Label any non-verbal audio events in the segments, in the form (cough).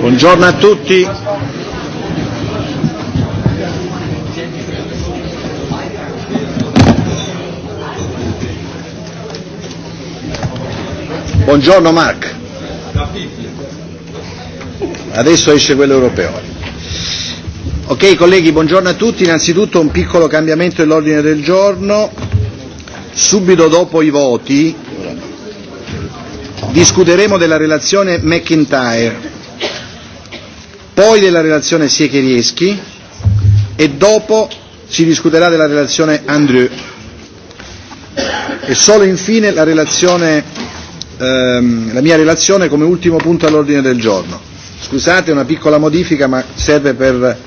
Buongiorno a tutti. Buongiorno Mark. Adesso esce quello europeo. Ok colleghi, buongiorno a tutti. Innanzitutto un piccolo cambiamento dell'ordine del giorno. Subito dopo i voti discuteremo della relazione McIntyre poi della relazione Siecherieschi e dopo si discuterà della relazione Andrew e solo infine la, relazione, ehm, la mia relazione come ultimo punto all'ordine del giorno. Scusate, una piccola modifica ma serve per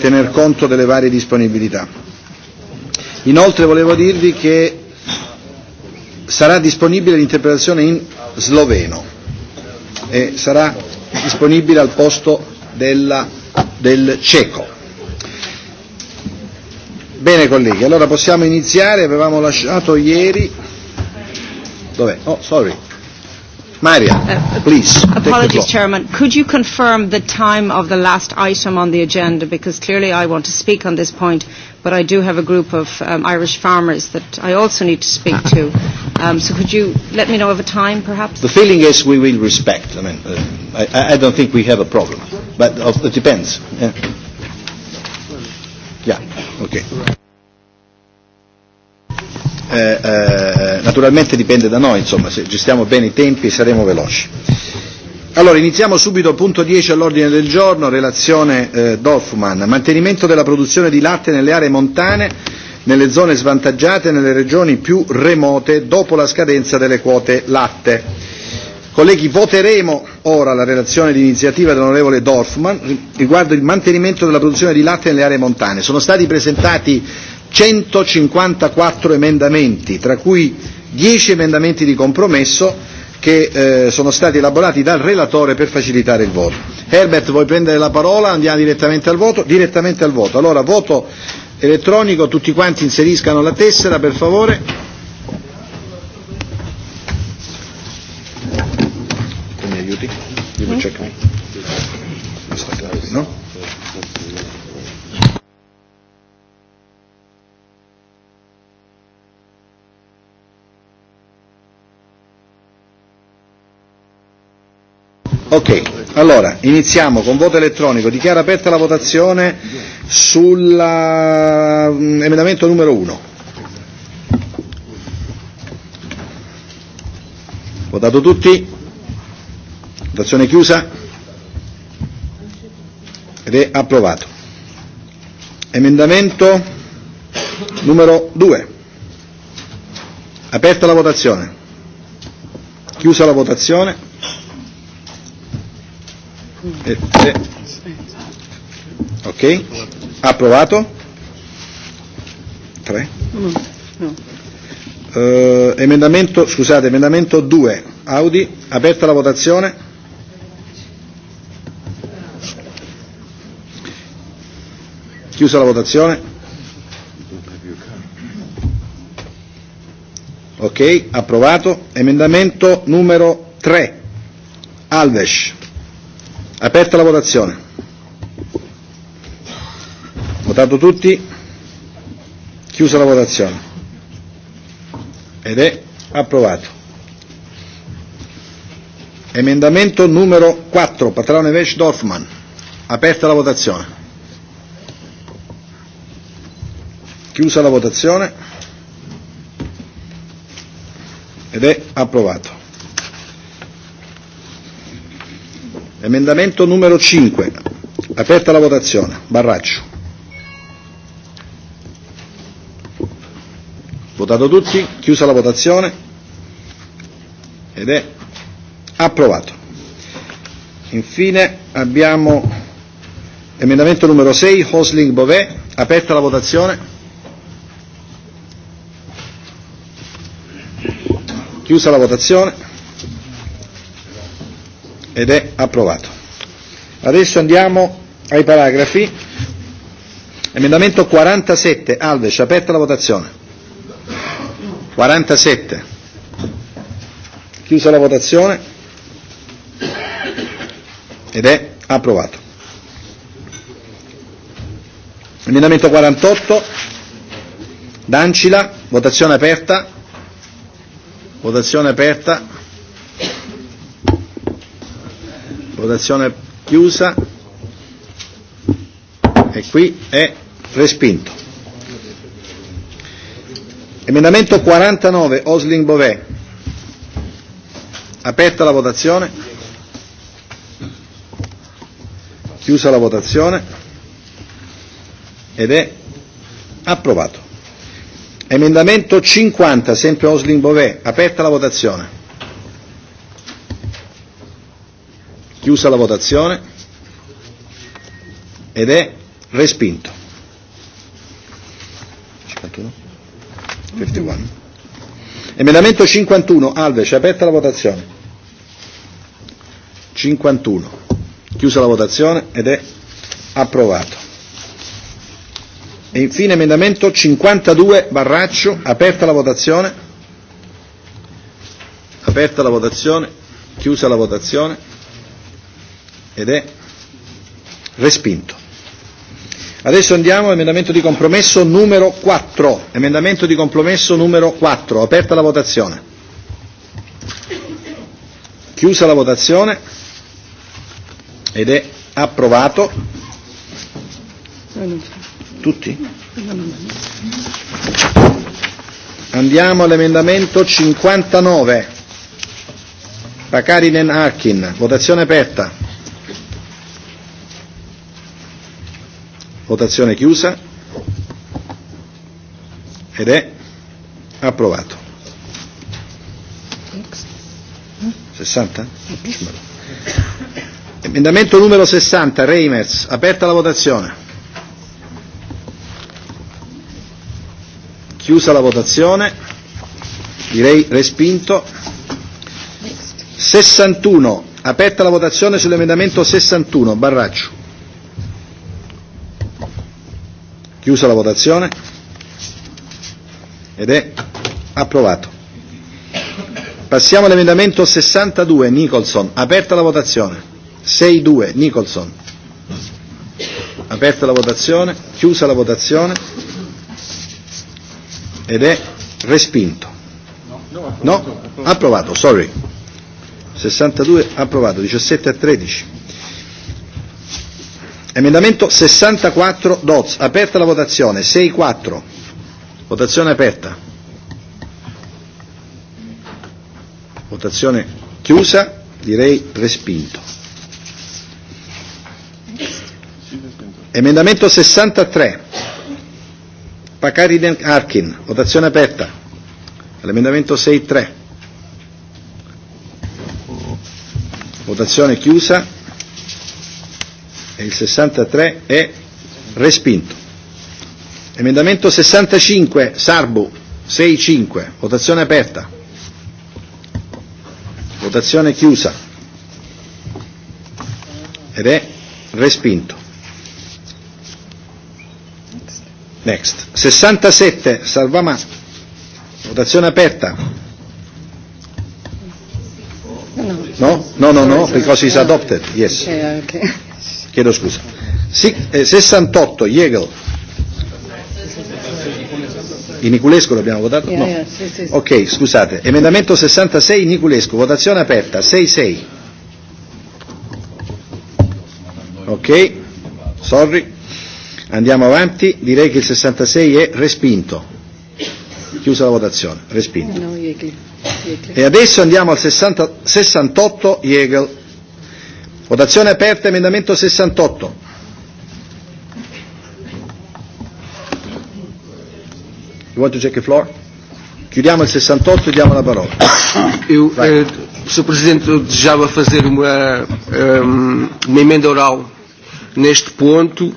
tener conto delle varie disponibilità. Inoltre volevo dirvi che sarà disponibile l'interpretazione in sloveno e sarà disponibile al posto della, del cieco. Bene colleghi, allora possiamo iniziare, avevamo lasciato ieri. Dov'è? Oh, sorry. Maria, uh, please. Apologies, Chairman. Could you confirm the time of the last item on the agenda? Because clearly I want to speak on this point, but I do have a group of um, Irish farmers that I also need to speak to. Um, so could you let me know of a time, perhaps? The feeling is we will respect. I mean, uh, I, I don't think we have a problem, but of, it depends. Yeah. yeah. Okay eh, eh, naturalmente dipende da noi, insomma, se gestiamo bene i tempi saremo veloci. Allora, iniziamo subito punto 10 all'ordine del giorno, relazione eh, Dorfman, mantenimento della produzione di latte nelle aree montane, nelle zone svantaggiate, nelle regioni più remote dopo la scadenza delle quote latte. Colleghi, voteremo ora la relazione di iniziativa dell'onorevole Dorfman riguardo il mantenimento della produzione di latte nelle aree montane. Sono stati presentati 154 emendamenti, tra cui 10 emendamenti di compromesso che eh, sono stati elaborati dal relatore per facilitare il voto. Herbert, vuoi prendere la parola? Andiamo direttamente al voto? Direttamente al voto. Allora, voto elettronico, tutti quanti inseriscano la tessera, per favore. Come aiuti? You will check me. Ok, allora iniziamo con voto elettronico. Dichiaro aperta la votazione sull'emendamento mm, numero 1. Votato tutti? Votazione chiusa? Ed è approvato. Emendamento numero 2. Aperta la votazione. Chiusa la votazione. Eh, eh. Ok, approvato. 3. No, no. Uh, emendamento, scusate, emendamento 2. Audi, aperta la votazione. Chiusa la votazione. Ok, approvato. Emendamento numero 3. Alves. Aperta la votazione. Votato tutti. Chiusa la votazione. Ed è approvato. Emendamento numero 4, Patrone Vesh Dorfman. Aperta la votazione. Chiusa la votazione. Ed è approvato. Emendamento numero 5. Aperta la votazione. Barraccio. Votato tutti, chiusa la votazione ed è approvato. Infine abbiamo emendamento numero 6, Hosling Bové, aperta la votazione. Chiusa la votazione ed è approvato. Adesso andiamo ai paragrafi. Emendamento 47, Alves, aperta la votazione. 47. Chiusa la votazione ed è approvato. Emendamento 48, Dancila, votazione aperta. Votazione aperta. Votazione chiusa. E qui è respinto. Emendamento 49, Osling Bovè. Aperta la votazione. Chiusa la votazione. Ed è approvato. Emendamento 50, sempre Osling Bovè. Aperta la votazione. Chiusa la votazione ed è respinto. 51. 51. Emendamento 51, Alves, è aperta la votazione. 51. Chiusa la votazione ed è approvato. E infine emendamento 52 Barraccio, aperta la votazione. Aperta la votazione, chiusa la votazione ed è respinto. Adesso andiamo all'emendamento di compromesso numero 4. Emendamento di compromesso numero 4. Aperta la votazione. Chiusa la votazione ed è approvato. Tutti? Andiamo all'emendamento 59. Pakarinen Harkin. Votazione aperta. Votazione chiusa ed è approvato. 60? Emendamento numero 60, Reimers, aperta la votazione. Chiusa la votazione, direi respinto. 61, aperta la votazione sull'emendamento 61, Barraccio. Chiusa la votazione ed è approvato. Passiamo all'emendamento 62 Nicholson, aperta la votazione. 62 Nicholson. Aperta la votazione, chiusa la votazione ed è respinto. No, approvato, no, approvato sorry. 62 approvato, 17 a 13. Emendamento 64 Doz, aperta la votazione, 6-4. Votazione aperta. Votazione chiusa, direi respinto. Emendamento 63. Pacari Arkin, votazione aperta. All'emendamento 6-3. Votazione chiusa, e il 63 è respinto. Emendamento 65, Sarbu, 6-5, votazione aperta. Votazione chiusa. Ed è respinto. Next. 67, Salvamà. Votazione aperta. No? No, no, no, because it's adopted. Yes. Okay, okay. Chiedo scusa. Si, eh, 68, Jägel. In Niculesco l'abbiamo votato? No. Ok, scusate. Emendamento 66, Niculesco. Votazione aperta. 6-6. Ok, sorry. Andiamo avanti. Direi che il 66 è respinto. Chiusa la votazione. Respinto. Eh, e adesso andiamo al 60, 68, Jägel. Votazione aperta, emendamento 68. You want to check the floor? Chiudiamo il 68 e diamo la parola. (coughs) Eu, eh, Sr. Presidente, eu desejava fazer uma, um, uma emenda oral neste ponto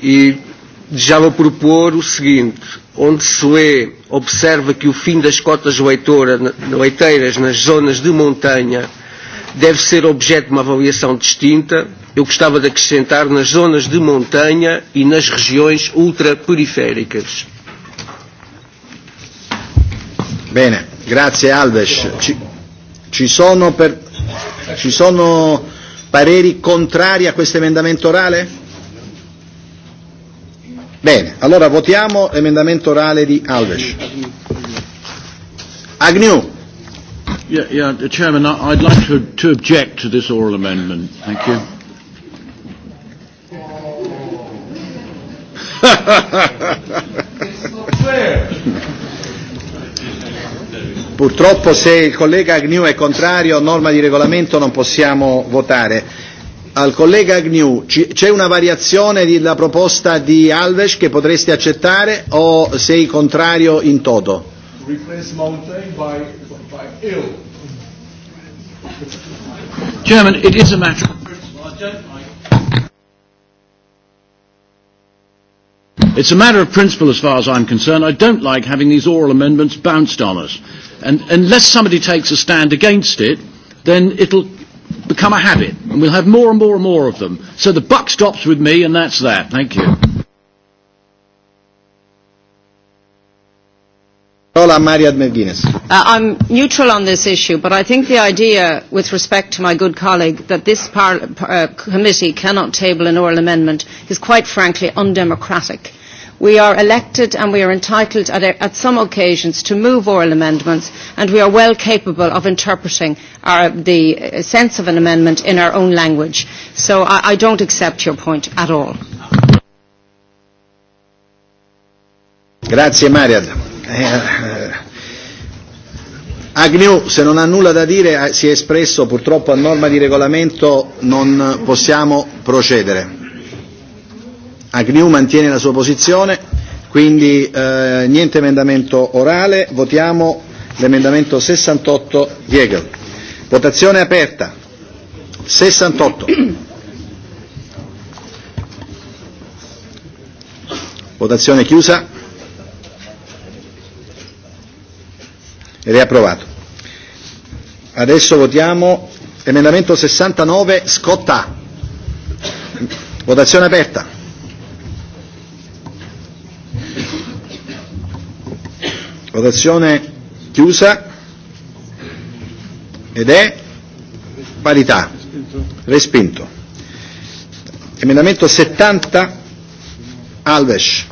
e desejava propor o seguinte, onde se lê, observa que o fim das cotas leiteiras nas zonas de montanha deve ser objeto de uma avaliação distinta. Eu gostava de acrescentar nas zonas de montanha e nas regiões ultraperiféricas. Bene, grazie Alves. Ci, ci, sono per, ci sono pareri contrari a questo emendamento orale? Bene, allora votiamo l'emendamento orale di Alves. Agnew. Yeah, yeah, Chairman, I'd like to, to object to this oral amendment. Thank you. (laughs) Purtroppo se il collega Agnew è contrario a norma di regolamento non possiamo votare. Al collega Agnew c'è una variazione della proposta di Alves che potresti accettare o sei contrario in toto? replace Montaigne by, by ill. Chairman, it is a matter of principle. I don't like It's a matter of principle as far as I'm concerned. I don't like having these oral amendments bounced on us. And unless somebody takes a stand against it, then it'll become a habit. And we'll have more and more and more of them. So the buck stops with me, and that's that. Thank you. Hola, Maria McGuinness. Uh, I'm neutral on this issue, but I think the idea, with respect to my good colleague, that this par- uh, committee cannot table an oral amendment is quite frankly undemocratic. We are elected and we are entitled at, a, at some occasions to move oral amendments, and we are well capable of interpreting our, the uh, sense of an amendment in our own language. So I, I don't accept your point at all. Grazie, Mariad. Eh, eh, Agnew, se non ha nulla da dire, eh, si è espresso, purtroppo a norma di regolamento non possiamo procedere. Agnew mantiene la sua posizione, quindi eh, niente emendamento orale, votiamo l'emendamento 68 Jäger. Votazione aperta. 68. Votazione chiusa. ed è approvato. Adesso votiamo emendamento 69 Scotta. Votazione aperta. Votazione chiusa ed è parità. Respinto. Emendamento 70 Alves.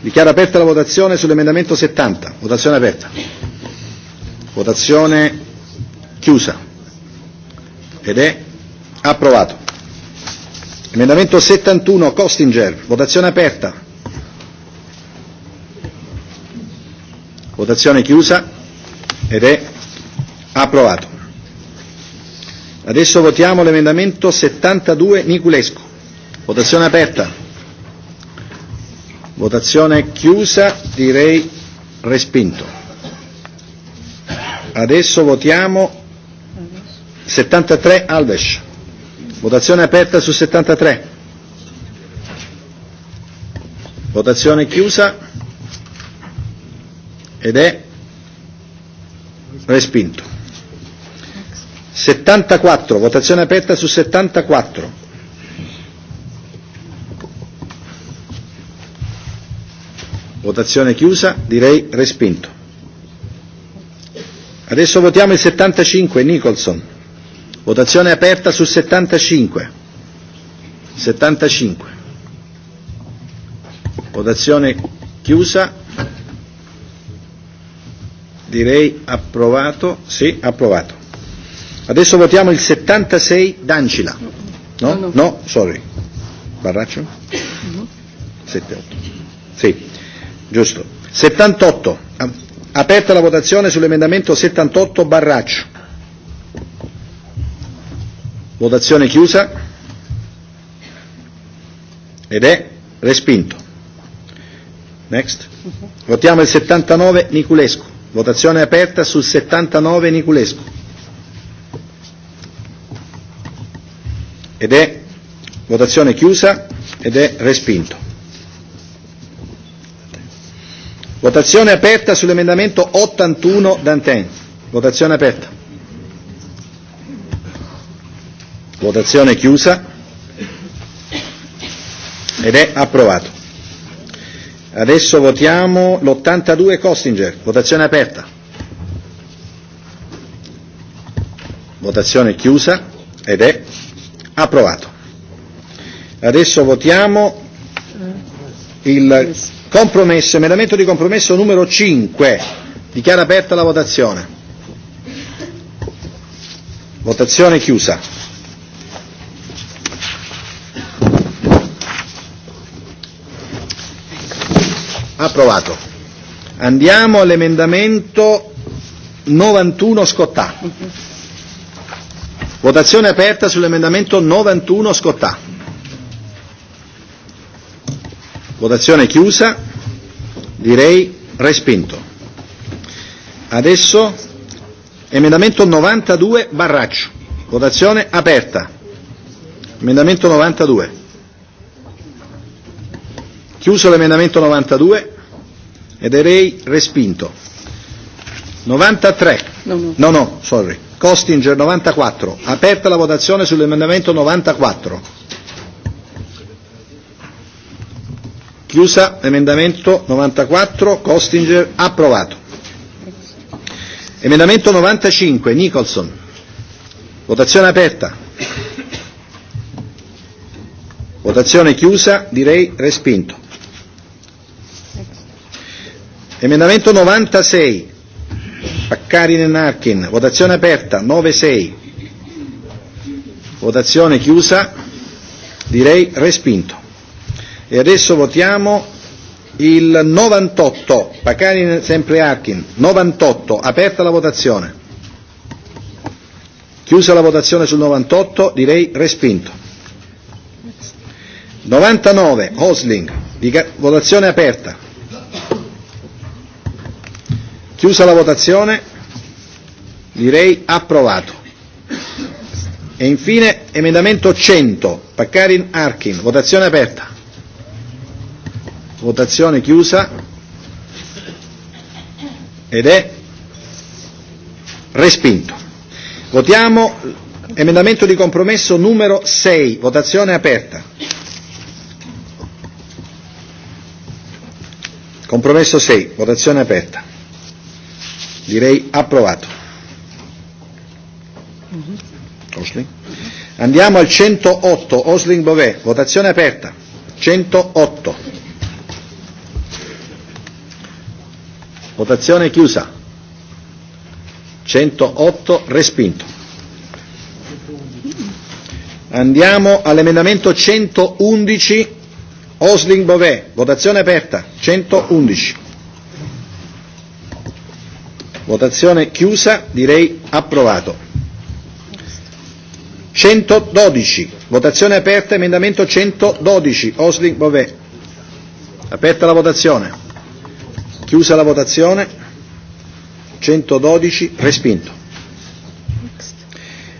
Dichiaro aperta la votazione sull'emendamento 70. Votazione aperta. Votazione chiusa. Ed è approvato. Emendamento 71 Costinger. Votazione aperta. Votazione chiusa ed è approvato. Adesso votiamo l'emendamento 72 Niculescu. Votazione aperta. Votazione chiusa, direi respinto. Adesso votiamo 73 Alves. Votazione aperta su 73. Votazione chiusa ed è respinto. 74, votazione aperta su 74. Votazione chiusa, direi respinto. Adesso votiamo il 75, Nicholson. Votazione aperta su 75. 75. Votazione chiusa. Direi approvato. Sì, approvato. Adesso votiamo il 76 Dancila. No? No, no. no sorry. Barraccio? Uh-huh. 78. Sì, giusto. 78. Aperta la votazione sull'emendamento 78 Barraccio. Votazione chiusa ed è respinto. Next. Votiamo il 79 Niculescu. Votazione aperta sul 79 Niculescu. Ed è votazione chiusa ed è respinto. Votazione aperta sull'emendamento 81 Danten. Votazione aperta. Votazione chiusa. Ed è approvato. Adesso votiamo l'82 Costinger. Votazione aperta. Votazione chiusa ed è approvato. Adesso votiamo il Compromesso, emendamento di compromesso numero 5. Dichiara aperta la votazione. Votazione chiusa. Approvato. Andiamo all'emendamento 91 Scottà. Votazione aperta sull'emendamento 91 Scottà. Votazione chiusa, direi respinto. Adesso emendamento 92 Barraccio. Votazione aperta. Emendamento 92. Chiuso l'emendamento 92 ed erei respinto. 93. No, no, no, no sorry. Costinger 94. Aperta la votazione sull'emendamento 94. Chiusa emendamento 94, Costinger approvato. Emendamento 95, Nicholson. Votazione aperta. Votazione chiusa, direi respinto. Emendamento 96, Paccarine Narkin. Votazione aperta, 9-6. Votazione chiusa, direi respinto. E adesso votiamo il 98, Pacani sempre Arkin, 98, aperta la votazione. Chiusa la votazione sul 98, direi respinto. 99, Hosling, votazione aperta. Chiusa la votazione, direi approvato. E infine emendamento 100, Paccarin Arkin, votazione aperta. Votazione chiusa. Ed è respinto. Votiamo emendamento di compromesso numero 6. Votazione aperta. Compromesso 6. Votazione aperta. Direi approvato. Osling. Andiamo al 108. Osling Bovè. Votazione aperta. 108. Votazione chiusa. 108 respinto. Andiamo all'emendamento 111 Osling Bové. Votazione aperta. 111. Votazione chiusa, direi approvato. 112. Votazione aperta, emendamento 112 Osling Bové. Aperta la votazione. Chiusa la votazione. 112 respinto.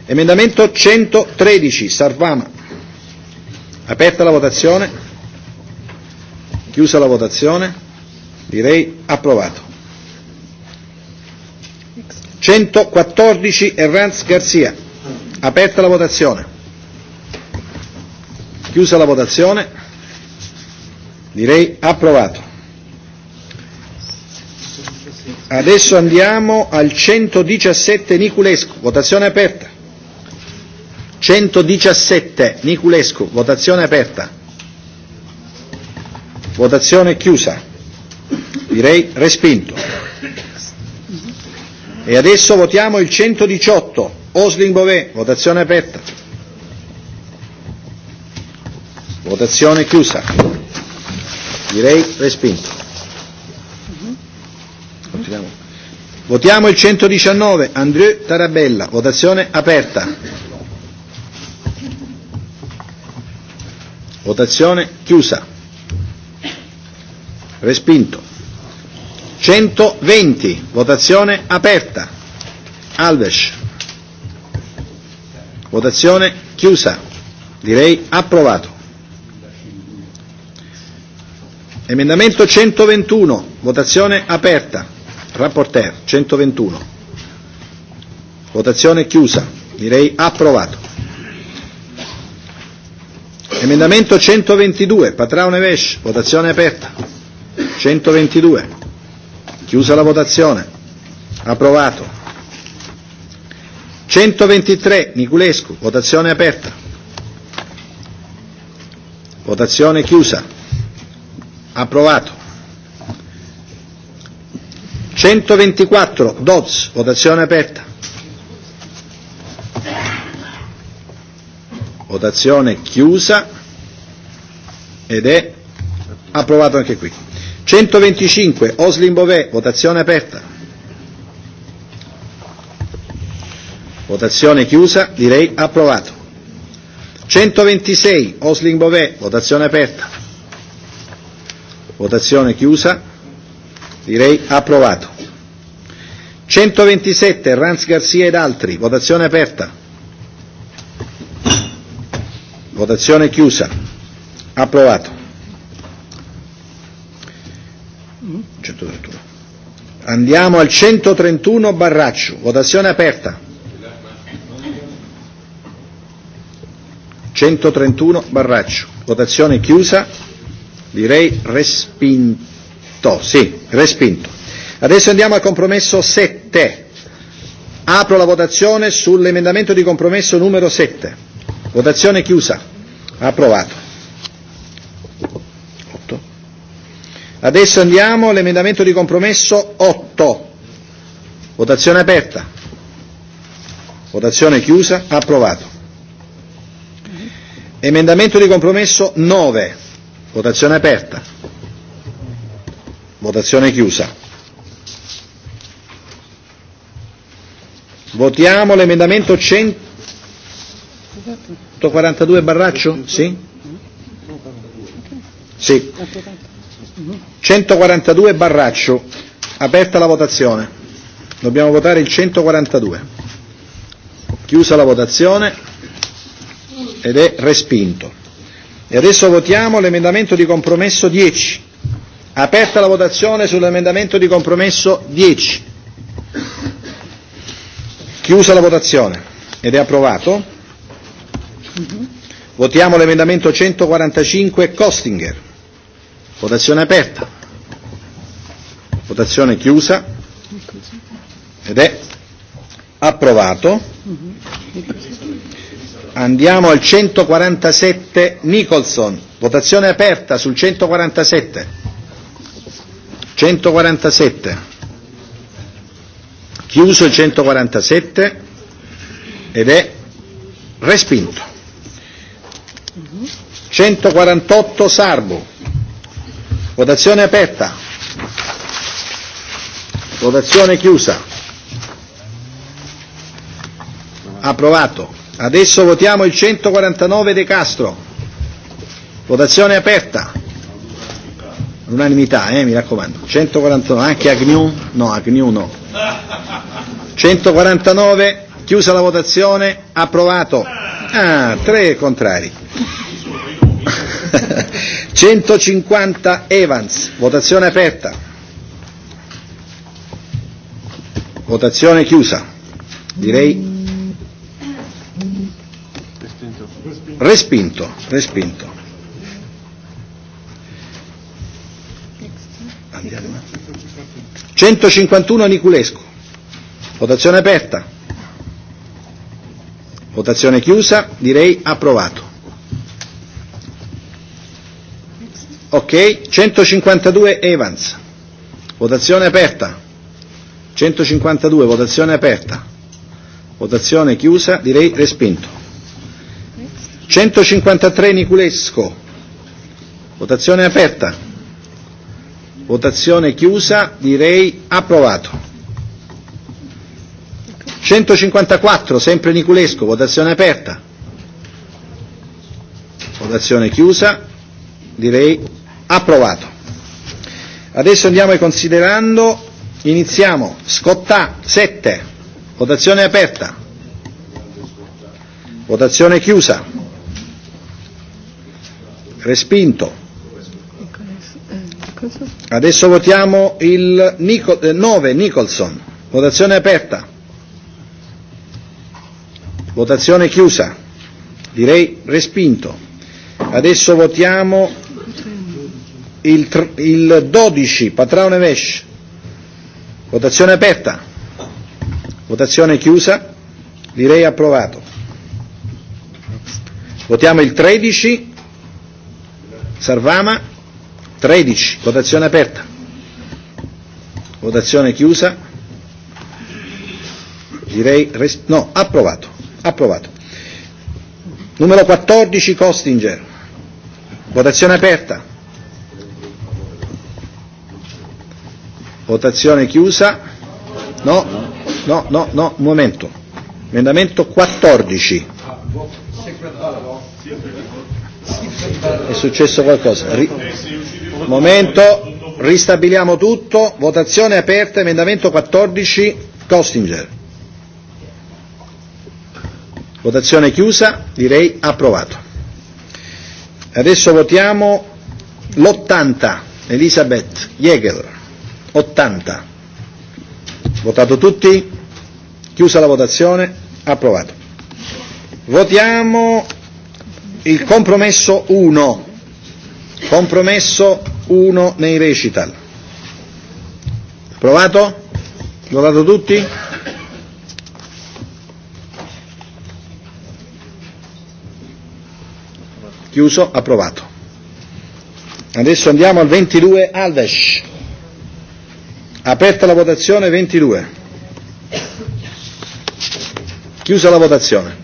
Emendamento 113 Sarvama. Aperta la votazione. Chiusa la votazione. Direi approvato. 114 Erranz Garzia. Aperta la votazione. Chiusa la votazione. Direi approvato. Adesso andiamo al 117 Niculescu, votazione aperta. 117 Niculescu, votazione aperta. Votazione chiusa. Direi respinto. E adesso votiamo il 118 Osling Bové, votazione aperta. Votazione chiusa. Direi respinto continuiamo. Votiamo il 119, Andrew Tarabella, votazione aperta. Votazione chiusa. Respinto. 120, votazione aperta. Alves. Votazione chiusa. Direi approvato. Emendamento 121, votazione aperta. Rapporteur 121. Votazione chiusa. Direi approvato. Emendamento 122, Patraone Vesh, votazione aperta. 122. Chiusa la votazione. Approvato. 123, Niculescu, votazione aperta. Votazione chiusa. Approvato. 124 Dodds, votazione aperta. Votazione chiusa ed è approvato anche qui. 125 Oslin Bové, votazione aperta. Votazione chiusa, direi approvato. 126 Oslin Bové, votazione aperta. Votazione chiusa Direi approvato. 127 Ranz Garcia ed altri, votazione aperta. Votazione chiusa. Approvato. 131. Andiamo al 131 Barraccio, votazione aperta. 131 Barraccio, votazione chiusa, direi respinto respinto, sì, respinto. Adesso andiamo al compromesso 7. Apro la votazione sull'emendamento di compromesso numero 7. Votazione chiusa. Approvato. 8. Adesso andiamo all'emendamento di compromesso 8. Votazione aperta. Votazione chiusa. Approvato. Emendamento di compromesso 9. Votazione aperta. Votazione chiusa. Votiamo l'emendamento 142 Barraccio? Sì? Sì. 142 Barraccio. Aperta la votazione. Dobbiamo votare il 142. Chiusa la votazione ed è respinto. E adesso votiamo l'emendamento di compromesso 10. Aperta la votazione sull'emendamento di compromesso 10. Chiusa la votazione ed è approvato. Votiamo l'emendamento 145 Costinger. Votazione aperta. Votazione chiusa ed è approvato. Andiamo al 147 Nicholson. Votazione aperta sul 147. 147. Chiuso il 147 ed è respinto. 148 Sarbo. Votazione aperta. Votazione chiusa. Approvato. Adesso votiamo il 149 De Castro. Votazione aperta all'unanimità, eh, mi raccomando. 149, anche Agnew? No, Agnew no. 149, chiusa la votazione, approvato. Ah, tre contrari. 150 (laughs) Evans, votazione aperta. Votazione chiusa. Direi respinto, respinto. 151 Niculescu. Votazione aperta. Votazione chiusa, direi approvato. Ok, 152 e Evans. Votazione aperta. 152, votazione aperta. Votazione chiusa, direi respinto. 153 Niculesco. Votazione aperta. Votazione chiusa, direi approvato. 154, sempre Niculesco, votazione aperta. Votazione chiusa, direi approvato. Adesso andiamo ai considerando, iniziamo, Scottà 7, votazione aperta. Votazione chiusa. Respinto. Adesso votiamo il 9, eh, Nicholson. Votazione aperta. Votazione chiusa. Direi respinto. Adesso votiamo il, il 12, Patraone Vesh. Votazione aperta. Votazione chiusa. Direi approvato. Votiamo il 13, Sarvama. 13, votazione aperta. Votazione chiusa. Direi res- no, approvato. Approvato. Numero 14 Costinger. Votazione aperta. Votazione chiusa. No, no, no, no, un momento. Emendamento 14. È successo qualcosa? Ri- Momento, ristabiliamo tutto. Votazione aperta, emendamento 14, Costinger. Votazione chiusa, direi approvato. Adesso votiamo l'80, Elisabeth Jäger, 80. Votato tutti? Chiusa la votazione, approvato. Votiamo il compromesso 1. Compromesso 1 nei recital. Provato? Votato tutti? Chiuso, approvato. Adesso andiamo al 22 Alves. Aperta la votazione 22. Chiusa la votazione.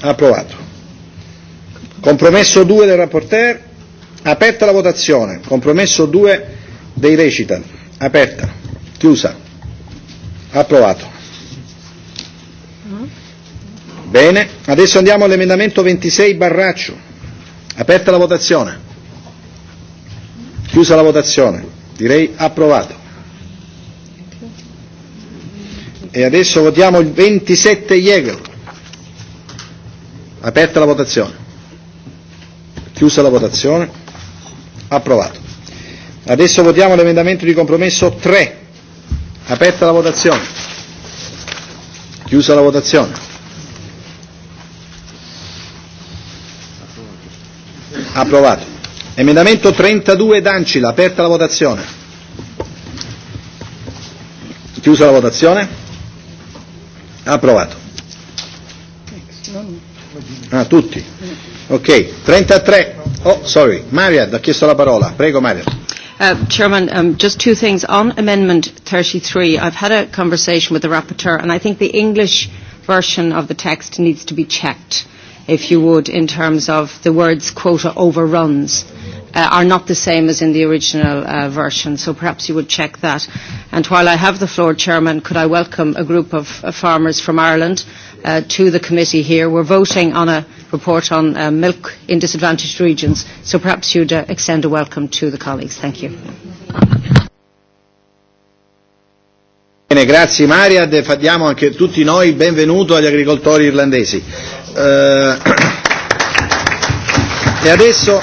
Approvato. Compromesso 2 del rapporteur, aperta la votazione. Compromesso 2 dei recita, aperta, chiusa, approvato. Bene, adesso andiamo all'emendamento 26 Barraccio. Aperta la votazione. Chiusa la votazione. Direi approvato. E adesso votiamo il 27 Jäger. Aperta la votazione. Chiusa la votazione. Approvato. Adesso votiamo l'emendamento di compromesso 3. Aperta la votazione. Chiusa la votazione. Approvato. Emendamento 32 Dancila. Aperta la votazione. Chiusa la votazione. Approvato. Ah, tutti. Ok, 33. Oh, sorry. Mariad ha chiesto la parola. Prego, Mariad. Uh, Chairman, um, just two things. On Amendment 33, I've had a conversation with the rapporteur, and I think the English version of the text needs to be checked, if you would, in terms of the words quota overruns uh, are not the same as in the original uh, version, so perhaps you would check that. And while I have the floor, Chairman, could I welcome a group of uh, farmers from Ireland uh, to the committee here. We're voting on a report on uh, milk in disadvantaged regions, so perhaps you'd uh, extend a welcome to the colleagues. Thank you. Bene, grazie Mariad, diamo anche tutti noi il benvenuto agli agricoltori irlandesi. Eh, e adesso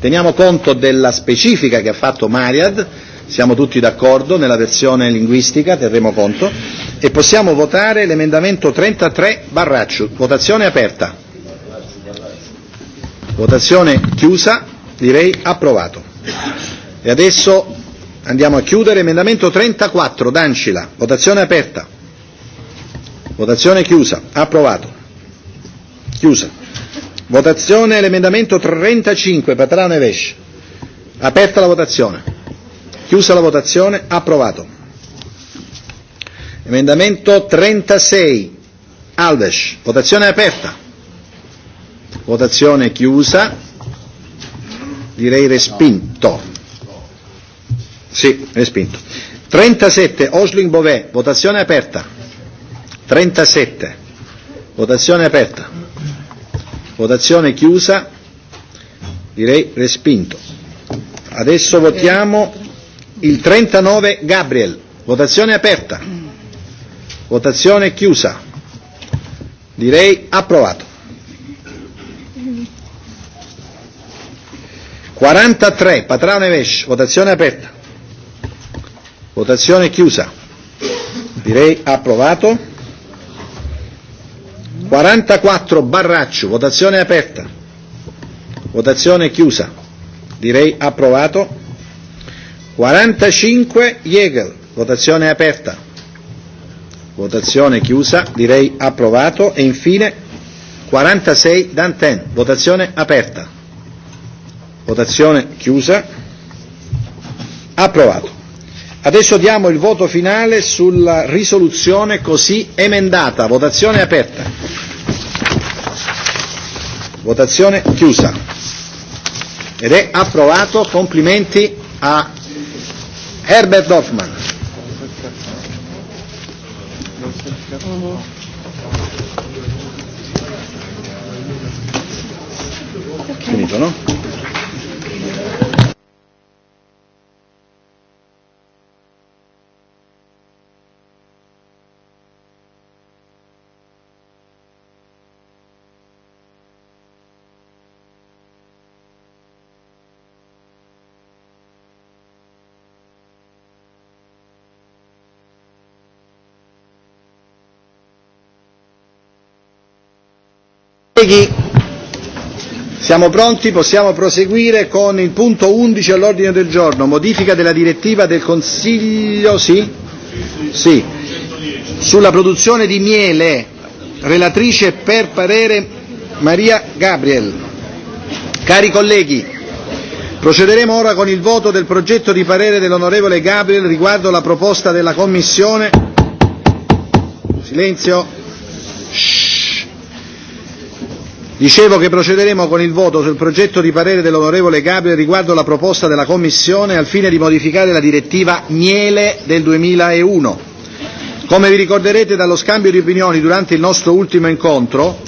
teniamo conto della specifica che ha fatto Mariad, siamo tutti d'accordo nella versione linguistica, terremo conto, e possiamo votare l'emendamento 33 Barracciu. Votazione aperta. Votazione chiusa, direi approvato. E adesso andiamo a chiudere emendamento 34 Dancila. Votazione aperta. Votazione chiusa. Approvato. Chiusa. Votazione l'emendamento 35 Patrano e Vesce. Aperta la votazione. Chiusa la votazione, approvato. Emendamento 36, Alves, votazione aperta. Votazione chiusa, direi respinto. Sì, respinto. 37, Osling Bové, votazione aperta. 37, votazione aperta. Votazione chiusa, direi respinto. Adesso votiamo Il 39 Gabriel. Votazione aperta. Votazione chiusa. Direi approvato. 43 Patrano Nevesh. Votazione aperta. Votazione chiusa. Direi approvato. 44 Barraccio. Votazione aperta. Votazione chiusa. Direi approvato. 45 Jägel, votazione aperta, votazione chiusa, direi approvato e infine 46 Danten, votazione aperta, votazione chiusa, approvato. Adesso diamo il voto finale sulla risoluzione così emendata, votazione aperta, votazione chiusa ed è approvato, complimenti a Herbert Hoffman. Mm-hmm. Okay. Finito, no? Colleghi, siamo pronti, possiamo proseguire con il punto 11 all'ordine del giorno, modifica della direttiva del Consiglio, sì? Sì, sulla produzione di miele, relatrice per parere Maria Gabriel. Cari colleghi, procederemo ora con il voto del progetto di parere dell'onorevole Gabriel riguardo la proposta della Commissione. Silenzio. Shh Dicevo che procederemo con il voto sul progetto di parere dell'onorevole Gabriel riguardo la proposta della Commissione al fine di modificare la direttiva Miele del 2001. Come vi ricorderete dallo scambio di opinioni durante il nostro ultimo incontro,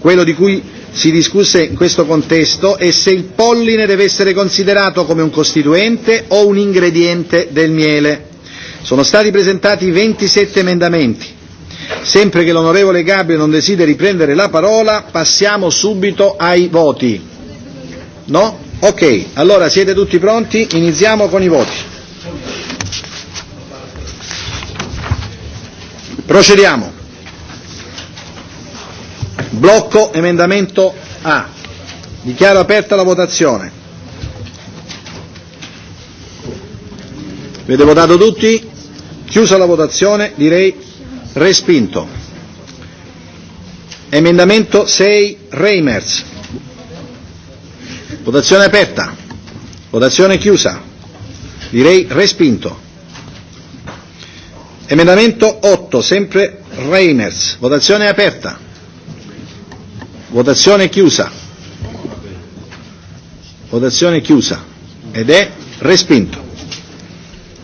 quello di cui si discusse in questo contesto è se il polline deve essere considerato come un costituente o un ingrediente del miele. Sono stati presentati 27 emendamenti Sempre che l'onorevole Gabriel non desideri prendere la parola, passiamo subito ai voti. No? Ok, allora siete tutti pronti? Iniziamo con i voti. Procediamo. Blocco emendamento A. Dichiaro aperta la votazione. Avete votato tutti? Chiusa la votazione, direi Respinto. Emendamento 6 Reimers. Votazione aperta. Votazione chiusa. Direi respinto. Emendamento 8, sempre Reimers. Votazione aperta. Votazione chiusa. Votazione chiusa. Ed è respinto.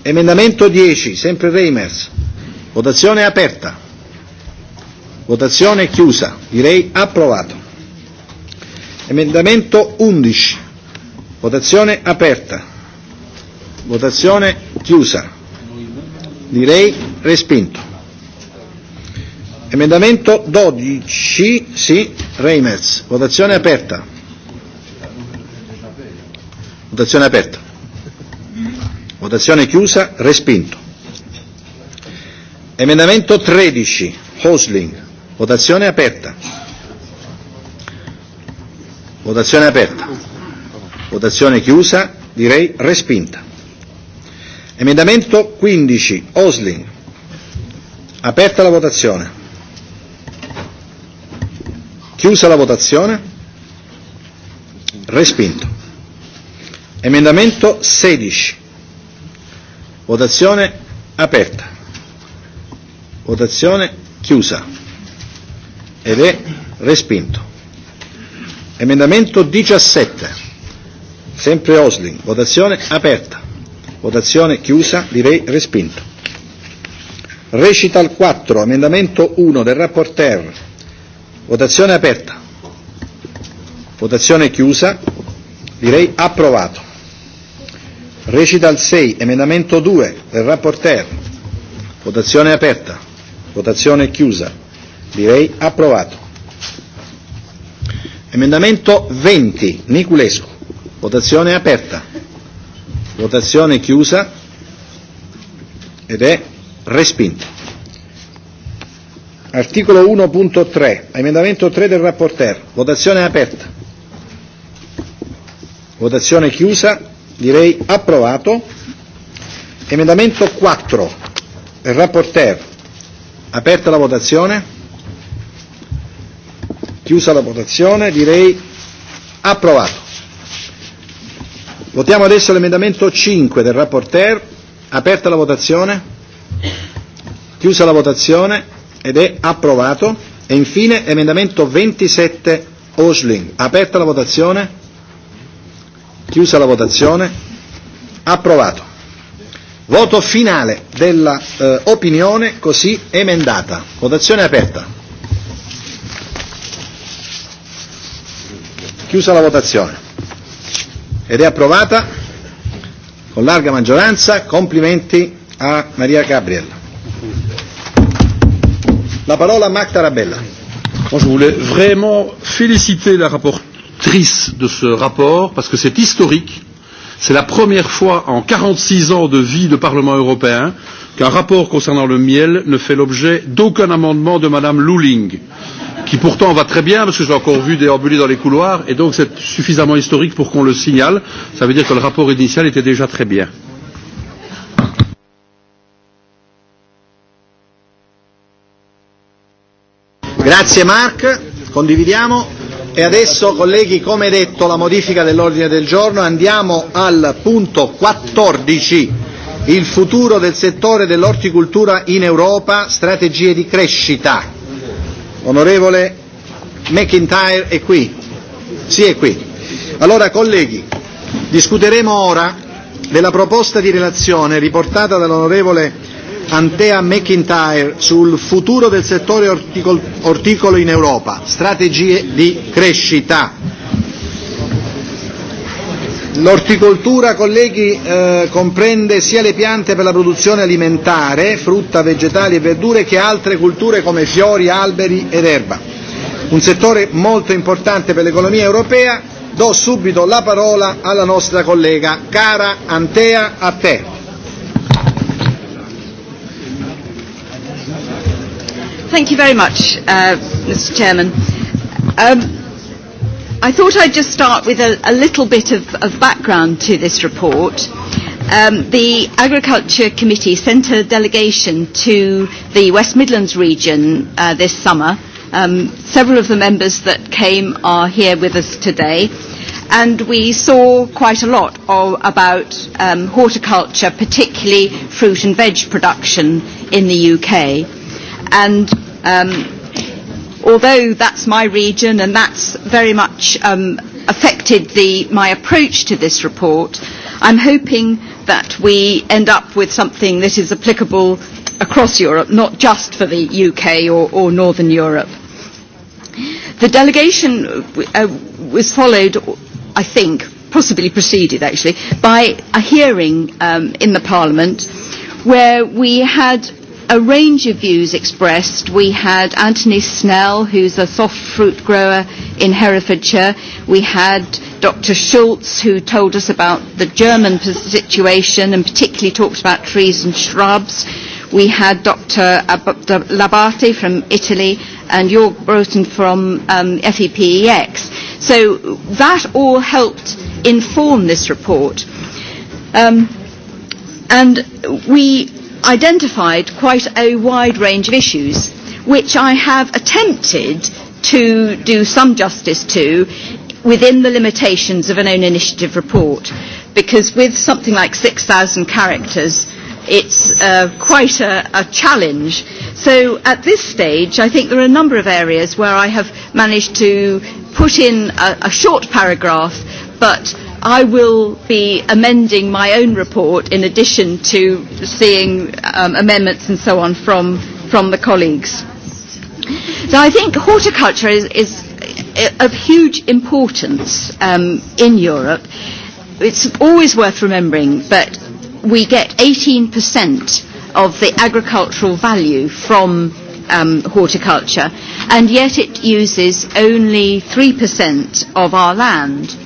Emendamento 10, sempre Reimers. Votazione aperta. Votazione chiusa. Direi approvato. Emendamento 11. Votazione aperta. Votazione chiusa. Direi respinto. Emendamento 12, sì, Reimers. Votazione aperta. Votazione aperta. Votazione chiusa, respinto. Emendamento 13, Hosling. Votazione aperta. Votazione aperta. Votazione chiusa, direi respinta. Emendamento 15, Osling. Aperta la votazione. Chiusa la votazione. Respinto. Emendamento 16. Votazione aperta. Votazione chiusa. Ed è respinto. Emendamento 17. Sempre Osling. Votazione aperta. Votazione chiusa, direi respinto. Recital 4, emendamento 1 del rapporteur. Votazione aperta. Votazione chiusa, direi approvato. Recital 6, emendamento 2 del rapporteur. Votazione aperta. Votazione chiusa. Direi approvato. Emendamento 20, Niculescu. Votazione aperta. Votazione chiusa ed è respinto. Articolo 1.3, emendamento 3 del rapporteur. Votazione aperta. Votazione chiusa, direi approvato. Emendamento 4, il rapporteur. Aperta la votazione, chiusa la votazione, direi approvato. Votiamo adesso l'emendamento 5 del rapporteur, aperta la votazione, chiusa la votazione ed è approvato. E infine emendamento 27 Osling, aperta la votazione, chiusa la votazione, approvato. Voto finale della eh, opinione così emendata. Votazione aperta. Chiusa la votazione. Ed è approvata con larga maggioranza. Complimenti a Maria Gabriella. La parola a Mac Tarabella. Moi, je voulais vraiment féliciter la rapporteure de ce rapport parce que c'est historique C'est la première fois en 46 ans de vie de Parlement européen qu'un rapport concernant le miel ne fait l'objet d'aucun amendement de Madame Luling, qui pourtant va très bien, parce que j'ai encore vu déambuler dans les couloirs, et donc c'est suffisamment historique pour qu'on le signale. Ça veut dire que le rapport initial était déjà très bien. Grazie Marc, condividiamo. E adesso, colleghi, come detto, la modifica dell'ordine del giorno. Andiamo al punto 14, il futuro del settore dell'orticoltura in Europa, strategie di crescita. Onorevole McIntyre è qui. Sì, è qui. Allora, colleghi, discuteremo ora della proposta di relazione riportata dall'onorevole Antea McIntyre sul futuro del settore orticol- orticolo in Europa, strategie di crescita. L'orticoltura, colleghi, eh, comprende sia le piante per la produzione alimentare, frutta, vegetali e verdure, che altre culture come fiori, alberi ed erba. Un settore molto importante per l'economia europea. Do subito la parola alla nostra collega. Cara Antea, a te. Thank you very much, uh, Mr. Chairman. Um, I thought I'd just start with a, a little bit of, of background to this report. Um, the Agriculture Committee sent a delegation to the West Midlands region uh, this summer. Um, several of the members that came are here with us today. And we saw quite a lot of, about um, horticulture, particularly fruit and veg production in the UK. And um, although that's my region and that's very much um, affected the, my approach to this report, I'm hoping that we end up with something that is applicable across Europe, not just for the UK or, or Northern Europe. The delegation uh, was followed, I think, possibly preceded actually, by a hearing um, in the Parliament where we had a range of views expressed. We had Anthony Snell, who's a soft fruit grower in Herefordshire. We had Dr. Schultz, who told us about the German situation and particularly talked about trees and shrubs. We had Dr. Labate from Italy and Jorg Broten from um, FEPEX. So that all helped inform this report. Um, and we identified quite a wide range of issues, which I have attempted to do some justice to within the limitations of an own initiative report, because with something like 6,000 characters, it's uh, quite a, a challenge. So at this stage, I think there are a number of areas where I have managed to put in a, a short paragraph, but I will be amending my own report in addition to seeing um, amendments and so on from, from the colleagues. So I think horticulture is, is of huge importance um, in Europe. It's always worth remembering, but we get 18% of the agricultural value from um, horticulture, and yet it uses only 3% of our land.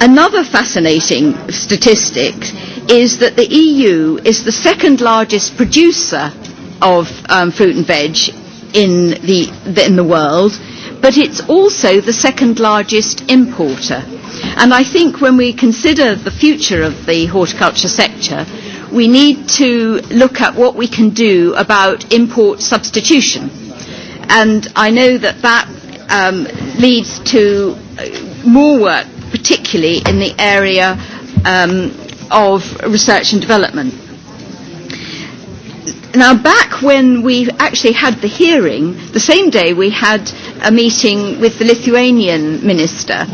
Another fascinating statistic is that the EU is the second largest producer of um, fruit and veg in the, the, in the world, but it's also the second largest importer. And I think when we consider the future of the horticulture sector, we need to look at what we can do about import substitution. And I know that that um, leads to uh, more work particularly in the area um, of research and development. Now, back when we actually had the hearing, the same day we had a meeting with the Lithuanian minister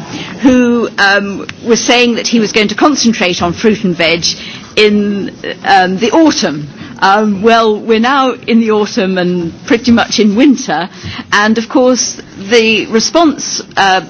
who um, was saying that he was going to concentrate on fruit and veg in um, the autumn. Um, well, we're now in the autumn and pretty much in winter, and of course the response uh,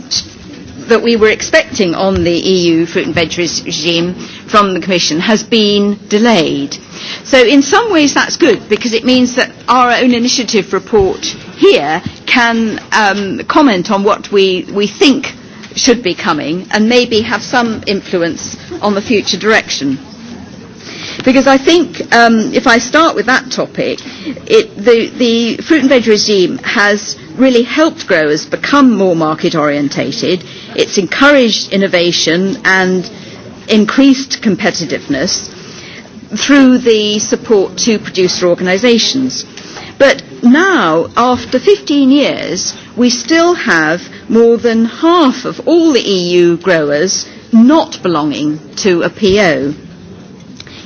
that we were expecting on the EU fruit and veg regime from the Commission has been delayed. So in some ways that's good because it means that our own initiative report here can um, comment on what we, we think should be coming and maybe have some influence on the future direction. Because I think um, if I start with that topic, it, the, the fruit and veg regime has really helped growers become more market orientated. It's encouraged innovation and increased competitiveness through the support to producer organisations. But now, after 15 years, we still have more than half of all the EU growers not belonging to a PO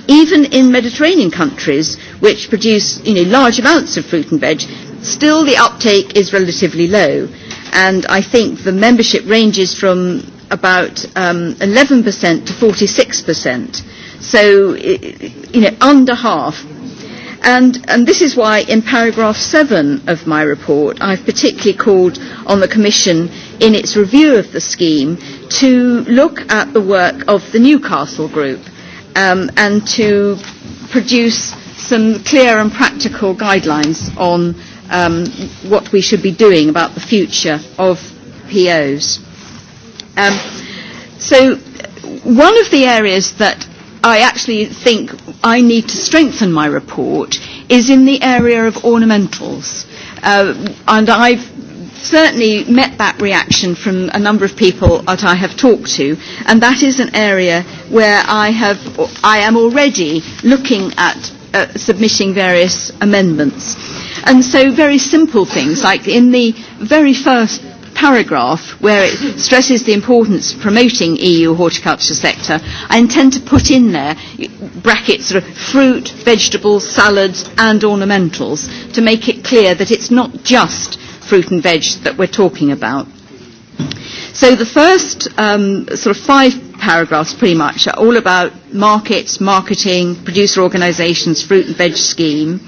even in Mediterranean countries, which produce you know, large amounts of fruit and veg, still the uptake is relatively low. And I think the membership ranges from about um, 11% to 46%. So, you know, under half. And, and this is why in paragraph 7 of my report, I've particularly called on the Commission in its review of the scheme to look at the work of the Newcastle Group um, and to produce some clear and practical guidelines on um, what we should be doing about the future of POs. Um, so one of the areas that I actually think I need to strengthen my report is in the area of ornamentals. Uh, and I've certainly met that reaction from a number of people that I have talked to, and that is an area where I, have, I am already looking at uh, submitting various amendments. And so very simple things, like in the very first paragraph where it stresses the importance of promoting EU horticulture sector, I intend to put in there brackets sort of fruit, vegetables, salads and ornamentals to make it clear that it's not just fruit and veg that we're talking about. So the first um, sort of five paragraphs pretty much are all about markets, marketing, producer organisations, fruit and veg scheme.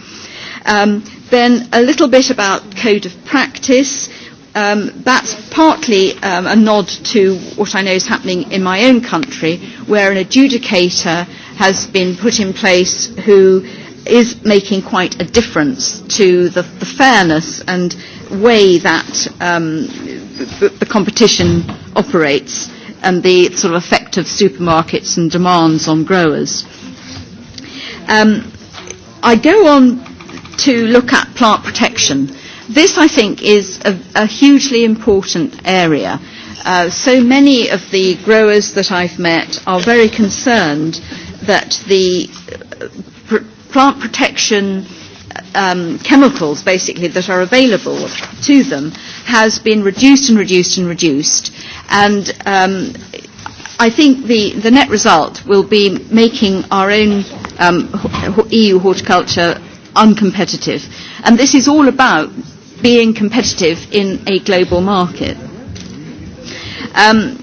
Um, then a little bit about code of practice. Um, that's partly um, a nod to what I know is happening in my own country, where an adjudicator has been put in place who is making quite a difference to the, the fairness and way that um, the, the competition operates and the sort of effect of supermarkets and demands on growers. Um, I go on to look at plant protection. This, I think, is a, a hugely important area. Uh, so many of the growers that I've met are very concerned that the uh, pr- plant protection uh, um, chemicals basically that are available to them has been reduced and reduced and reduced. And um, I think the, the net result will be making our own um, EU horticulture uncompetitive. And this is all about being competitive in a global market. Um,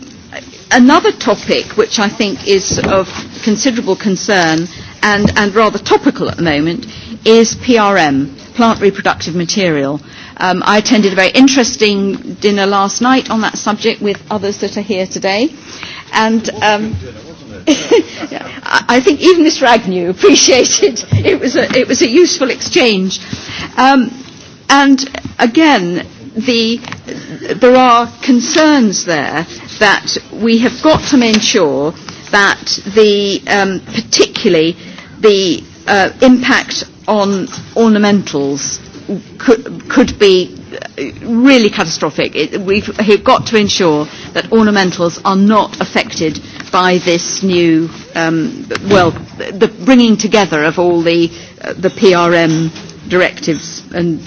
another topic which I think is of considerable concern and, and rather topical at the moment is PRM, plant reproductive material. Um, I attended a very interesting dinner last night on that subject with others that are here today. And um, (laughs) yeah, I think even Mr. Agnew appreciated (laughs) it was a, it was a useful exchange. Um, and again, the, there are concerns there that we have got to ensure that the, um, particularly the uh, impact on ornamentals could, could be really catastrophic. It, we've, we've got to ensure that ornamentals are not affected by this new, um, well, the bringing together of all the, uh, the PRM directives and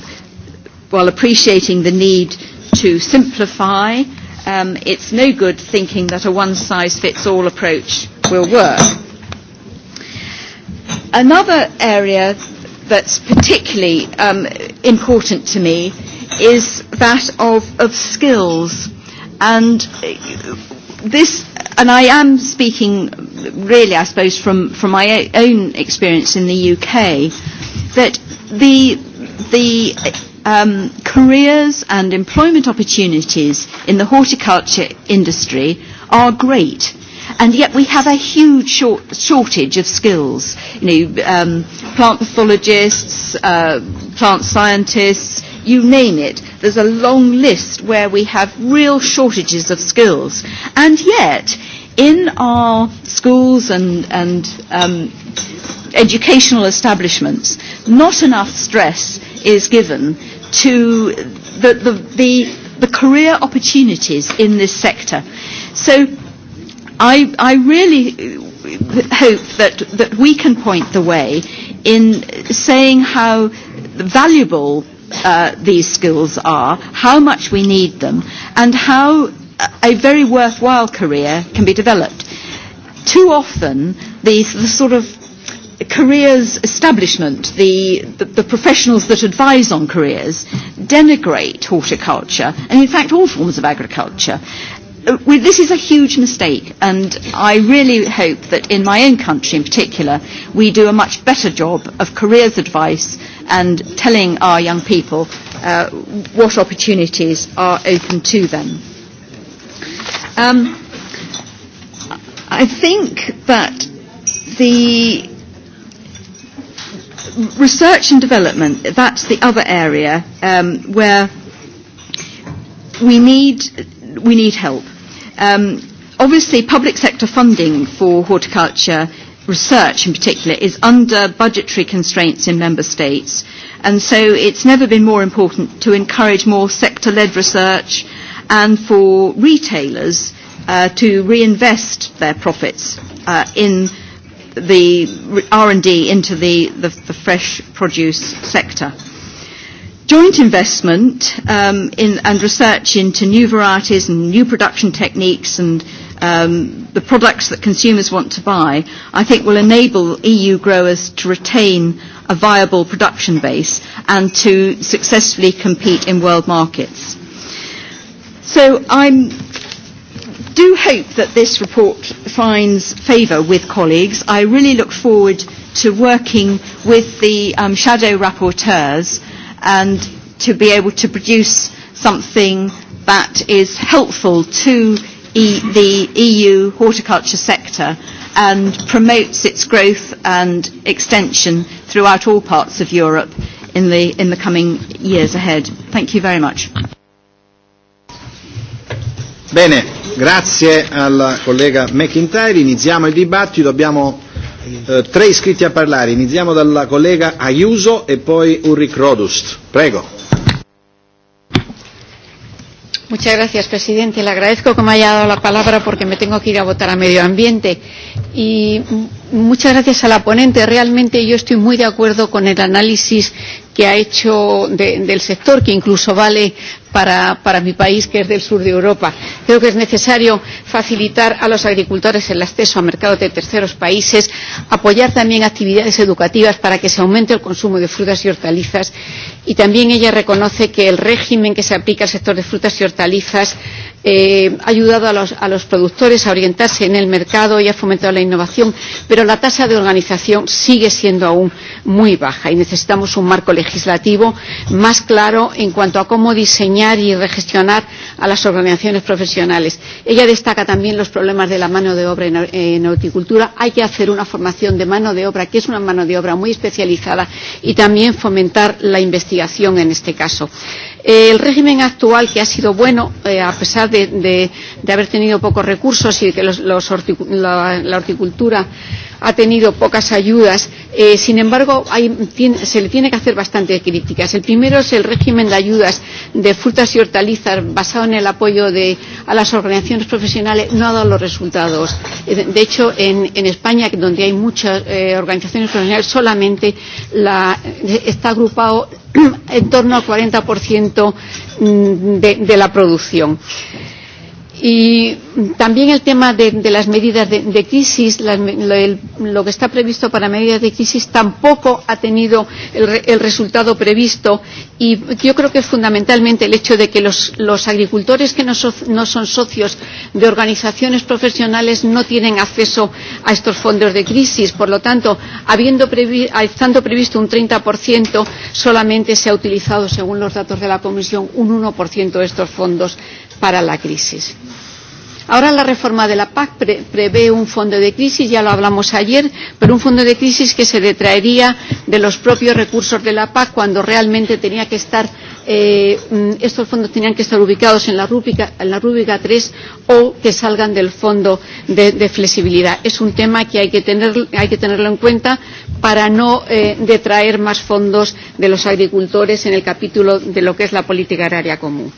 while appreciating the need to simplify, um, it's no good thinking that a one-size-fits-all approach will work. Another area that's particularly um, important to me is that of, of skills. And uh, this, and I am speaking really, I suppose, from, from my own experience in the UK, that the, the um, careers and employment opportunities in the horticulture industry are great and yet we have a huge short, shortage of skills. You know, um, plant pathologists, uh, plant scientists, you name it. There's a long list where we have real shortages of skills, and yet in our schools and and um, educational establishments, not enough stress is given to the, the, the, the career opportunities in this sector. So I, I really hope that, that we can point the way in saying how valuable uh, these skills are, how much we need them, and how a very worthwhile career can be developed. Too often, the, the sort of careers establishment, the, the, the professionals that advise on careers, denigrate horticulture and, in fact, all forms of agriculture. Uh, we, this is a huge mistake, and I really hope that in my own country in particular, we do a much better job of careers advice and telling our young people uh, what opportunities are open to them. Um, I think that the research and development, that's the other area um, where we need, we need help Um, obviously, public sector funding for horticulture research in particular is under budgetary constraints in member states and so it's never been more important to encourage more sector-led research and for retailers uh, to reinvest their profits uh, in the R&D into the, the, the fresh produce sector. Uh, Joint investment um, in, and research into new varieties and new production techniques and um, the products that consumers want to buy, I think will enable EU growers to retain a viable production base and to successfully compete in world markets. So I'm do hope that this report finds favour with colleagues. I really look forward to working with the um, shadow rapporteurs and to be able to produce something that is helpful to e the EU horticulture sector and promotes its growth and extension throughout all parts of Europe in the, in the coming years ahead. Thank you very much. Bene, grazie al collega McIntyre. Iniziamo il dibattito. Abbiamo eh, tre iscritti a parlare. Iniziamo dalla collega Aiuso e poi Ulrich Rodust. Prego. Muchas gracias, presidente. Le agradezco que me haya dado la palabra porque me tengo que ir a votar a medio ambiente. Y muchas gracias a la ponente. Realmente yo estoy muy de acuerdo con el análisis que ha hecho de, del sector, que incluso vale para, para mi país, que es del sur de Europa. Creo que es necesario facilitar a los agricultores el acceso a mercados de terceros países, apoyar también actividades educativas para que se aumente el consumo de frutas y hortalizas y también ella reconoce que el régimen que se aplica al sector de frutas y hortalizas eh, ha ayudado a los, a los productores a orientarse en el mercado y ha fomentado la innovación, pero la tasa de organización sigue siendo aún muy baja y necesitamos un marco legislativo más claro en cuanto a cómo diseñar y regestionar a las organizaciones profesionales. Ella destaca también los problemas de la mano de obra en, en horticultura. Hay que hacer una formación de mano de obra, que es una mano de obra muy especializada, y también fomentar la investigación en este caso. Eh, el régimen actual, que ha sido bueno, eh, a pesar de, de, de haber tenido pocos recursos y que los, los horticu la, la horticultura ha tenido pocas ayudas. Eh, sin embargo, hay, tiene, se le tiene que hacer bastantes críticas. El primero es el régimen de ayudas de frutas y hortalizas basado en el apoyo de, a las organizaciones profesionales no ha dado los resultados. Eh, de hecho, en, en España, donde hay muchas eh, organizaciones profesionales, solamente la, eh, está agrupado (clears throat) en torno al 40% mm, de, de la producción. Y También el tema de, de las medidas de, de crisis, las, lo, el, lo que está previsto para medidas de crisis tampoco ha tenido el, el resultado previsto y yo creo que es fundamentalmente el hecho de que los, los agricultores que no, so, no son socios de organizaciones profesionales no tienen acceso a estos fondos de crisis. Por lo tanto, habiendo previ, estando previsto un 30%, solamente se ha utilizado, según los datos de la Comisión, un 1% de estos fondos para la crisis. Gracias. Ahora la reforma de la PAC pre prevé un fondo de crisis, ya lo hablamos ayer, pero un fondo de crisis que se detraería de los propios recursos de la PAC cuando realmente tenía que estar, eh, mm, estos fondos tenían que estar ubicados en la rúbrica, en la rúbrica 3 o que salgan del fondo de, de flexibilidad. Es un tema que hay que, tener, hay que tenerlo en cuenta para no eh, detraer más fondos de los agricultores en el capítulo de lo que es la política agraria común.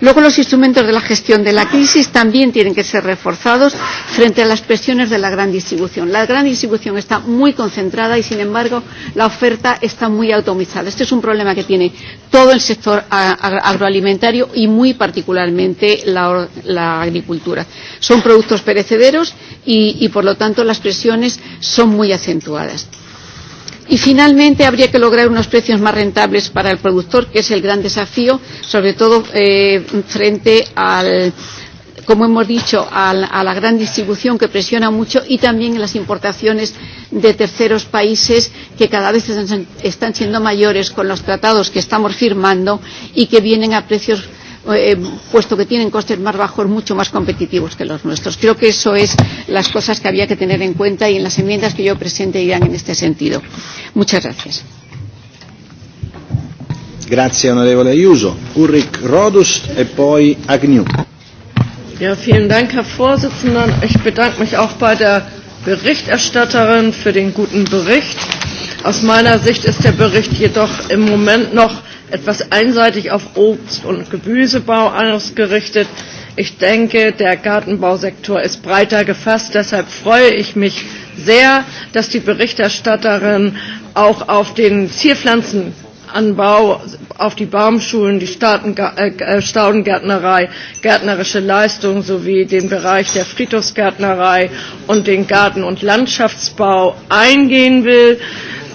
Luego, los instrumentos de la gestión de la crisis también tienen que ser reforzados frente a las presiones de la gran distribución. La gran distribución está muy concentrada y, sin embargo, la oferta está muy atomizada. Este es un problema que tiene todo el sector agroalimentario y, muy particularmente, la, la agricultura. Son productos perecederos y, y, por lo tanto, las presiones son muy acentuadas. Y finalmente habría que lograr unos precios más rentables para el productor, que es el gran desafío, sobre todo eh, frente al, como hemos dicho, al, a la gran distribución que presiona mucho y también en las importaciones de terceros países que cada vez están siendo mayores con los tratados que estamos firmando y que vienen a precios eh, puesto que tienen costes más bajos, mucho más competitivos que los nuestros. Creo que eso es las cosas que había que tener en cuenta y en las enmiendas que yo presente irán en este sentido. Muchas gracias. Grazie onorevole Ayuso. Ulrich Rodus e poi Agnew. Ja, vielen Dank, Herr Vorsitzender. Ich bedanke mich auch bei der Berichterstatterin für den guten Bericht. Aus meiner Sicht ist der Bericht jedoch im Moment noch etwas einseitig auf Obst- und Gemüsebau ausgerichtet. Ich denke, der Gartenbausektor ist breiter gefasst. Deshalb freue ich mich sehr, dass die Berichterstatterin auch auf den Zierpflanzen Anbau auf die Baumschulen, die Staaten, äh, äh Staudengärtnerei, gärtnerische Leistungen sowie den Bereich der Friedhofsgärtnerei und den Garten- und Landschaftsbau eingehen will.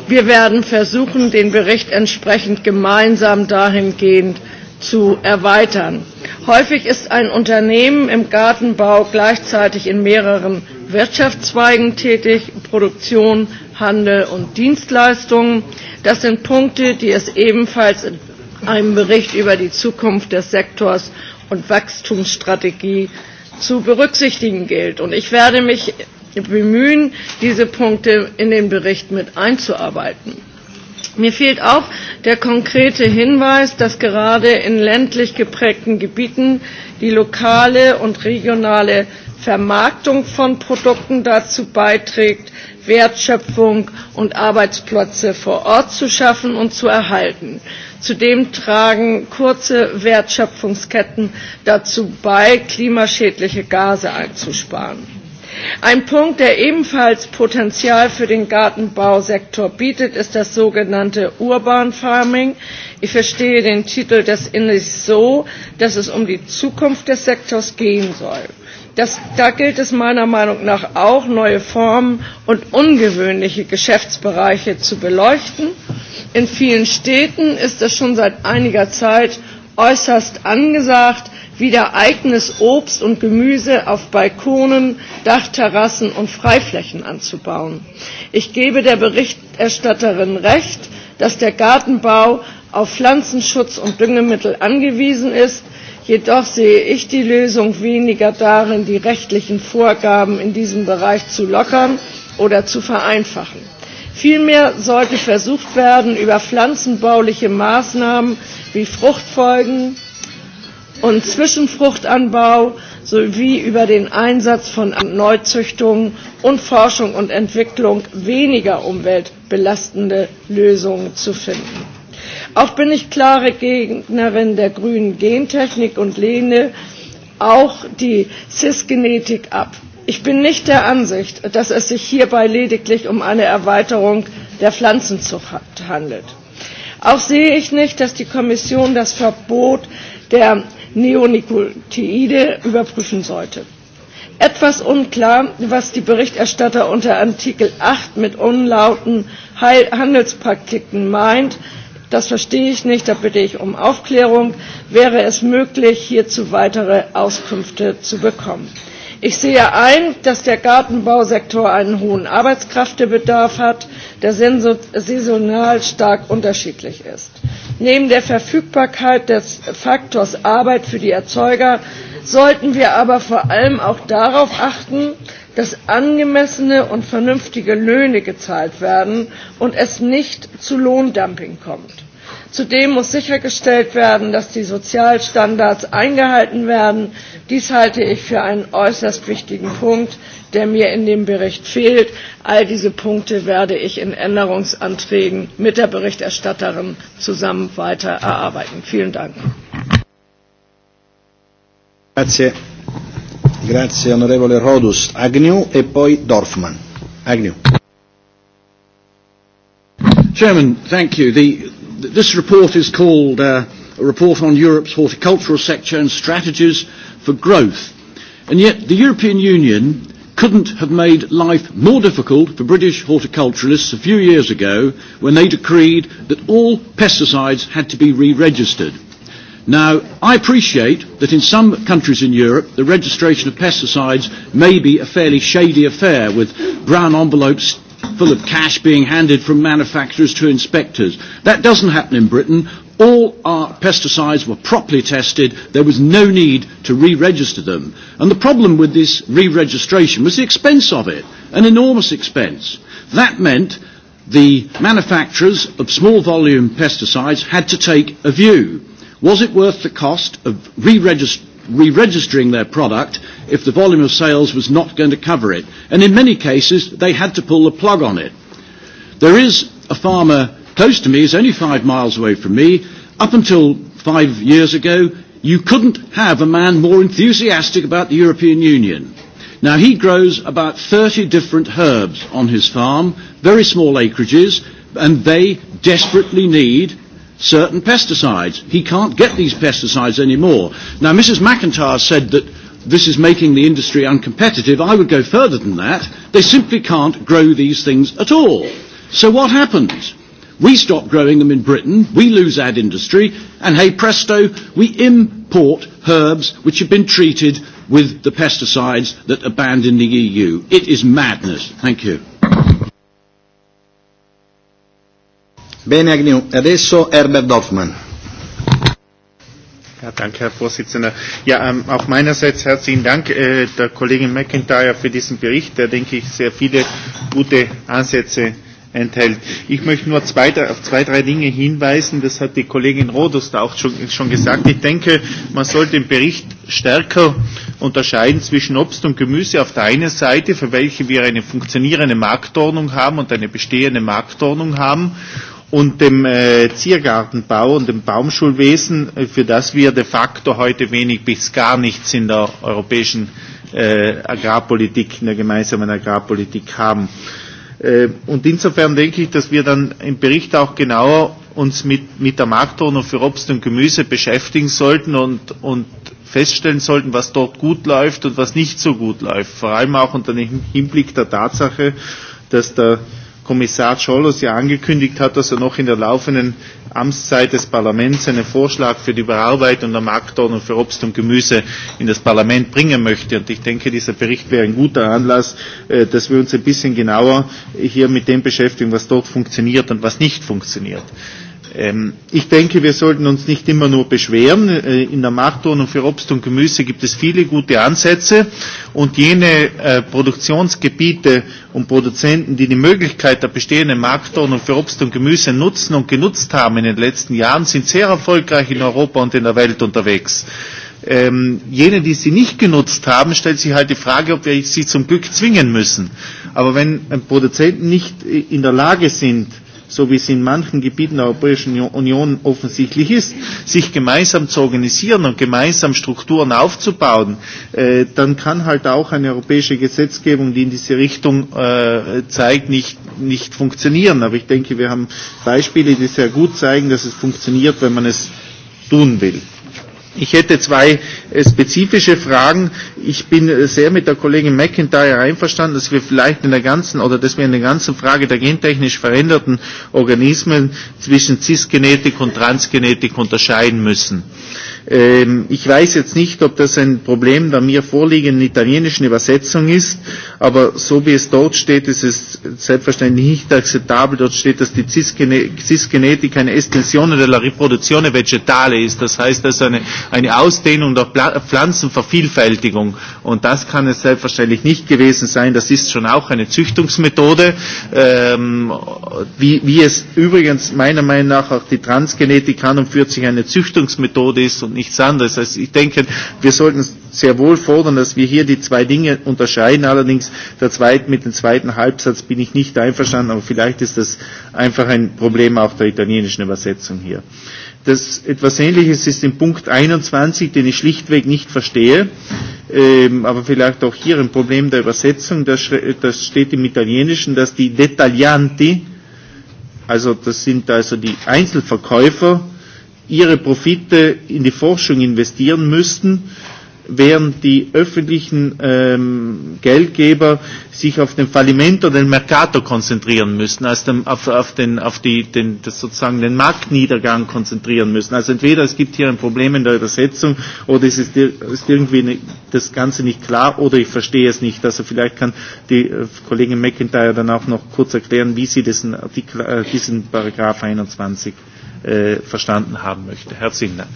Wir werden versuchen, den Bericht entsprechend gemeinsam dahingehend zu erweitern. Häufig ist ein Unternehmen im Gartenbau gleichzeitig in mehreren Wirtschaftszweigen tätig, Produktion, Handel und Dienstleistungen. Das sind Punkte, die es ebenfalls in einem Bericht über die Zukunft des Sektors und Wachstumsstrategie zu berücksichtigen gilt. Und ich werde mich bemühen, diese Punkte in den Bericht mit einzuarbeiten. Mir fehlt auch der konkrete Hinweis, dass gerade in ländlich geprägten Gebieten die lokale und regionale Vermarktung von Produkten dazu beiträgt, Wertschöpfung und Arbeitsplätze vor Ort zu schaffen und zu erhalten. Zudem tragen kurze Wertschöpfungsketten dazu bei, klimaschädliche Gase einzusparen. Ein Punkt, der ebenfalls Potenzial für den Gartenbausektor bietet, ist das sogenannte Urban Farming. Ich verstehe den Titel des Indes so, dass es um die Zukunft des Sektors gehen soll. Das, da gilt es meiner Meinung nach auch, neue Formen und ungewöhnliche Geschäftsbereiche zu beleuchten. In vielen Städten ist das schon seit einiger Zeit äußerst angesagt, wieder eigenes Obst und Gemüse auf Balkonen, Dachterrassen und Freiflächen anzubauen. Ich gebe der Berichterstatterin recht, dass der Gartenbau auf Pflanzenschutz und Düngemittel angewiesen ist. Jedoch sehe ich die Lösung weniger darin, die rechtlichen Vorgaben in diesem Bereich zu lockern oder zu vereinfachen. Vielmehr sollte versucht werden, über pflanzenbauliche Maßnahmen wie Fruchtfolgen, und Zwischenfruchtanbau sowie über den Einsatz von Neuzüchtungen und Forschung und Entwicklung weniger umweltbelastende Lösungen zu finden. Auch bin ich klare Gegnerin der grünen Gentechnik und lehne auch die CIS-Genetik ab. Ich bin nicht der Ansicht, dass es sich hierbei lediglich um eine Erweiterung der Pflanzenzucht handelt. Auch sehe ich nicht, dass die Kommission das Verbot der Neonicotinoide überprüfen sollte. Etwas unklar, was die Berichterstatter unter Artikel 8 mit unlauten Handelspraktiken meint, das verstehe ich nicht, da bitte ich um Aufklärung. Wäre es möglich, hierzu weitere Auskünfte zu bekommen? Ich sehe ein, dass der Gartenbausektor einen hohen Arbeitskräftebedarf hat, der saisonal stark unterschiedlich ist. Neben der Verfügbarkeit des Faktors Arbeit für die Erzeuger sollten wir aber vor allem auch darauf achten, dass angemessene und vernünftige Löhne gezahlt werden und es nicht zu Lohndumping kommt. Zudem muss sichergestellt werden, dass die Sozialstandards eingehalten werden. Dies halte ich für einen äußerst wichtigen Punkt der mir in dem Bericht fehlt. All diese Punkte werde ich in Änderungsanträgen mit der Berichterstatterin zusammen weiter erarbeiten. Vielen Dank. Grazie. Grazie onorevole Rodus Agnew e poi Dorfman. Agnew. Chairman, thank you. The, this report is called uh, a report on Europe's horticultural sector and strategies for growth. And yet the European Union couldn't have made life more difficult for British horticulturalists a few years ago when they decreed that all pesticides had to be re-registered. Now, I appreciate that in some countries in Europe, the registration of pesticides may be a fairly shady affair with brown envelopes full of cash being handed from manufacturers to inspectors. That doesn't happen in Britain. All our pesticides were properly tested. There was no need to re-register them. And the problem with this re-registration was the expense of it, an enormous expense. That meant the manufacturers of small volume pesticides had to take a view. Was it worth the cost of re-registering re-registering their product if the volume of sales was not going to cover it? And in many cases, they had to pull the plug on it. There is a farmer close to me is only five miles away from me. Up until five years ago, you couldn't have a man more enthusiastic about the European Union. Now, he grows about 30 different herbs on his farm, very small acreages, and they desperately need certain pesticides. He can't get these pesticides anymore. Now, Mrs. McIntyre said that this is making the industry uncompetitive. I would go further than that. They simply can't grow these things at all. So what happens? We stop growing them in Britain, we lose ad industry, and hey presto, we import herbs which have been treated with the pesticides that abandon the EU. It is madness. Thank you. Bene Agnew, adesso Herbert Hoffmann. Ja, danke, Herr Vorsitzender. Ja, ähm, auch meinerseits herzlichen Dank äh, der Kollegin McIntyre für diesen Bericht, der, denke ich, sehr viele gute Ansätze äh, enthält. Ich möchte nur zwei, auf zwei, drei Dinge hinweisen. Das hat die Kollegin Rodos da auch schon, schon gesagt. Ich denke, man sollte im Bericht stärker unterscheiden zwischen Obst und Gemüse auf der einen Seite, für welche wir eine funktionierende Marktordnung haben und eine bestehende Marktordnung haben, und dem äh, Ziergartenbau und dem Baumschulwesen, äh, für das wir de facto heute wenig bis gar nichts in der europäischen äh, Agrarpolitik, in der gemeinsamen Agrarpolitik haben. Äh, Äh, und insofern denke ich, dass wir dann im Bericht auch genauer uns mit, mit der Marktordnung für Obst und Gemüse beschäftigen sollten und, und feststellen sollten, was dort gut läuft und was nicht so gut läuft. Vor allem auch unter dem Hinblick der Tatsache, dass der Kommissar Scholz ja angekündigt hat, dass er noch in der laufenden Amtszeit des Parlaments einen Vorschlag für die Überarbeitung der Marktordnung für Obst und Gemüse in das Parlament bringen möchte. Und ich denke, dieser Bericht wäre ein guter Anlass, äh, dass wir uns ein bisschen genauer hier mit dem beschäftigen, was dort funktioniert und was nicht funktioniert. Äh, Ähm, ich denke, wir sollten uns nicht immer nur beschweren. Äh, in der Marktordnung für Obst und Gemüse gibt es viele gute Ansätze und jene äh, Produktionsgebiete und Produzenten, die die Möglichkeit der bestehenden Marktordnung für Obst und Gemüse nutzen und genutzt haben in den letzten Jahren, sind sehr erfolgreich in Europa und in der Welt unterwegs. Ähm, jene, die sie nicht genutzt haben, stellt sich halt die Frage, ob wir sie zum Glück zwingen müssen. Aber wenn äh, Produzenten nicht in der Lage sind, äh, so wie es in manchen Gebieten der Europäischen Union offensichtlich ist, sich gemeinsam zu organisieren und gemeinsam Strukturen aufzubauen, äh, dann kann halt auch eine europäische Gesetzgebung, die in diese Richtung äh, zeigt, nicht, nicht funktionieren. Aber ich denke, wir haben Beispiele, die sehr gut zeigen, dass es funktioniert, wenn man es tun will. Ich hätte zwei äh, spezifische Fragen. Ich bin äh, sehr mit der Kollegin McIntyre einverstanden, dass wir vielleicht in der ganzen oder dass wir in der ganzen Frage der gentechnisch veränderten Organismen zwischen Cisgenetik und Transgenetik unterscheiden müssen. Äh, Ähm, ich weiß jetzt nicht, ob das ein Problem der mir vorliegenden italienischen Übersetzung ist, aber so wie es dort steht, ist es selbstverständlich nicht akzeptabel. Dort steht, dass die Cisgenetik eine Estensione della riproduzione vegetale ist. Das heißt, das ist eine, eine Ausdehnung der Pla Pflanzenvervielfältigung. Und das kann es selbstverständlich nicht gewesen sein. Das ist schon auch eine Züchtungsmethode, ähm, wie, wie es übrigens meiner Meinung nach auch die Transgenetik an und für sich eine Züchtungsmethode ist und nichts anderes. Also ich denke, wir sollten sehr wohl fordern, dass wir hier die zwei Dinge unterscheiden. Allerdings der zweiten, mit dem zweiten Halbsatz bin ich nicht einverstanden, aber vielleicht ist das einfach ein Problem auch der italienischen Übersetzung hier. Das etwas Ähnliches ist in Punkt 21, den ich schlichtweg nicht verstehe, ähm, aber vielleicht auch hier ein Problem der Übersetzung. Das, das steht im Italienischen, dass die Detaglianti, also das sind also die Einzelverkäufer, ihre Profite in die Forschung investieren müssten, während die öffentlichen ähm, Geldgeber sich auf den Faliment oder den Mercator konzentrieren müssen, also dem, auf, auf, den, auf die, den, das sozusagen den Marktniedergang konzentrieren müssen. Also entweder es gibt hier ein Problem in der Übersetzung oder es ist, ist irgendwie eine, das Ganze nicht klar oder ich verstehe es nicht. Also vielleicht kann die äh, Kollegin McIntyre dann auch noch kurz erklären, wie sie diesen, Artikel, äh, diesen Paragraph 21 äh, verstanden haben möchte. Herzlichen Dank.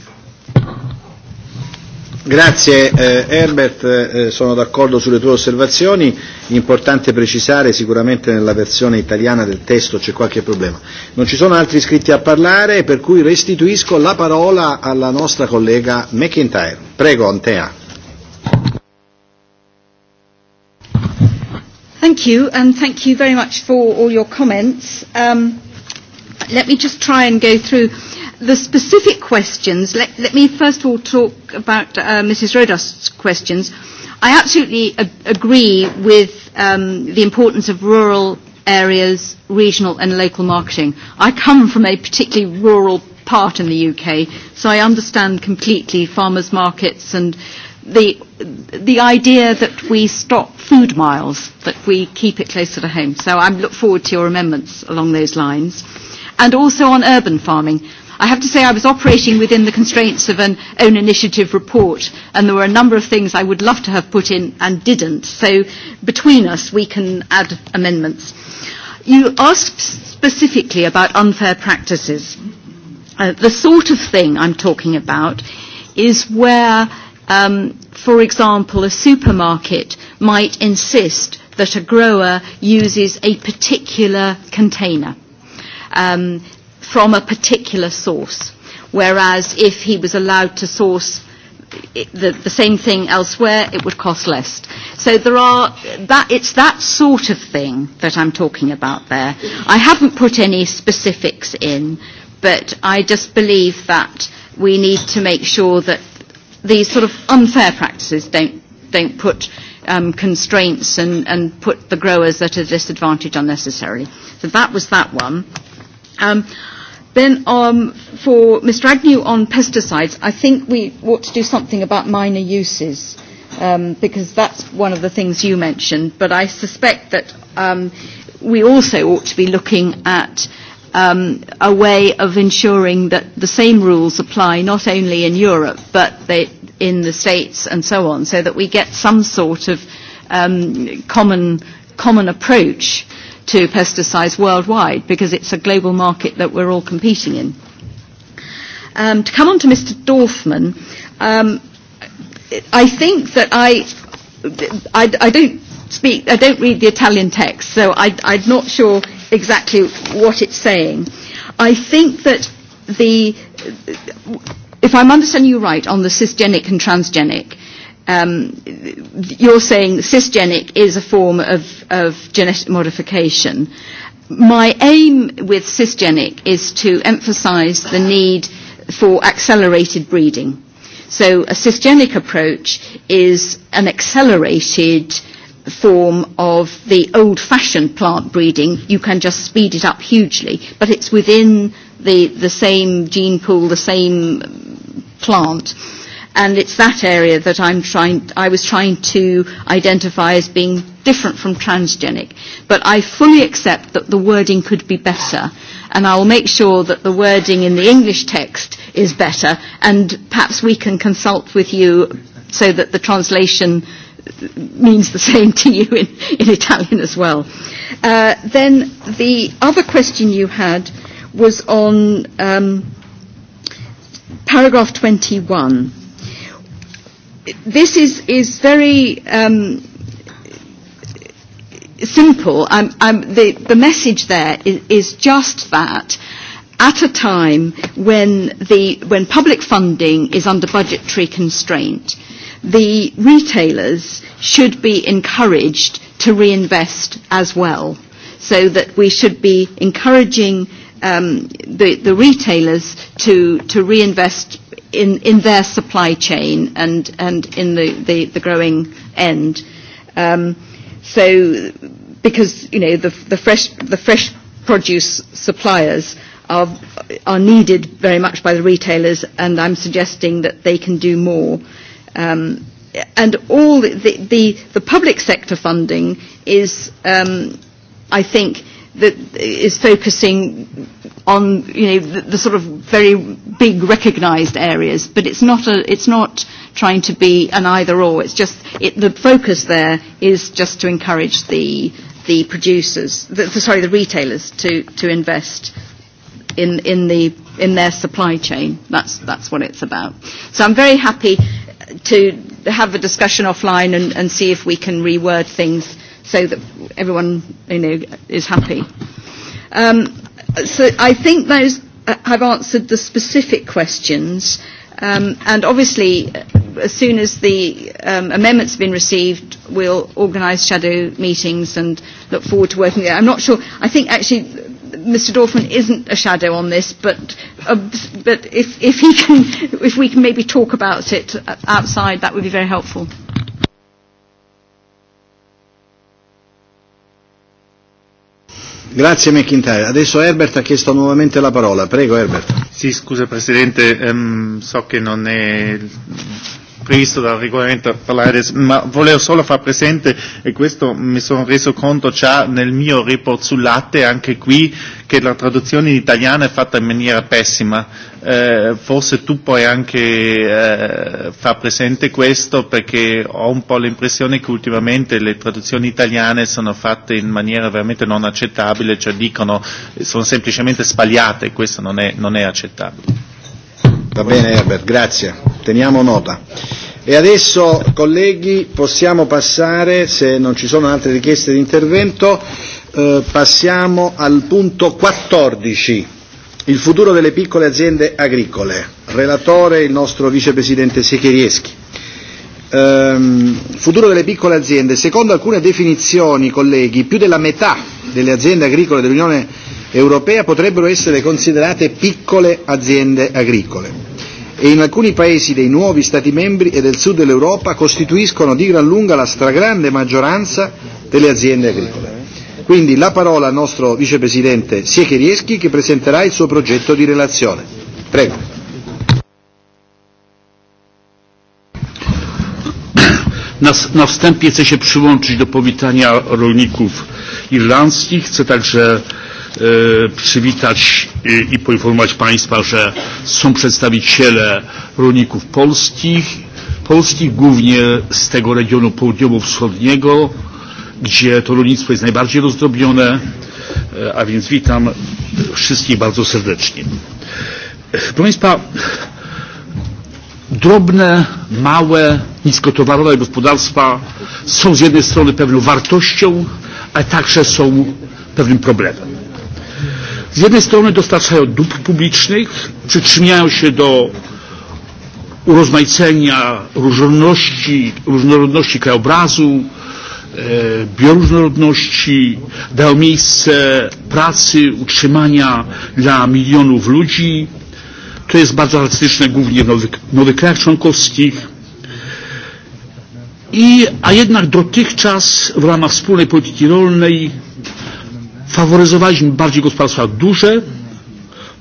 Grazie eh, Herbert, eh, eh, sono d'accordo sulle tue osservazioni, importante precisare sicuramente nella versione italiana del testo c'è qualche problema. Non ci sono altri iscritti a parlare per cui restituisco la parola alla nostra collega McIntyre. Prego Antea. Thank you and thank you very much for all your comments. Um, let me just try and go through the specific questions. Let, let me first of all talk about uh, Mrs. Rodust's questions. I absolutely ag- agree with um, the importance of rural areas, regional and local marketing. I come from a particularly rural part in the UK, so I understand completely farmers' markets and the, the idea that we stop food miles, that we keep it closer to home. So I look forward to your amendments along those lines. Uh, and also on urban farming. I have to say I was operating within the constraints of an own initiative report, and there were a number of things I would love to have put in and didn't. So between us, we can add amendments. You asked specifically about unfair practices. Uh, the sort of thing I'm talking about is where, um, for example, a supermarket might insist that a grower uses a particular container um, from a particular source. Whereas if he was allowed to source the, the same thing elsewhere, it would cost less. So there are that it's that sort of thing that I'm talking about there. I haven't put any specifics in, but I just believe that we need to make sure that these sort of unfair practices don't don't put um, constraints and, and put the growers at a disadvantage unnecessarily. So that was that one. Um, Then um, for Ms. Dragnew on pesticides, I think we ought to do something about minor uses um, because that's one of the things you mentioned. But I suspect that um, we also ought to be looking at um, a way of ensuring that the same rules apply not only in Europe but they, in the States and so on so that we get some sort of um, common, common approach. Uh, to pesticides worldwide because it's a global market that we're all competing in. Um, to come on to Mr. Dorfman, um, I think that I, I, I don't speak, I don't read the Italian text, so I, I'm not sure exactly what it's saying. I think that the, if I'm understanding you right on the cisgenic and transgenic, um, you're saying cisgenic is a form of, of genetic modification. My aim with cisgenic is to emphasize the need for accelerated breeding. So a cisgenic approach is an accelerated form of the old-fashioned plant breeding. You can just speed it up hugely, but it's within the, the same gene pool, the same plant. Uh, And it's that area that I'm trying, I was trying to identify as being different from transgenic. But I fully accept that the wording could be better. And I will make sure that the wording in the English text is better. And perhaps we can consult with you so that the translation means the same to you in, in Italian as well. Uh, then the other question you had was on um, paragraph 21 this is, is very um, simple. I'm, I'm, the, the message there is, is just that at a time when, the, when public funding is under budgetary constraint, the retailers should be encouraged to reinvest as well, so that we should be encouraging um, the, the retailers to, to reinvest in, in their supply chain and, and in the, the, the growing end. Um, so, because you know the, the fresh the fresh produce suppliers are are needed very much by the retailers, and I'm suggesting that they can do more. Um, and all the, the, the, the public sector funding is, um, I think, that is focusing on you know the, the sort of very big recognised areas, but it's not a it's not trying to be an either or. It's just it, the focus there is just to encourage the the producers, the, the, sorry, the retailers to to invest in in the in their supply chain. That's that's what it's about. So I'm very happy to have a discussion offline and, and see if we can reword things so that everyone you know, is happy. Um, so I think those uh, have answered the specific questions. Um, and obviously, uh, as soon as the um, amendments have been received, we'll organise shadow meetings and look forward to working there. I'm not sure. I think actually Mr. Dorfman isn't a shadow on this, but uh, but if if he can, if we can maybe talk about it outside, that would be very helpful. Grazie McIntyre. Adesso Herbert ha chiesto nuovamente la parola. Prego Herbert. Sì, scusa Presidente, um, so che non è previsto dal regolamento parlare, ma volevo solo far presente, e questo mi sono reso conto già nel mio report sul latte, anche qui, che la traduzione in italiano è fatta in maniera pessima. Eh, forse tu puoi anche eh, far presente questo perché ho un po' l'impressione che ultimamente le traduzioni italiane sono fatte in maniera veramente non accettabile, cioè dicono sono semplicemente sbagliate e questo non è, non è accettabile. Va bene Herbert, grazie. Teniamo nota. E adesso, colleghi, possiamo passare, se non ci sono altre richieste di intervento, eh, passiamo al punto 14, il futuro delle piccole aziende agricole. Relatore il nostro vicepresidente Secherieschi. Ehm, futuro delle piccole aziende. Secondo alcune definizioni, colleghi, più della metà delle aziende agricole dell'Unione europea potrebbero essere considerate piccole aziende agricole e in alcuni paesi dei nuovi Stati membri e del sud dell'Europa costituiscono di gran lunga la stragrande maggioranza delle aziende agricole. Quindi la parola al nostro vicepresidente Siecherieschi che presenterà il suo progetto di relazione. Prego. Na, na wstępie chcę się przyłączyć do powitania rolników irlandzkich. Chcę także E, przywitać i poinformować Państwa, że są przedstawiciele rolników polskich, polskich głównie z tego regionu południowo-wschodniego, gdzie to rolnictwo jest najbardziej rozdrobnione, e, a więc witam wszystkich bardzo serdecznie. Proszę Państwa, drobne, małe, niskotowarowe gospodarstwa są z jednej strony pewną wartością, ale także są pewnym problemem z jednej strony dostarczają dóbr publicznych, przyczyniają się do urozmaicenia różnorodności, różnorodności krajobrazu, e, bioróżnorodności, dają miejsce pracy, utrzymania dla milionów ludzi. To jest bardzo elastyczne głównie w nowych, nowych krajach członkowskich. I, a jednak dotychczas w ramach wspólnej polityki rolnej Faworyzowaliśmy bardziej gospodarstwa duże,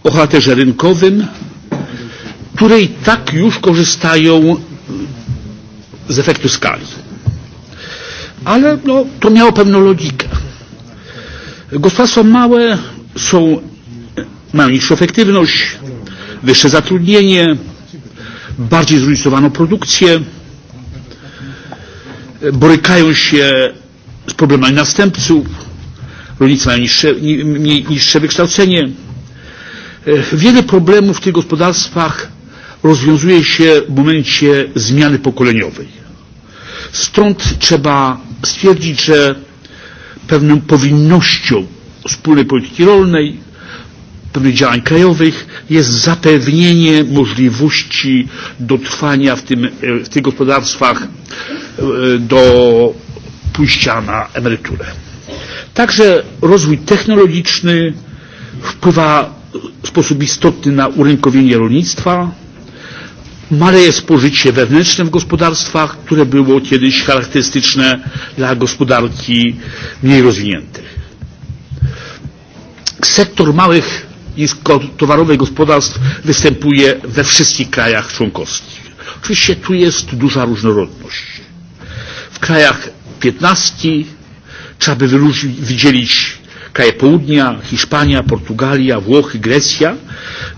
o charakterze rynkowym, które i tak już korzystają z efektu skali. Ale no, to miało pewną logikę. Gospodarstwa małe są, mają niższą efektywność, wyższe zatrudnienie, bardziej zróżnicowaną produkcję, borykają się z problemami następców, rolnicy mają niższe, mniej, niższe wykształcenie. E, wiele problemów w tych gospodarstwach rozwiązuje się w momencie zmiany pokoleniowej. Stąd trzeba stwierdzić, że pewną powinnością wspólnej polityki rolnej, pewnych działań krajowych jest zapewnienie możliwości dotrwania w, tym, e, w tych gospodarstwach e, do pójścia na emeryturę. Także rozwój technologiczny wpływa w sposób istotny na urynkowienie rolnictwa. Maleje spożycie wewnętrzne w gospodarstwach, które było kiedyś charakterystyczne dla gospodarki mniej rozwiniętych. Sektor małych i towarowych gospodarstw występuje we wszystkich krajach członkowskich. Oczywiście tu jest duża różnorodność. W krajach piętnastki Trzeba by wydzielić kraje południa, Hiszpania, Portugalia, Włochy, Grecja,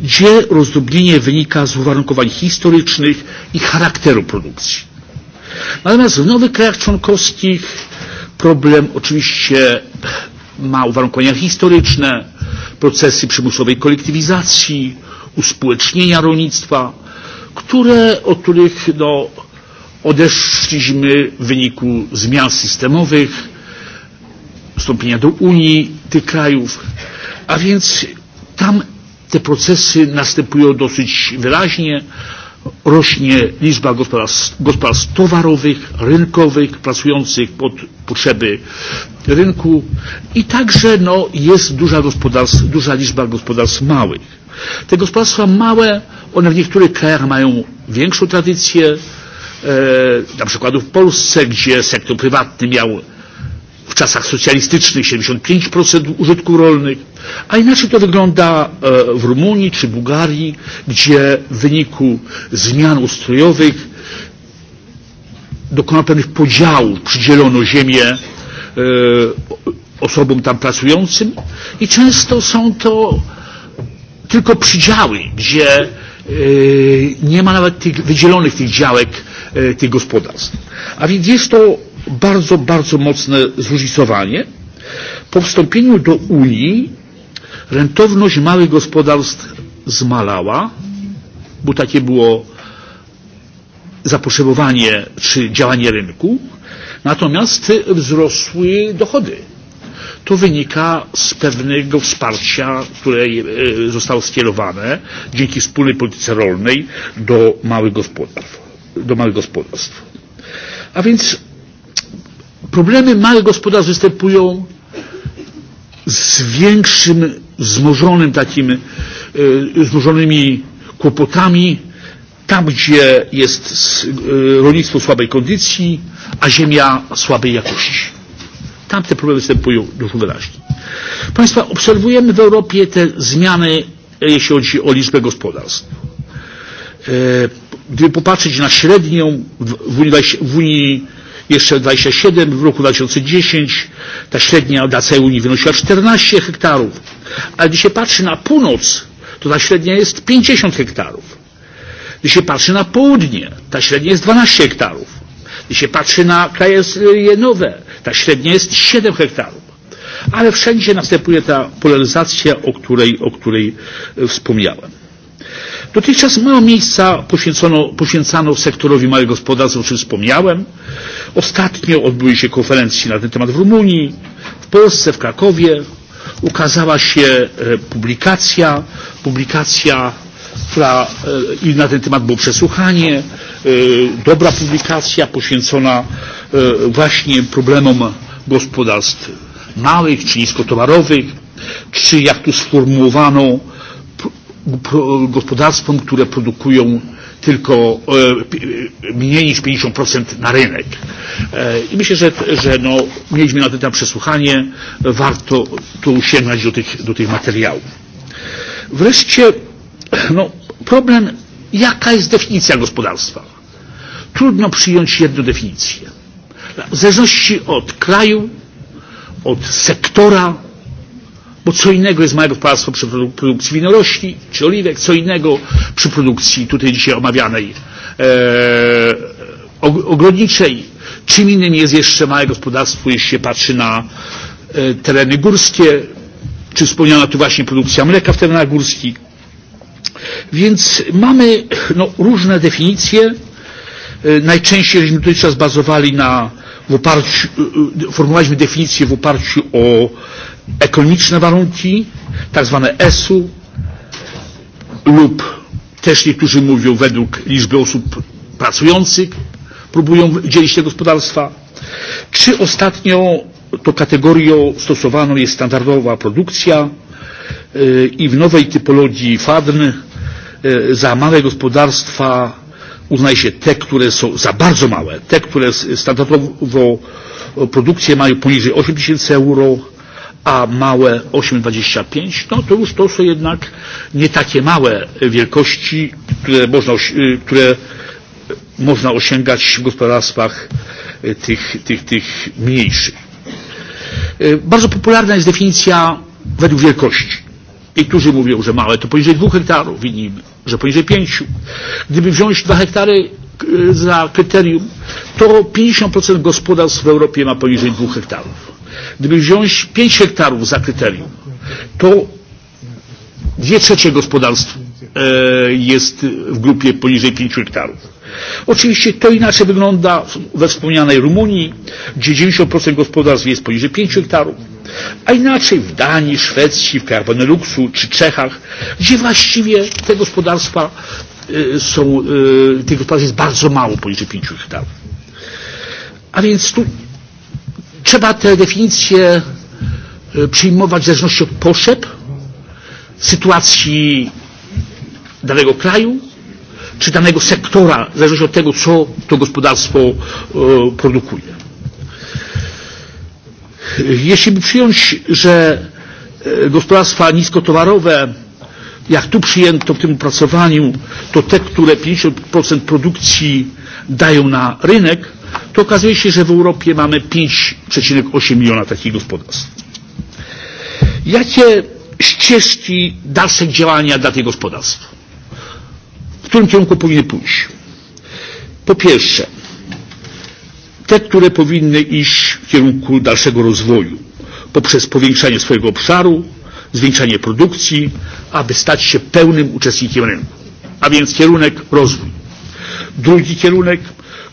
gdzie rozdrobnienie wynika z uwarunkowań historycznych i charakteru produkcji. Natomiast w nowych krajach członkowskich problem oczywiście ma uwarunkowania historyczne, procesy przymusowej kolektywizacji, uspołecznienia rolnictwa, które, od których no, odeszliśmy w wyniku zmian systemowych, przystąpienia do Unii tych krajów. A więc tam te procesy następują dosyć wyraźnie. Rośnie liczba gospodarstw, gospodarstw towarowych, rynkowych, pracujących pod potrzeby rynku i także no, jest duża, gospodarstw, duża liczba gospodarstw małych. Te gospodarstwa małe, one w niektórych krajach mają większą tradycję, e, na przykład w Polsce, gdzie sektor prywatny miał w czasach socjalistycznych 75% użytków rolnych, a inaczej to wygląda e, w Rumunii czy Bułgarii, gdzie w wyniku zmian ustrojowych dokonano pewnych podziałów, przydzielono ziemię e, osobom tam pracującym i często są to tylko przydziały, gdzie e, nie ma nawet tych wydzielonych tych działek tych gospodarstw. A więc jest to bardzo, bardzo mocne zróżnicowanie. Po wstąpieniu do Unii rentowność małych gospodarstw zmalała, bo takie było zapotrzebowanie czy działanie rynku, natomiast wzrosły dochody. To wynika z pewnego wsparcia, które e, zostało skierowane dzięki wspólnej polityce rolnej do małych gospodarstw. Do małych gospodarstw. A więc Problemy małych gospodarstw występują z większym, zmożonym takim, e, zmożonymi kłopotami, tam gdzie jest e, rolnictwo słabej kondycji, a ziemia słabej jakości. Tam te problemy występują dużo wyraźnie. Państwa, obserwujemy w Europie te zmiany, e, jeśli chodzi o liczbę gospodarstw. Gdyby popatrzeć na średnią w Unii, w Unii jeszcze 27, w roku 2010 ta średnia dla całej Unii wynosiła 14 hektarów, ale gdy się patrzy na północ, to ta średnia jest 50 hektarów. Gdy się patrzy na południe, ta średnia jest 12 hektarów. Gdy się patrzy na kraje nowe, ta średnia jest 7 hektarów. Ale wszędzie następuje ta polaryzacja, o której, o której e, wspomniałem. Dotychczas mało miejsca poświęcono, poświęcano sektorowi małych gospodarstw, o czym wspomniałem. Ostatnio odbyły się konferencje na ten temat w Rumunii, w Polsce, w Krakowie. Ukazała się e, publikacja, publikacja która, e, i na ten temat było przesłuchanie, e, dobra publikacja poświęcona właśnie problemom gospodarstw małych czy niskotowarowych, czy jak tu sformułowano gospodarstwom, które produkują tylko e, e, mniej niż 50% na rynek. E, I myślę, że, że no, mieliśmy na ten temat przesłuchanie. Warto tu sięgnąć do tych, do tych materiałów. Wreszcie no, problem, jaka jest definicja gospodarstwa. Trudno przyjąć jedną definicję. W zależności od kraju, od sektora, Bo co innego jest marnotrawstwo przy produkcji winorośli czy oliwek, co innego przy produkcji tutaj dzisiaj omawianej e, ogrodniczej. Czym innym jest jeszcze małe gospodarstwo, jeśli się patrzy na e, tereny górskie, czy wspomniana tu właśnie produkcja mleka w terenach górskich. Więc mamy no, różne definicje. E, najczęściej żeśmy dotychczas bazowali na w oparciu, formułowaliśmy definicję w oparciu o ekonomiczne warunki, tak zwane ESU lub też niektórzy mówią według liczby osób pracujących, próbują dzielić te gospodarstwa. Czy ostatnio tą kategorią stosowaną jest standardowa produkcja i w nowej typologii FADN za małe gospodarstwa uznaje się te, które są za bardzo małe, te, które standardowo e, produkcję mają poniżej 8 tysięcy euro, a małe 8,25, no to już to są jednak nie takie małe wielkości, które można, e, które można osiągać w gospodarstwach e, tych, tych, tych mniejszych. Bardzo popularna jest definicja według wielkości. I którzy mówią, że małe to poniżej 2 hektarów, inni, że poniżej 5. Gdyby wziąć 2 hektary za kryterium, to 50% gospodarstw w Europie ma poniżej 2 hektarów. Gdyby wziąć 5 hektarów za kryterium, to Dwie trzecie gospodarstw e, jest w grupie poniżej 5 hektarów. Oczywiście to inaczej wygląda we wspomnianej Rumunii, gdzie 90% gospodarstw jest poniżej 5 hektarów, a inaczej w Danii, Szwecji, w krajach Beneluxu czy Czechach, gdzie właściwie te gospodarstwa e, są, e, tych gospodarstw jest bardzo mało poniżej 5 hektarów. A więc tu trzeba te definicje przyjmować w zależności od potrzeb, sytuacji danego kraju czy danego sektora, w zależności od tego, co to gospodarstwo e, produkuje. Jeśli by przyjąć, że e, gospodarstwa niskotowarowe, jak tu przyjęto w tym opracowaniu, to te, które 50% produkcji dają na rynek, to okazuje się, że w Europie mamy 5,8 miliona takich gospodarstw. Jakie ścieżki dalszych działania dla tych gospodarstw. W którym kierunku powinny pójść? Po pierwsze, te, które powinny iść w kierunku dalszego rozwoju poprzez powiększanie swojego obszaru, zwiększanie produkcji, aby stać się pełnym uczestnikiem rynku, a więc kierunek rozwój. Drugi kierunek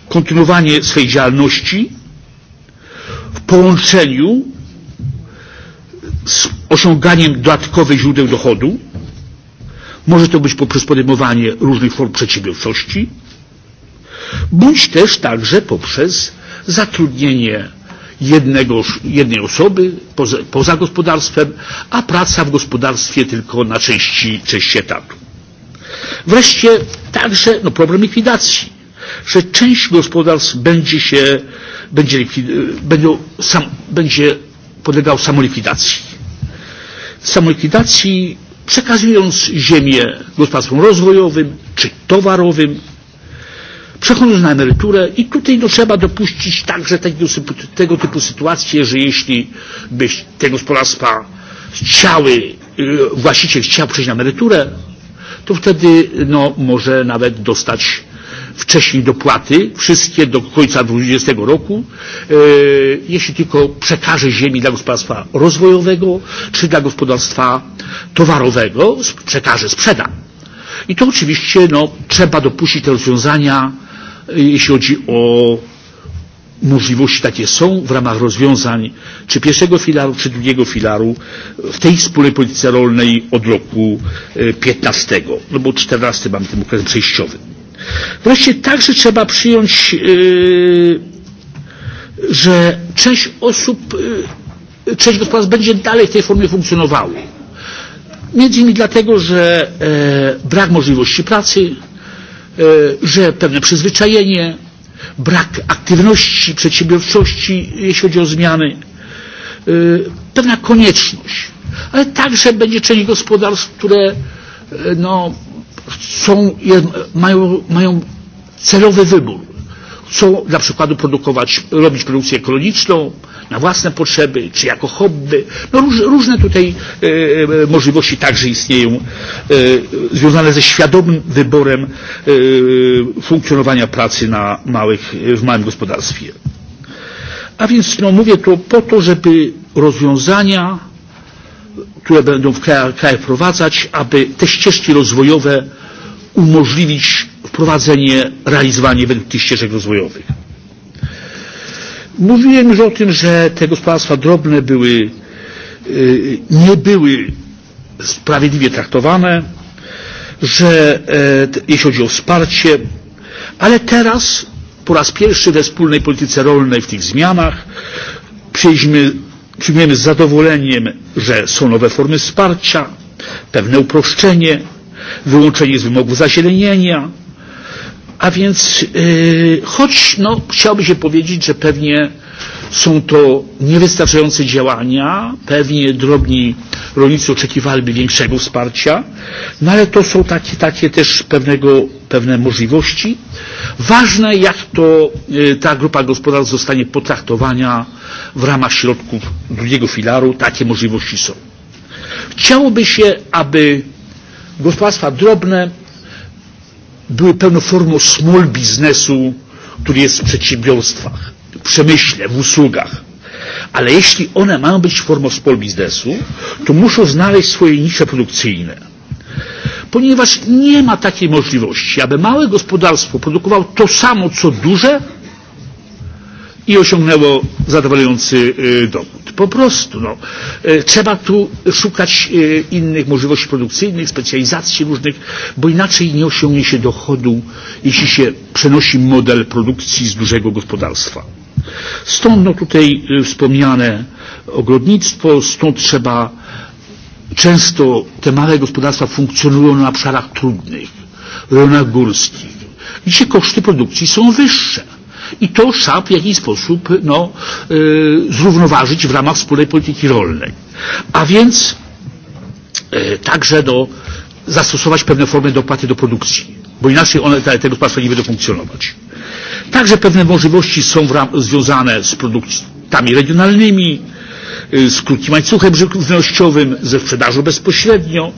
kontynuowanie swej działalności w połączeniu z osiąganiem dodatkowych źródeł dochodu. Może to być poprzez podejmowanie różnych form przedsiębiorczości, bądź też także poprzez zatrudnienie jednego, jednej osoby poza, poza gospodarstwem, a praca w gospodarstwie tylko na części, części etatu. Wreszcie także no, problem likwidacji, że część gospodarstw będzie się będzie, likwid, będzie, sam, będzie podlegał samolikwidacji. Samolikwidacji przekazując ziemię gospodarstwom rozwojowym czy towarowym, przechodząc na emeryturę i tutaj no, trzeba dopuścić także tego, tego typu sytuację, że jeśli by te gospodarstwa chciały, właściciel chciał przejść na emeryturę, to wtedy no, może nawet dostać wcześniej dopłaty, wszystkie do końca 2020 roku, yy, e, jeśli tylko przekaże ziemi dla gospodarstwa rozwojowego czy dla gospodarstwa towarowego, przekaże, sprzeda. I to oczywiście no, trzeba dopuścić te rozwiązania, yy, e, jeśli chodzi o możliwości takie są w ramach rozwiązań czy pierwszego filaru, czy drugiego filaru w tej wspólnej polityce rolnej od roku 15, e, no bo 14 mamy ten okres przejściowy. Wreszcie także trzeba przyjąć, że część osób, część gospodarstw będzie dalej w tej formie funkcjonowało. Między innymi dlatego, że brak możliwości pracy, że pewne przyzwyczajenie, brak aktywności, przedsiębiorczości, jeśli chodzi o zmiany, pewna konieczność. Ale także będzie część gospodarstw, które no, chcą, mają, mają celowy wybór. Chcą na przykład produkować, robić produkcję ekologiczną na własne potrzeby, czy jako hobby. No róż, różne tutaj e, e, możliwości także istnieją, e, związane ze świadomym wyborem e, funkcjonowania pracy na małych, w małym gospodarstwie. A więc no, mówię to po to, żeby rozwiązania które będą w krajach, krajach wprowadzać, aby te ścieżki rozwojowe umożliwić wprowadzenie, realizowanie według tych ścieżek rozwojowych. Mówiłem już o tym, że te gospodarstwa drobne były, nie były sprawiedliwie traktowane, że e, jeśli chodzi o wsparcie, ale teraz po raz pierwszy we wspólnej polityce rolnej w tych zmianach przyjęliśmy przyjmujemy z zadowoleniem, że są nowe formy wsparcia, pewne uproszczenie, wyłączenie z wymogów zazielenienia, a więc yy, choć no, chciałoby się powiedzieć, że pewnie Są to niewystarczające działania, pewnie drobni rolnicy oczekiwaliby większego wsparcia, no ale to są takie, takie też pewnego, pewne możliwości. Ważne, jak to y, ta grupa gospodarstw zostanie potraktowana w ramach środków drugiego filaru, takie możliwości są. Chciałoby się, aby gospodarstwa drobne były pełną formą small biznesu, który jest w przedsiębiorstwach przemyśle, w usługach. Ale jeśli one mają być formą small biznesu, to muszą znaleźć swoje nisze produkcyjne. Ponieważ nie ma takiej możliwości, aby małe gospodarstwo produkowało to samo, co duże i osiągnęło zadowalający dochód. Po prostu no, trzeba tu szukać innych możliwości produkcyjnych, specjalizacji różnych, bo inaczej nie osiągnie się dochodu, jeśli się przenosi model produkcji z dużego gospodarstwa. Stąd no, tutaj wspomniane ogrodnictwo, stąd trzeba często te małe gospodarstwa funkcjonują na obszarach trudnych, rejonach górskich, gdzie koszty produkcji są wyższe. I to trzeba w jakiś sposób no, yy, zrównoważyć w ramach wspólnej polityki rolnej. A więc yy, także no, zastosować pewne formy dopłaty do produkcji, bo inaczej one, te, te gospodarstwa nie będą funkcjonować. Yy, Także pewne możliwości są w ram, związane z produktami regionalnymi, z krótkim łańcuchem żywnościowym, ze sprzedażą bezpośrednio.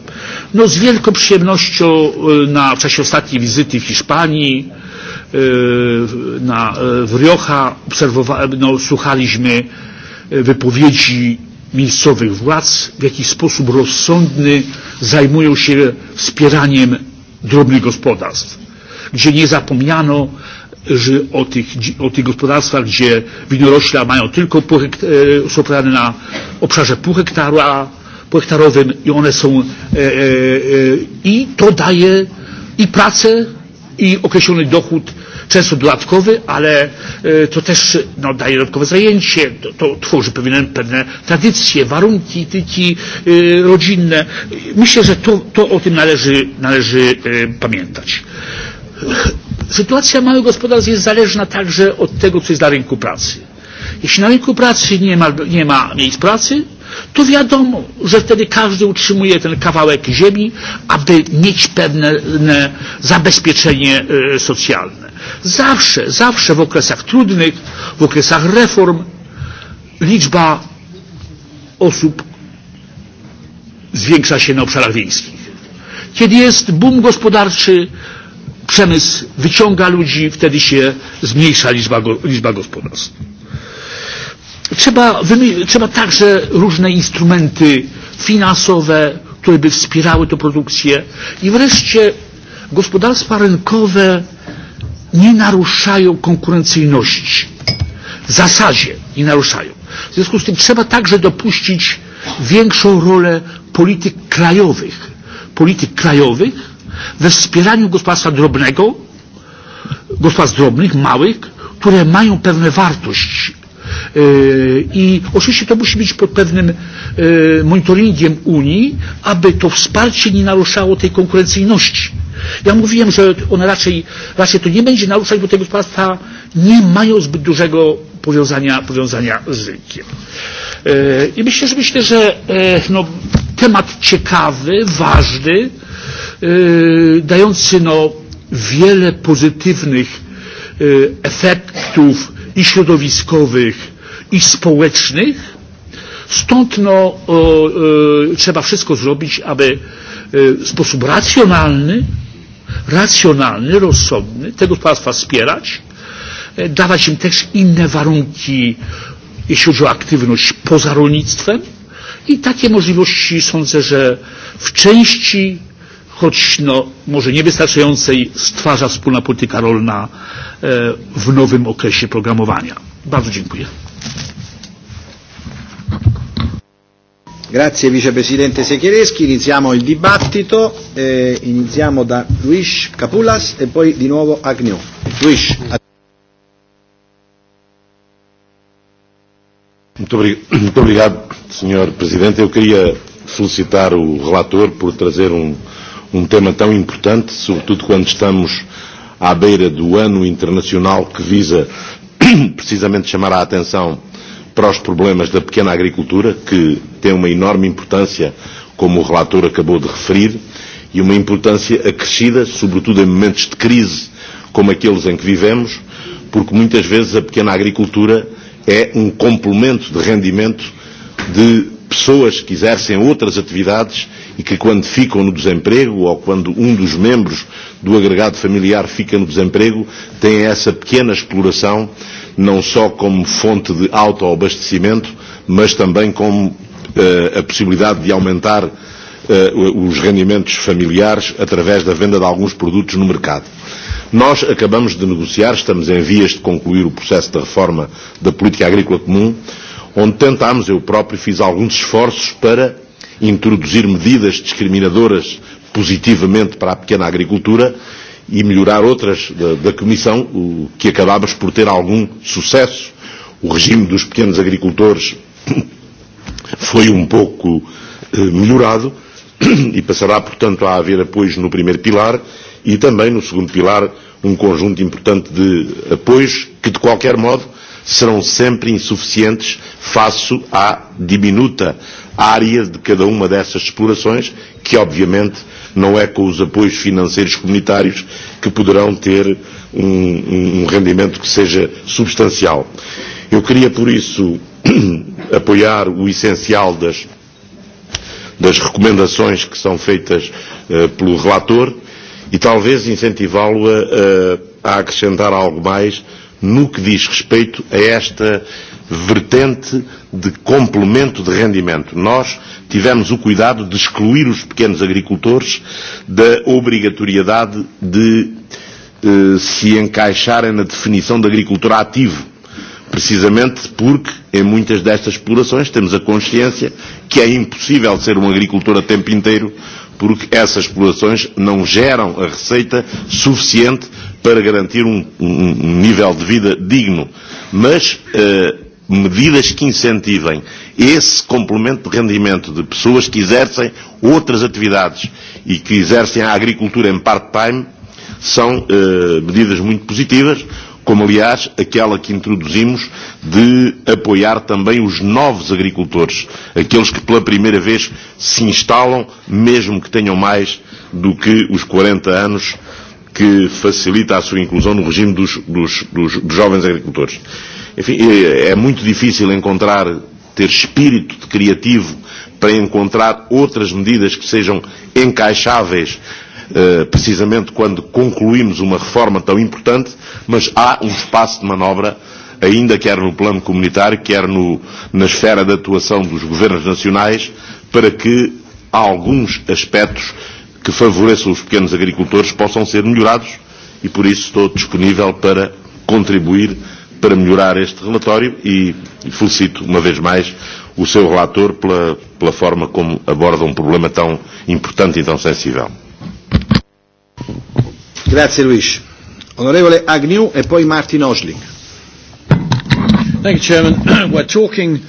No z wielką przyjemnością na, w czasie ostatniej wizyty w Hiszpanii, na, w Rioja no, słuchaliśmy wypowiedzi miejscowych władz, w jaki sposób rozsądny zajmują się wspieraniem drobnych gospodarstw, gdzie nie zapomniano że o tych, o tych gospodarstwach, gdzie winorośla mają tylko pół hektar, e, są prowadzone na obszarze pół hektara, pół hektarowym i one są e, e, e, i to daje i pracę, i określony dochód, często dodatkowy, ale e, to też no, daje dodatkowe zajęcie, to, to tworzy pewne, pewne tradycje, warunki tyki e, rodzinne. Myślę, że to, to o tym należy, należy e, pamiętać. Sytuacja małych gospodarstw jest zależna także od tego, co jest na rynku pracy. Jeśli na rynku pracy nie ma, nie ma miejsc pracy, to wiadomo, że wtedy każdy utrzymuje ten kawałek ziemi, aby mieć pewne ne, zabezpieczenie y, e, socjalne. Zawsze, zawsze w okresach trudnych, w okresach reform liczba osób zwiększa się na obszarach wiejskich. Kiedy jest boom gospodarczy, przemysł wyciąga ludzi, wtedy się zmniejsza liczba, liczba gospodarstw. Trzeba, trzeba także różne instrumenty finansowe, które by wspierały tę produkcję. I wreszcie gospodarstwa rynkowe nie naruszają konkurencyjności. W zasadzie nie naruszają. W związku z tym trzeba także dopuścić większą rolę polityk krajowych. Polityk krajowych, we wspieraniu gospodarstwa drobnego, gospodarstw drobnych, małych, które mają pewne wartość. Yy, e, I oczywiście to musi być pod pewnym yy, e, monitoringiem Unii, aby to wsparcie nie naruszało tej konkurencyjności. Ja mówiłem, że one raczej, raczej to nie będzie naruszać, bo te gospodarstwa nie mają zbyt dużego powiązania, powiązania z rynkiem. Yy, e, I myślę, że myślę, że no, temat ciekawy, ważny, E, dający no, wiele pozytywnych e, efektów i środowiskowych, i społecznych. Stąd no, o, o, e, trzeba wszystko zrobić, aby w sposób racjonalny, racjonalny, rozsądny te gospodarstwa wspierać, dawać im też inne warunki, jeśli chodzi o aktywność poza rolnictwem. I takie możliwości sądzę, że w części choć no, może niewystarczającej, stwarza wspólna polityka rolna e, w nowym okresie programowania. Bardzo dziękuję. Grazie Vicepresidente Sechiereschi, iniziamo il dibattito, eh, iniziamo da Luis Capulas e poi di nuovo Agnew. Luis. Muito, obrig Muito obrigado, Sr. Presidente. Eu queria felicitar o relator por trazer um, um tema tão importante, sobretudo quando estamos à beira do ano internacional que visa (coughs) precisamente chamar a atenção para os problemas da pequena agricultura, que tem uma enorme importância, como o relator acabou de referir, e uma importância acrescida, sobretudo em momentos de crise como aqueles em que vivemos, porque muitas vezes a pequena agricultura é um complemento de rendimento de pessoas que exercem outras atividades e que quando ficam no desemprego ou quando um dos membros do agregado familiar fica no desemprego, têm essa pequena exploração não só como fonte de autoabastecimento, mas também como uh, eh, a possibilidade de aumentar uh, eh, os rendimentos familiares através da venda de alguns produtos no mercado. Nós acabamos de negociar, estamos em vias de concluir o processo de reforma da política agrícola comum, onde tentámos, eu próprio fiz alguns esforços para introduzir medidas discriminadoras positivamente para a pequena agricultura e melhorar outras da, da Comissão, o, que acabámos por ter algum sucesso. O regime dos pequenos agricultores (coughs) foi um pouco eh, melhorado (coughs) e passará, portanto, a haver apoios no primeiro pilar e também no segundo pilar um conjunto importante de apoios que, de qualquer modo, serão sempre insuficientes face à diminuta área de cada uma dessas explorações, que obviamente não é com os apoios financeiros comunitários que poderão ter um, um, um rendimento que seja substancial. Eu queria, por isso, (clears throat) apoiar o essencial das, das recomendações que são feitas uh, pelo relator e talvez incentivá-lo a, a, a acrescentar algo mais no que diz respeito a esta uh, vertente de complemento de rendimento. Nós tivemos o cuidado de excluir os pequenos agricultores da obrigatoriedade de eh, se encaixarem na definição de agricultor ativo, precisamente porque em muitas destas explorações temos a consciência que é impossível ser um agricultor a tempo inteiro porque essas explorações não geram a receita suficiente para garantir um, um, um nível de vida digno. Mas uh, medidas que incentivem esse complemento de rendimento de pessoas que exercem outras atividades e que exercem a agricultura em part-time são eh, medidas muito positivas, como aliás aquela que introduzimos de apoiar também os novos agricultores, aqueles que pela primeira vez se instalam, mesmo que tenham mais do que os 40 anos que facilita a sua inclusão no regime dos, dos, dos, dos jovens agricultores. Enfim, é, e, eh, é muito difícil encontrar, ter espírito de criativo para encontrar outras medidas que sejam encaixáveis Uh, precisamente quando concluímos uma reforma tão importante, mas há um espaço de manobra, ainda quer no plano comunitário, quer no, na esfera de atuação dos governos nacionais, para que alguns aspectos que favoreçam os pequenos agricultores possam ser melhorados e por isso estou disponível para contribuir para melhorar este relatório e, e felicito uma vez mais o seu relator pela, pela forma como aborda um problema tão importante e tão sensível. Grazie Luis. Onorevole Agnew e poi Martin Osling. Thank you, Chairman. (clears throat) We're talking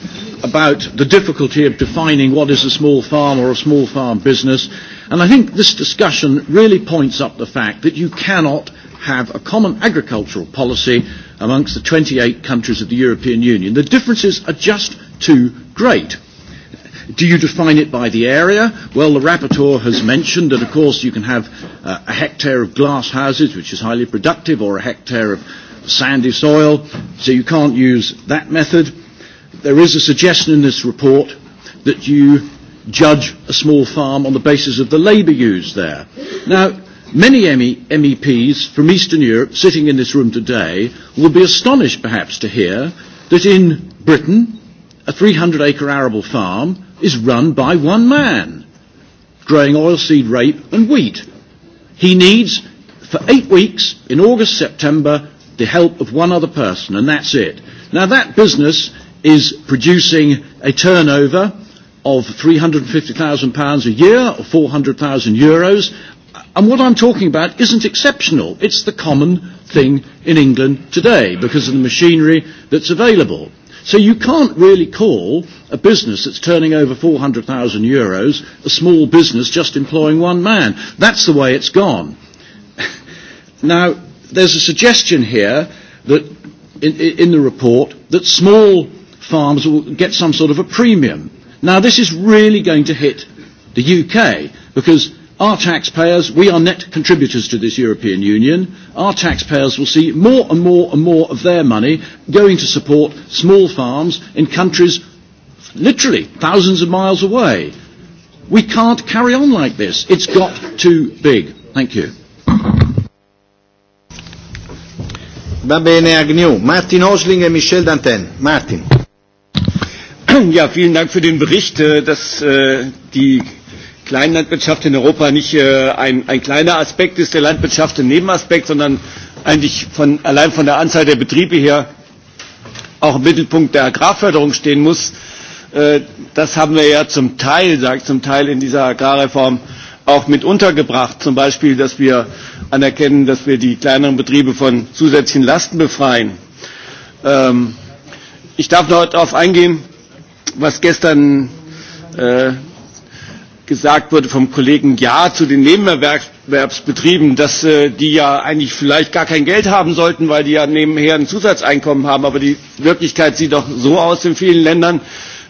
about the difficulty of defining what is a small farm or a small farm business And I think this discussion really points up the fact that you cannot have a common agricultural policy amongst the 28 countries of the European Union. The differences are just too great. Do you define it by the area? Well, the rapporteur has mentioned that, of course, you can have uh, a hectare of glass houses, which is highly productive, or a hectare of sandy soil, so you can't use that method. There is a suggestion in this report that you judge a small farm on the basis of the labour used there. Now, many MEPs e from Eastern Europe sitting in this room today will be astonished perhaps to hear that in Britain, a 300 acre arable farm is run by one man, growing oilseed rape and wheat. He needs, for eight weeks, in August, September, the help of one other person, and that's it. Now that business is producing a turnover of £350,000 a year or 400,000 euros. And what I'm talking about isn't exceptional. It's the common thing in England today because of the machinery that's available. So you can't really call a business that's turning over 400,000 euros a small business just employing one man. That's the way it's gone. (laughs) now, there's a suggestion here that in, in the report that small farms will get some sort of a premium. Now, this is really going to hit the UK because our taxpayers, we are net contributors to this European Union. Our taxpayers will see more and more and more of their money going to support small farms in countries literally thousands of miles away. We can't carry on like this. It's got too big. Thank you. Va bene Agnew, Martin Osling e Michel Danten. Martin. Ja, vielen Dank für den Bericht, äh, dass äh, die Kleinlandwirtschaft in Europa nicht äh, ein, ein kleiner Aspekt ist der Landwirtschaft, ein Nebenaspekt, sondern eigentlich von, allein von der Anzahl der Betriebe her auch im Mittelpunkt der Agrarförderung stehen muss. Das haben wir ja zum Teil, sage ich zum Teil in dieser Agrarreform auch mit untergebracht. Zum Beispiel, dass wir anerkennen, dass wir die kleineren Betriebe von zusätzlichen Lasten befreien. Ähm, ich darf noch darauf eingehen, was gestern äh, gesagt wurde vom Kollegen Ja zu den Nebenerwerbsbetrieben, dass äh, die ja eigentlich vielleicht gar kein Geld haben sollten, weil die ja nebenher ein Zusatzeinkommen haben. Aber die Wirklichkeit sieht doch so aus in vielen Ländern,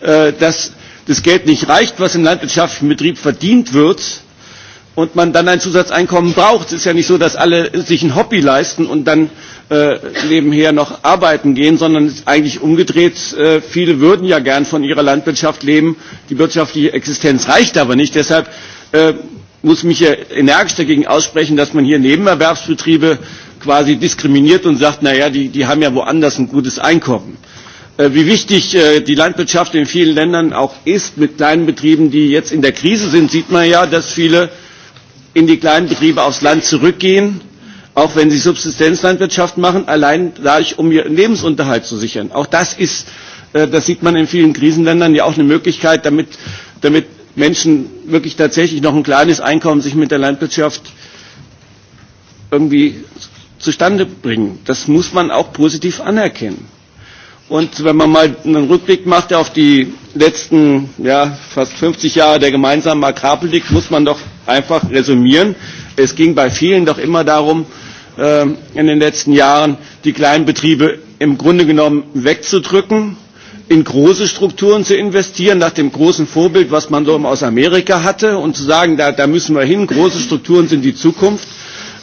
äh, dass das Geld nicht reicht, was im landwirtschaftlichen Betrieb verdient wird, und man dann ein Zusatzeinkommen braucht. Es ist ja nicht so, dass alle sich ein Hobby leisten und dann äh, nebenher noch arbeiten gehen, sondern es ist eigentlich umgedreht. Äh, viele würden ja gern von ihrer Landwirtschaft leben. Die wirtschaftliche Existenz reicht aber nicht. Deshalb äh, muss mich ja energisch dagegen aussprechen, dass man hier Nebenerwerbsbetriebe quasi diskriminiert und sagt, naja, die, die haben ja woanders ein gutes Einkommen. Äh, wie wichtig äh, die Landwirtschaft in vielen Ländern auch ist mit kleinen Betrieben, die jetzt in der Krise sind, sieht man ja, dass viele in die kleinen Betriebe aufs Land zurückgehen, auch wenn sie Subsistenzlandwirtschaft machen, allein dadurch, um ihren Lebensunterhalt zu sichern. Auch das ist, äh, das sieht man in vielen Krisenländern ja auch eine Möglichkeit, damit, damit Menschen wirklich tatsächlich noch ein kleines Einkommen sich mit der Landwirtschaft irgendwie zustande bringen. Das muss man auch positiv anerkennen. Und wenn man mal einen Rückblick macht auf die letzten ja, fast 50 Jahre der gemeinsamen Agrarpolitik, muss man doch einfach resümieren. Es ging bei vielen doch immer darum, äh, in den letzten Jahren die kleinen Betriebe im Grunde genommen wegzudrücken, in große Strukturen zu investieren, nach dem großen Vorbild, was man so aus Amerika hatte, und zu sagen, da, da müssen wir hin, große Strukturen sind die Zukunft.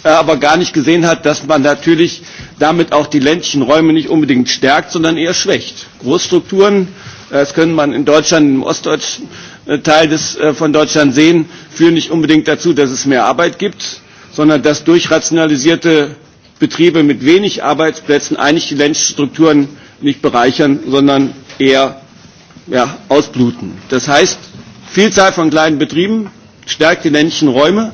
Äh, aber gar nicht gesehen hat, dass man natürlich damit auch die ländlichen Räume nicht unbedingt stärkt, sondern eher schwächt. Großstrukturen, äh, das könnte man in Deutschland, im ostdeutschen äh, Teil des, von Deutschland sehen, führen nicht unbedingt dazu, dass es mehr Arbeit gibt, sondern dass durch rationalisierte Betriebe mit wenig Arbeitsplätzen eigentlich die ländlichen Strukturen nicht bereichern, sondern eher ja, ausbluten. Das heißt, Vielzahl von kleinen Betrieben stärkt die ländlichen Räume,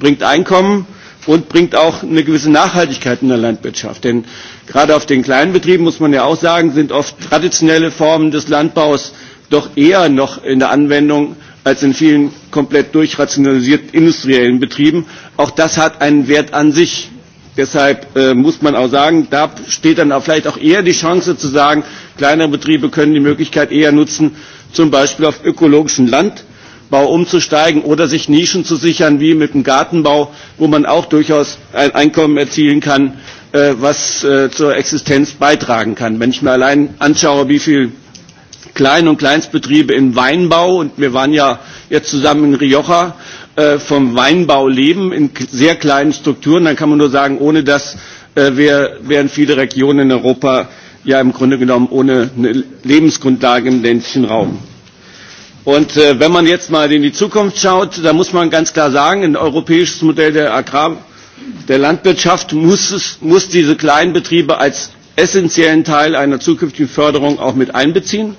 bringt Einkommen, und bringt auch eine gewisse Nachhaltigkeit in der Landwirtschaft. Denn gerade auf den kleinen Betrieben, muss man ja auch sagen, sind oft traditionelle Formen des Landbaus doch eher noch in der Anwendung als in vielen komplett durchrationalisierten industriellen Betrieben. Auch das hat einen Wert an sich. Deshalb äh, muss man auch sagen, da steht dann auch vielleicht auch eher die Chance zu sagen, kleinere Betriebe können die Möglichkeit eher nutzen, zum Beispiel auf ökologischem Land Bau umzusteigen oder sich Nischen zu sichern, wie mit dem Gartenbau, wo man auch durchaus ein Einkommen erzielen kann, äh, was äh, zur Existenz beitragen kann. Wenn ich mir allein anschaue, wie viel Klein- und Kleinstbetriebe im Weinbau, und wir waren ja jetzt zusammen in Rioja, äh, vom Weinbau leben in sehr kleinen Strukturen, dann kann man nur sagen, ohne das äh, wär, wären viele Regionen in Europa ja im Grunde genommen ohne eine Lebensgrundlage im ländlichen Raum. Mhm. Und äh, wenn man jetzt mal in die Zukunft schaut, dann muss man ganz klar sagen, ein europäisches Modell der Agrar, der Landwirtschaft muss, es, muss diese kleinen Betriebe als essentiellen Teil einer zukünftigen Förderung auch mit einbeziehen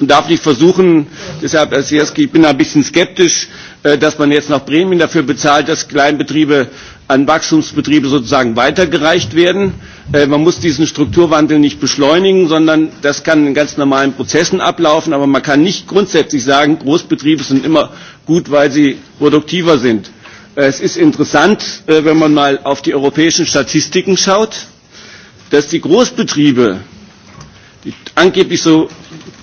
und darf nicht versuchen, deshalb, Herr Sierski, ich bin ein bisschen skeptisch, äh, dass man jetzt nach Bremen dafür bezahlt, dass Kleinbetriebe an Wachstumsbetriebe sozusagen weitergereicht werden. Äh, man muss diesen Strukturwandel nicht beschleunigen, sondern das kann in ganz normalen Prozessen ablaufen. Aber man kann nicht grundsätzlich sagen, Großbetriebe sind immer gut, weil sie produktiver sind. Äh, es ist interessant, äh, wenn man mal auf die europäischen Statistiken schaut, dass die Großbetriebe, die angeblich so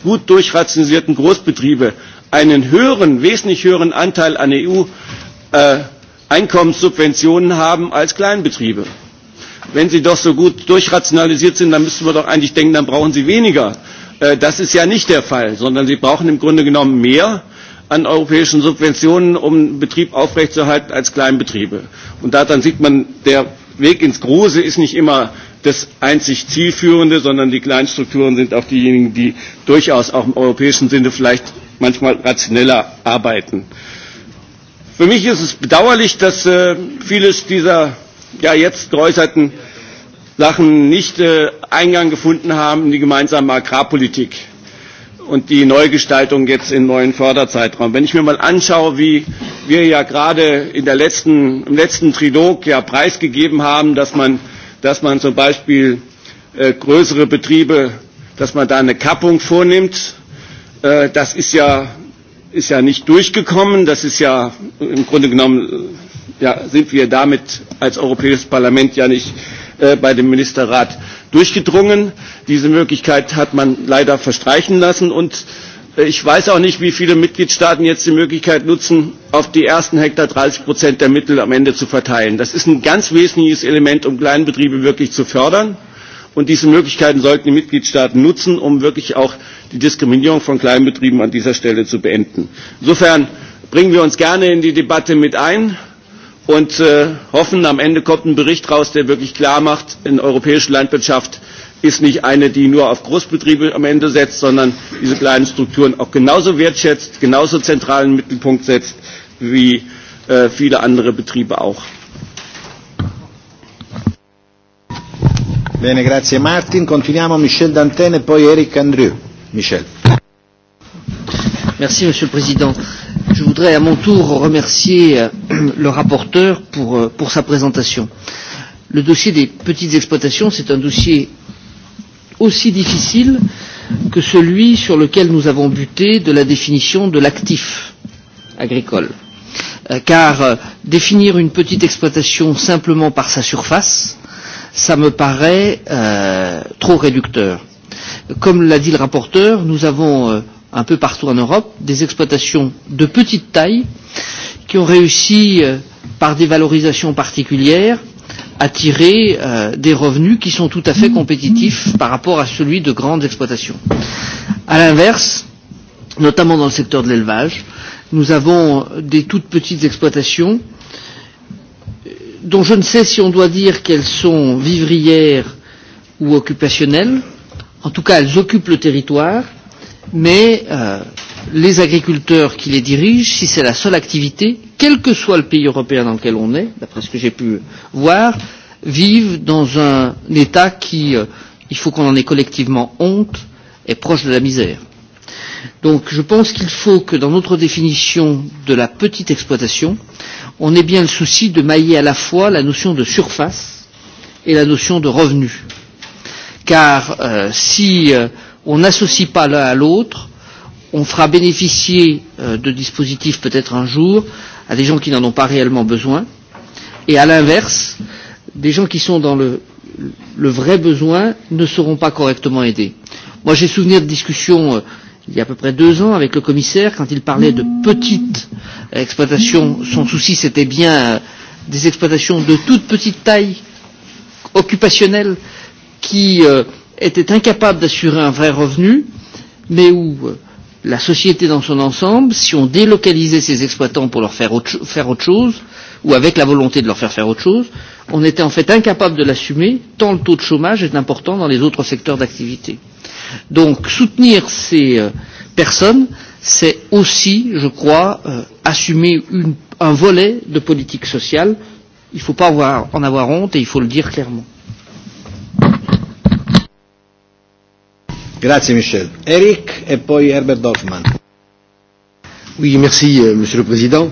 gut durchrationalisierten Großbetriebe, einen höheren, wesentlich höheren Anteil an EU äh, Einkommenssubventionen haben als Kleinbetriebe. Wenn sie doch so gut durchrationalisiert sind, dann müssten wir doch eigentlich denken, dann brauchen sie weniger. Äh, das ist ja nicht der Fall, sondern sie brauchen im Grunde genommen mehr an europäischen Subventionen, um einen Betrieb aufrechtzuerhalten als Kleinbetriebe. Und daran sieht man, der Weg ins Große ist nicht immer das einzig Zielführende, sondern die Kleinstrukturen sind auch diejenigen, die durchaus auch im europäischen Sinne vielleicht manchmal rationeller arbeiten. Äh, Für mich ist es bedauerlich, dass äh, vieles dieser ja, jetzt geäußerten Sachen nicht äh, Eingang gefunden haben in die gemeinsame Agrarpolitik und die Neugestaltung jetzt im neuen Förderzeitraum. Wenn ich mir mal anschaue, wie wir ja gerade in der letzten, im letzten Trilog ja preisgegeben haben, dass man, dass man zum Beispiel äh, größere Betriebe, dass man da eine Kappung vornimmt, äh, das ist ja ist ja nicht durchgekommen. Das ist ja im Grunde genommen, ja, sind wir damit als Europäisches Parlament ja nicht äh, bei dem Ministerrat durchgedrungen. Diese Möglichkeit hat man leider verstreichen lassen und äh, ich weiß auch nicht, wie viele Mitgliedstaaten jetzt die Möglichkeit nutzen, auf die ersten Hektar 30 Prozent der Mittel am Ende zu verteilen. Das ist ein ganz wesentliches Element, um Kleinbetriebe wirklich zu fördern. Und diese Möglichkeiten sollten die Mitgliedstaaten nutzen, um wirklich auch äh, die Diskriminierung von Kleinbetrieben an dieser Stelle zu beenden. Insofern bringen wir uns gerne in die Debatte mit ein und äh, hoffen, am Ende kommt ein Bericht raus, der wirklich klar macht, in europäische Landwirtschaft ist nicht eine, die nur auf Großbetriebe am Ende setzt, sondern diese kleinen Strukturen auch genauso wertschätzt, genauso zentralen Mittelpunkt setzt wie äh, viele andere Betriebe auch. Bene, grazie Martin. Continuiamo Michel Dantin e poi Eric Andrieu. Michel. Merci, Monsieur le Président. Je voudrais à mon tour remercier euh, (clears throat) le rapporteur pour, euh, pour sa présentation. Le dossier des petites exploitations, c'est un dossier aussi difficile que celui sur lequel nous avons buté de la définition de l'actif agricole. Euh, car euh, définir une petite exploitation simplement par sa surface, ça me paraît euh, trop réducteur. Comme l'a dit le rapporteur, nous avons euh, un peu partout en Europe des exploitations de petite taille qui ont réussi euh, par des valorisations particulières à tirer euh, des revenus qui sont tout à fait compétitifs par rapport à celui de grandes exploitations. À l'inverse, notamment dans le secteur de l'élevage, nous avons euh, des toutes petites exploitations euh, dont je ne sais si on doit dire qu'elles sont vivrières ou occupationnelles, En tout cas, elles occupent le territoire, mais euh, les agriculteurs qui les dirigent, si c'est la seule activité, quel que soit le pays européen dans lequel on est, d'après ce que j'ai pu voir, vivent dans un état qui, euh, il faut qu'on en ait collectivement honte, est proche de la misère. Donc je pense qu'il faut que dans notre définition de la petite exploitation, on ait bien le souci de mailler à la fois la notion de surface et la notion de revenu. Euh, car euh, si euh, on n'associe pas l'un à l'autre, on fera bénéficier euh, de dispositifs peut-être un jour à des gens qui n'en ont pas réellement besoin, et à l'inverse, des gens qui sont dans le, le vrai besoin ne seront pas correctement aidés. Moi, j'ai souvenir de discussions euh, il y a à peu près deux ans avec le commissaire quand il parlait de petites exploitations. Son souci, c'était bien euh, des exploitations de toute petite taille occupationnelle qui euh, étaient incapables d'assurer un vrai revenu, mais où euh, la société dans son ensemble, si on délocalisait ses exploitants pour leur faire autre, faire autre chose, ou avec la volonté de leur faire faire autre chose, on était en fait incapable de l'assumer, tant le taux de chômage est important dans les autres secteurs d'activité. Donc soutenir ces euh, personnes, c'est aussi, je crois, euh, assumer une, un volet de politique sociale. Il ne faut pas avoir, en avoir honte et il faut le dire clairement. Grazie Michel. Eric e poi Herbert Hoffman. Oui, merci euh, Monsieur le Président.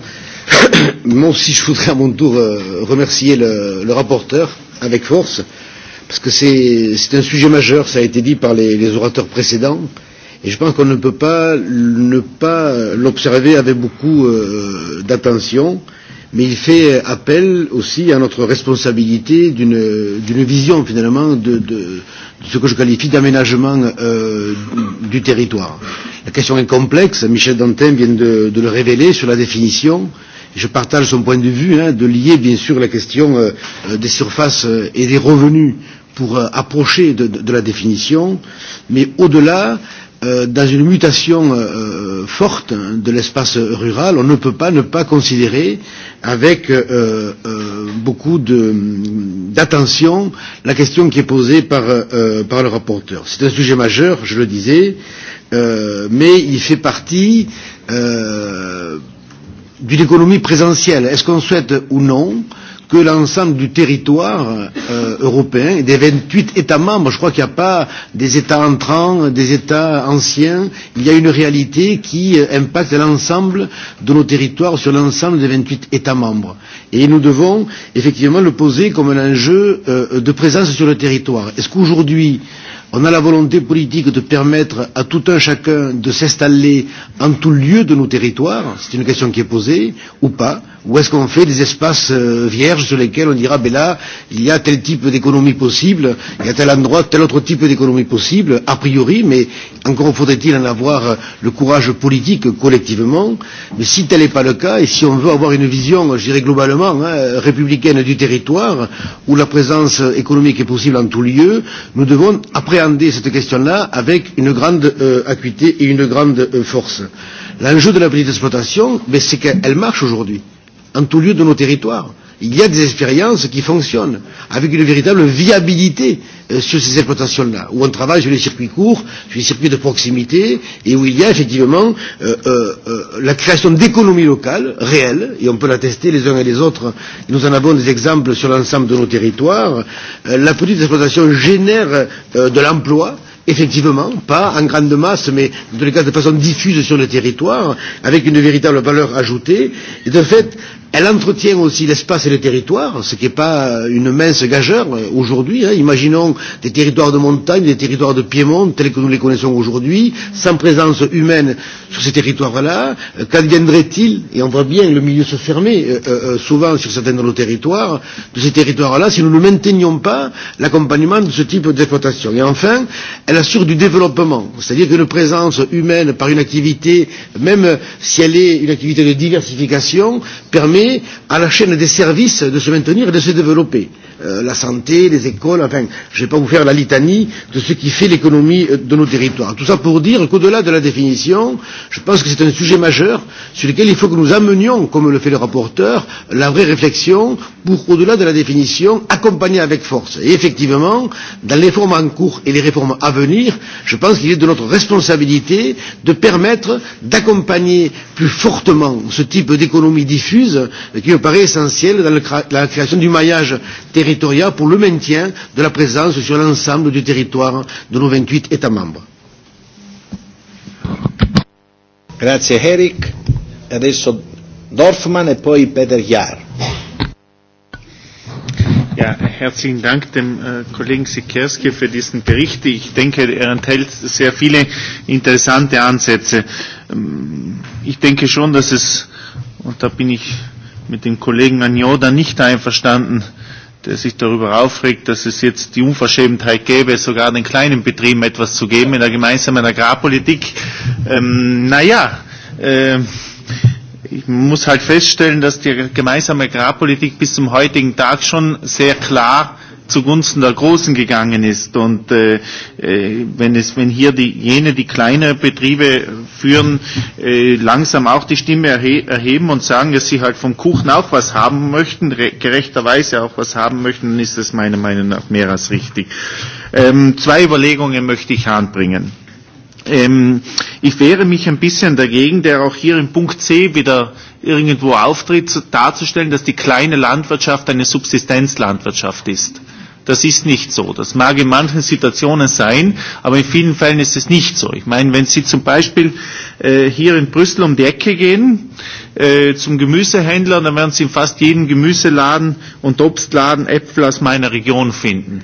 (coughs) Moi aussi, je voudrais à mon tour euh, remercier le, le rapporteur avec force, parce que c'est un sujet majeur, ça a été dit par les, les orateurs précédents, et je pense qu'on ne peut pas ne pas l'observer avec beaucoup euh, d'attention. Euh, mais il fait appel aussi à notre responsabilité d'une vision finalement de, de, de ce que je qualifie d'aménagement euh, du territoire. La question est complexe, Michel Dantin vient de, de le révéler sur la définition. Je partage son point de vue hein, de lier bien sûr la question euh, des surfaces euh, et des revenus pour euh, approcher de, de, de la définition, mais au-delà, euh, euh, dans une mutation euh, euh, forte de l'espace rural, on ne peut pas ne pas considérer avec euh, euh, beaucoup d'attention la question qui est posée par, euh, par le rapporteur. C'est un sujet majeur, je le disais, euh, mais il fait partie euh, d'une économie présentielle. Est-ce qu'on souhaite ou non euh, que l'ensemble du territoire euh, européen et des 28 États membres. Je crois qu'il n'y a pas des États entrants, des États anciens. Il y a une réalité qui euh, impacte l'ensemble de nos territoires sur l'ensemble des 28 États membres. Et nous devons effectivement le poser comme un enjeu euh, de présence sur le territoire. Est-ce qu'aujourd'hui, on a la volonté politique de permettre à tout un chacun de s'installer en tout lieu de nos territoires, c'est une question qui est posée, ou pas Ou est-ce qu'on fait des espaces euh, vierges sur lesquels on dira, ben là, il y a tel type d'économie possible, il y a tel endroit, tel autre type d'économie possible, a priori, mais encore faudrait-il en avoir euh, le courage politique collectivement. Mais si tel n'est pas le cas, et si on veut avoir une vision, je dirais globalement, hein, républicaine du territoire, où la présence économique est possible en tout lieu, nous devons appréhender cette question-là avec une grande euh, acuité et une grande euh, force. L'enjeu de la petite exploitation, ben, c'est qu'elle marche aujourd'hui en tout lieu de nos territoires. Il y a des expériences qui fonctionnent avec une véritable viabilité euh, sur ces exploitations-là, où on travaille sur les circuits courts, sur les circuits de proximité, et où il y a effectivement euh, euh, euh, la création d'économies locales réelles, et on peut l'attester les uns et les autres, nous en avons des exemples sur l'ensemble de nos territoires. Euh, la petite exploitation génère euh, de l'emploi, euh, effectivement, pas en grande masse, mais dans tous les cas de façon diffuse sur le territoire, avec une véritable valeur ajoutée. Et de fait, Elle entretient aussi l'espace et le territoire, ce qui n'est pas une mince gageure aujourd'hui. Hein. Imaginons des territoires de montagne, des territoires de piémont tels que nous les connaissons aujourd'hui, sans présence humaine sur ces territoires-là. Euh, Qu'adviendrait-il Et on voit bien le milieu se fermer euh, euh, euh, souvent sur certains de nos territoires, de ces territoires-là, si nous ne maintenions pas l'accompagnement de ce type d'exploitation. Et enfin, elle assure du développement, c'est-à-dire qu'une présence humaine par une activité, même si elle est une activité de diversification, permet permet à la chaîne des services de se maintenir et de se développer. Euh, la santé, les écoles, enfin, je ne vais pas vous faire la litanie de ce qui fait l'économie euh, de nos territoires. Tout ça pour dire qu'au-delà de la définition, je pense que c'est un sujet majeur sur lequel il faut que nous amenions, comme le fait le rapporteur, la vraie réflexion pour, au-delà de la définition, accompagner avec force. Et effectivement, dans les réformes en cours et les réformes à venir, je pense qu'il est de notre responsabilité de permettre d'accompagner plus fortement ce type d'économie diffuse qui me paraît essentiel dans le, la création du maillage territorial pour le maintien de la présence sur l'ensemble du territoire de nos 28 États membres. Grazie Eric. E adesso Dorfman e poi Peter Jahr. Ja, herzlichen Dank dem äh, Kollegen Sikerski für diesen Bericht. Ich denke, er enthält sehr viele interessante Ansätze. Ähm, ich denke schon, dass es, und da bin ich mit dem Kollegen Agnoda nicht einverstanden, der sich darüber aufregt, dass es jetzt die Unverschämtheit gäbe, sogar den kleinen Betrieben etwas zu geben in der gemeinsamen Agrarpolitik. Ähm, naja, äh, ich muss halt feststellen, dass die gemeinsame Agrarpolitik bis zum heutigen Tag schon sehr klar zugunsten der Großen gegangen ist. Und äh, äh, wenn, es, wenn hier die, jene, die kleine Betriebe führen, äh, langsam auch die Stimme erhe erheben und sagen, dass sie halt vom Kuchen auch was haben möchten, gerechterweise auch was haben möchten, dann ist das meiner Meinung nach mehr als richtig. Ähm, zwei Überlegungen möchte ich anbringen. Ähm, ich wehre mich ein bisschen dagegen, der auch hier im Punkt C wieder irgendwo auftritt, darzustellen, dass die kleine Landwirtschaft eine Subsistenzlandwirtschaft ist. Das ist nicht so. Das mag in manchen Situationen sein, aber in vielen Fällen ist es nicht so. Ich meine, wenn Sie zum Beispiel äh, hier in Brüssel um die Ecke gehen, äh, zum Gemüsehändler, dann werden Sie in fast jedem Gemüseladen und Obstladen Äpfel aus meiner Region finden.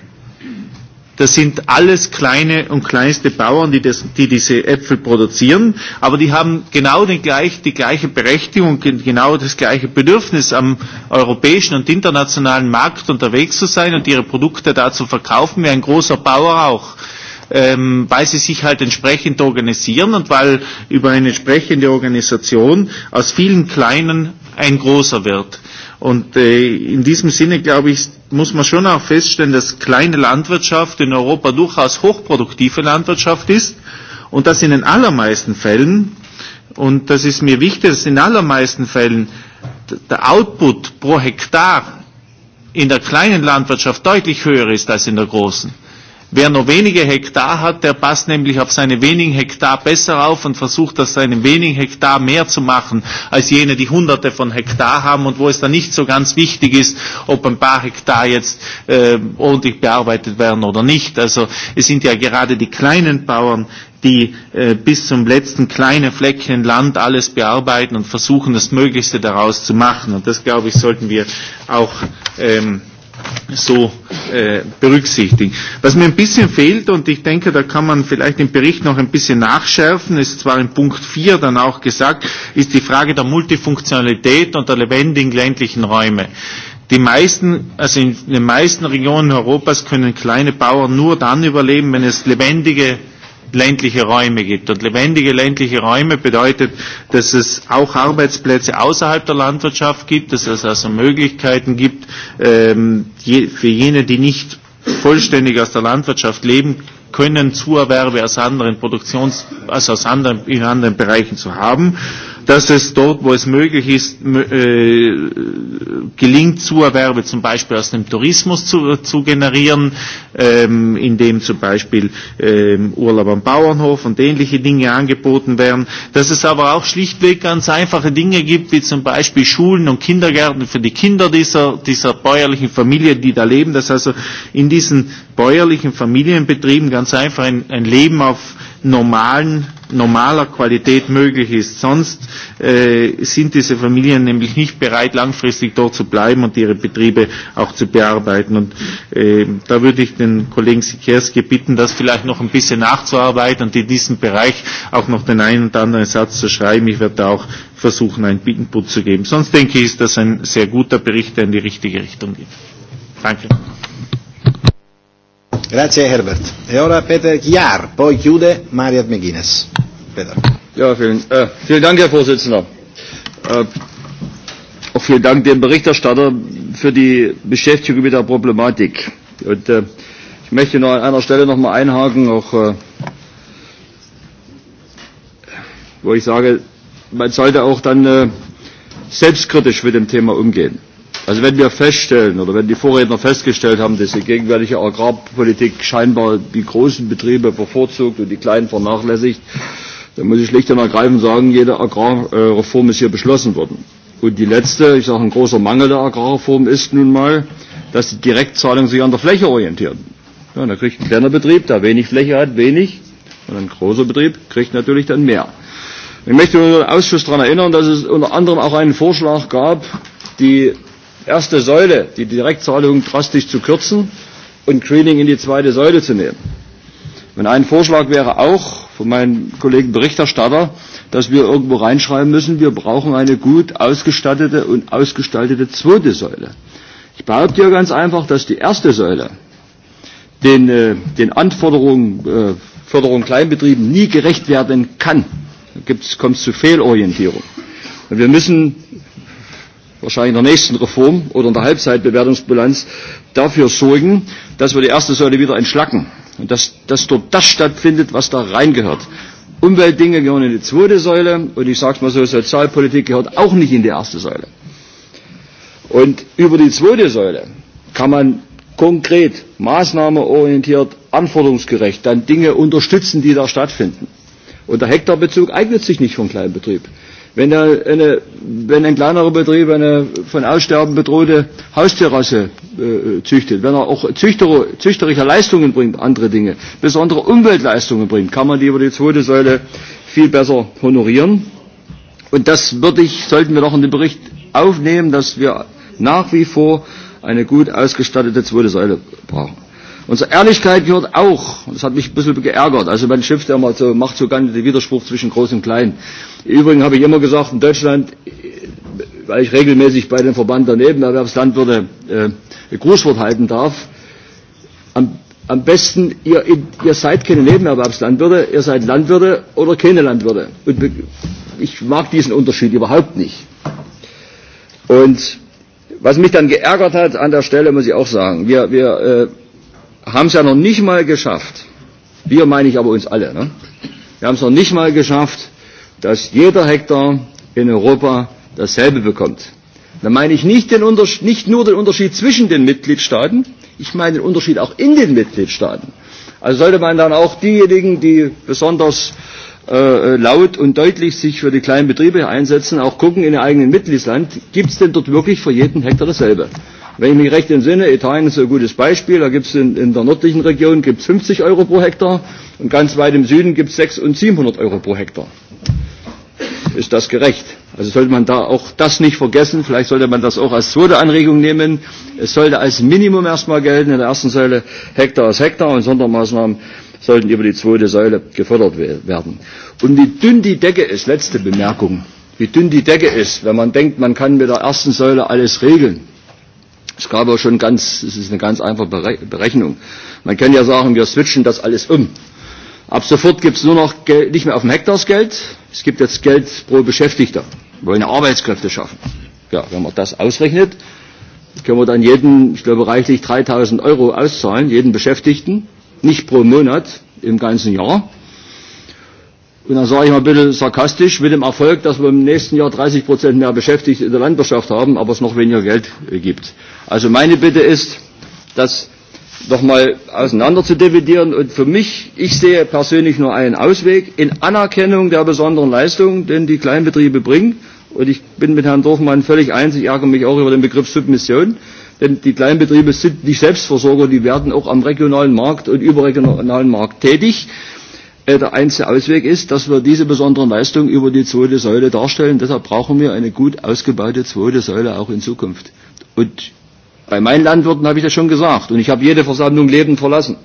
Das sind alles kleine und kleinste Bauern, die, das, die diese Äpfel produzieren, aber die haben genau den gleich, die gleiche Berechtigung und genau das gleiche Bedürfnis, am europäischen und internationalen Markt unterwegs zu sein und ihre Produkte da zu verkaufen, wie ein großer Bauer auch ähm, weil sie sich halt entsprechend organisieren und weil über eine entsprechende Organisation aus vielen kleinen ein großer wird. Und äh, in diesem Sinne, glaube ich, muss man schon auch feststellen, dass kleine Landwirtschaft in Europa durchaus hochproduktive Landwirtschaft ist und dass in den allermeisten Fällen, und das ist mir wichtig, dass in den allermeisten Fällen der Output pro Hektar in der kleinen Landwirtschaft deutlich höher ist als in der großen. Wer nur wenige Hektar hat, der passt nämlich auf seine wenigen Hektar besser auf und versucht, aus seinen wenigen Hektar mehr zu machen, als jene, die hunderte von Hektar haben und wo es dann nicht so ganz wichtig ist, ob ein paar Hektar jetzt äh, ordentlich bearbeitet werden oder nicht. Also es sind ja gerade die kleinen Bauern, die äh, bis zum letzten kleinen Fleckchen Land alles bearbeiten und versuchen, das Möglichste daraus zu machen. Und das, glaube ich, sollten wir auch ähm, so äh, berücksichtigen. Was mir ein bisschen fehlt, und ich denke, da kann man vielleicht im Bericht noch ein bisschen nachschärfen, ist zwar in Punkt 4 dann auch gesagt, ist die Frage der Multifunktionalität und der lebendigen ländlichen Räume. Die meisten, also in den meisten Regionen Europas können kleine Bauern nur dann überleben, wenn es lebendige äh, ländliche Räume gibt. Und lebendige ländliche Räume bedeutet, dass es auch Arbeitsplätze außerhalb der Landwirtschaft gibt, dass es also Möglichkeiten gibt, ähm, je, für jene, die nicht vollständig aus der Landwirtschaft leben können, Zuerwerbe aus anderen Produktions, also aus anderen, in anderen Bereichen zu haben. Äh, dass es dort, wo es möglich ist, äh, gelingt, Zuerwerbe zum Beispiel aus dem Tourismus zu, zu generieren, ähm, indem zum Beispiel ähm, Urlaub am Bauernhof und ähnliche Dinge angeboten werden, dass es aber auch schlichtweg ganz einfache Dinge gibt, wie zum Beispiel Schulen und Kindergärten für die Kinder dieser, dieser bäuerlichen Familie, die da leben, dass also in diesen bäuerlichen Familienbetrieben ganz einfach ein, ein Leben auf normalen, normaler Qualität möglich ist. Sonst äh, sind diese Familien nämlich nicht bereit, langfristig dort zu bleiben und ihre Betriebe auch zu bearbeiten. Und äh, da würde ich den Kollegen Sikerski bitten, das vielleicht noch ein bisschen nachzuarbeiten und in diesem Bereich auch noch den einen oder anderen Satz zu schreiben. Ich werde da auch versuchen, einen Input zu geben. Sonst denke ich, ist das ein sehr guter Bericht, der in die richtige Richtung geht. Danke. Grazie Herbert. E ora Peter Chiar, poi chiude Mariat McGuinness. Peter. Ja, vielen, äh, vielen Dank, Herr Vorsitzender. Äh, auch vielen Dank dem Berichterstatter für die Beschäftigung mit der Problematik. Und äh, ich möchte nur an einer Stelle noch mal einhaken, auch äh, wo ich sage, man sollte auch dann äh, selbstkritisch mit dem Thema umgehen. Also wenn wir feststellen oder wenn die Vorredner festgestellt haben, dass die gegenwärtige Agrarpolitik scheinbar die großen Betriebe bevorzugt und die kleinen vernachlässigt, dann muss ich schlicht und ergreifend sagen, jede Agrarreform ist hier beschlossen worden. Und die letzte, ich sage ein großer Mangel der Agrarreform ist nun mal, dass die Direktzahlungen sich an der Fläche orientieren. Ja, da kriegt ein kleiner Betrieb, der wenig Fläche hat, wenig. Und ein großer Betrieb kriegt natürlich dann mehr. Ich möchte nur den Ausschuss daran erinnern, dass es unter anderem auch einen Vorschlag gab, die erste Säule, die Direktzahlungen drastisch zu kürzen und Greening in die zweite Säule zu nehmen. Und ein Vorschlag wäre auch von meinem Kollegen Berichterstatter, dass wir irgendwo reinschreiben müssen, wir brauchen eine gut ausgestattete und ausgestaltete zweite Säule. Ich behaupte ja ganz einfach, dass die erste Säule den, äh, den Anforderungen äh, Förderung Kleinbetrieben nie gerecht werden kann. Da kommt es zu Fehlorientierung. Und wir müssen wahrscheinlich in der nächsten Reform oder in der Halbzeitbewertungsbilanz dafür sorgen, dass wir die erste Säule wieder entschlacken und dass, dass dort das stattfindet, was da reingehört. Umweltdinge gehören in die zweite Säule und ich sage mal so, Sozialpolitik gehört auch nicht in die erste Säule. Und über die zweite Säule kann man konkret, maßnahmeorientiert, anforderungsgerecht dann Dinge unterstützen, die da stattfinden. Und der Hektarbezug eignet sich nicht für einen kleinen Betrieb. Wenn, da eine, wenn ein kleinerer Betrieb eine er von Aussterben bedrohte Haustierrasse äh, züchtet, wenn er auch züchter, züchterische Leistungen bringt, andere Dinge, besondere Umweltleistungen bringt, kann man die über die zweite Säule viel besser honorieren. Und das würde ich, sollten wir noch in den Bericht aufnehmen, dass wir nach wie vor eine gut ausgestattete zweite Säule brauchen. Unsere Ehrlichkeit gehört auch, das hat mich ein bisschen geärgert, also mein Schiff, der mal so macht so gerne den Widerspruch zwischen Groß und Klein. Übrigens habe ich immer gesagt, in Deutschland, weil ich regelmäßig bei dem Verband der Nebenerwerbslandwirte äh, Grußwort halten darf, am, am besten, ihr, ihr seid keine Nebenerwerbslandwirte, ihr seid Landwirte oder keine Landwirte. Und ich mag diesen Unterschied überhaupt nicht. Und was mich dann geärgert hat an der Stelle, muss ich auch sagen, wir, wir äh, haben es ja noch nicht mal geschafft, wir meine ich aber uns alle, ne? wir haben es noch nicht mal geschafft, dass jeder Hektar in Europa dasselbe bekommt. Da meine ich nicht, den Unterschied, nicht nur den Unterschied zwischen den Mitgliedstaaten, ich meine den Unterschied auch in den Mitgliedstaaten. Also sollte man dann auch diejenigen, die besonders äh, laut und deutlich sich für die kleinen Betriebe einsetzen, auch gucken in den eigenen Mitgliedsland, gibt es denn dort wirklich für jeden Hektar dasselbe? Wenn ich mich recht entsinne, Italien ist ein gutes Beispiel. Da gibt es in, in der nördlichen Region gibt's 50 Euro pro Hektar und ganz weit im Süden gibt es 600 und 700 Euro pro Hektar. Ist das gerecht? Also sollte man da auch das nicht vergessen. Vielleicht sollte man das auch als zweite Anregung nehmen. Es sollte als Minimum erstmal gelten. In der ersten Säule Hektar ist Hektar und Sondermaßnahmen sollten über die zweite Säule gefördert werden. Und wie dünn die Decke ist, letzte Bemerkung, wie dünn die Decke ist, wenn man denkt, man kann mit der ersten Säule alles regeln Es gab auch schon ganz, es ist eine ganz einfache Berechnung. Man kann ja sagen, wir switchen das alles um. Ab sofort gibt es nur noch Geld, nicht mehr auf dem Hektar Geld, es gibt jetzt Geld pro Beschäftigter. Wir wollen Arbeitskräfte schaffen. Ja, wenn man das ausrechnet, können wir dann jeden, ich glaube reichlich 3000 Euro auszahlen, jeden Beschäftigten, nicht pro Monat, im ganzen Jahr. Und dann sage ich mal ein bisschen sarkastisch, mit dem Erfolg, dass wir im nächsten Jahr 30 Prozent mehr Beschäftigte in der Landwirtschaft haben, aber es noch weniger Geld äh, gibt. Also meine Bitte ist, das nochmal auseinander zu dividieren. Und für mich, ich sehe persönlich nur einen Ausweg in Anerkennung der besonderen Leistungen, den die Kleinbetriebe bringen. Und ich bin mit Herrn Dorfmann völlig eins, ich ärgere mich auch über den Begriff Submission. Denn die Kleinbetriebe sind nicht Selbstversorger, die werden auch am regionalen Markt und überregionalen Markt tätig. Äh, der einzige Ausweg ist, dass wir diese besonderen Leistungen über die zweite Säule darstellen. Deshalb brauchen wir eine gut ausgebaute zweite Säule auch in Zukunft. Und bei meinen Landwirten habe ich das schon gesagt. Und ich habe jede Versammlung lebend verlassen.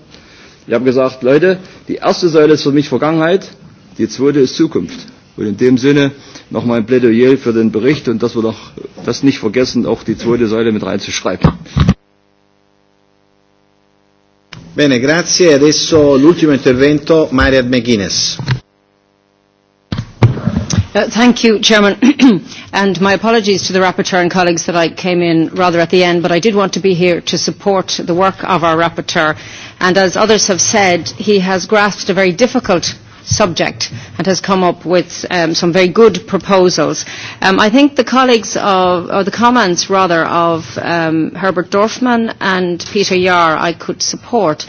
Ich habe gesagt, Leute, die erste Säule ist für mich Vergangenheit, die zweite ist Zukunft. Und in dem Sinne nochmal ein Plädoyer für den Bericht und dass wir doch das nicht vergessen, auch die zweite Säule mit reinzuschreiben. Bene, grazie. Adesso l'ultimo intervento, Mariad McGuinness. Uh, thank you, Chairman. (clears throat) and my apologies to the Rapporteur and colleagues that I came in rather at the end, but I did want to be here to support the work of our Rapporteur. And as others have said, he has grasped a very difficult subject and has come up with um, some very good proposals. Um, I think the colleagues of, or the comments rather of um, Herbert Dorfman and Peter Yar I could support.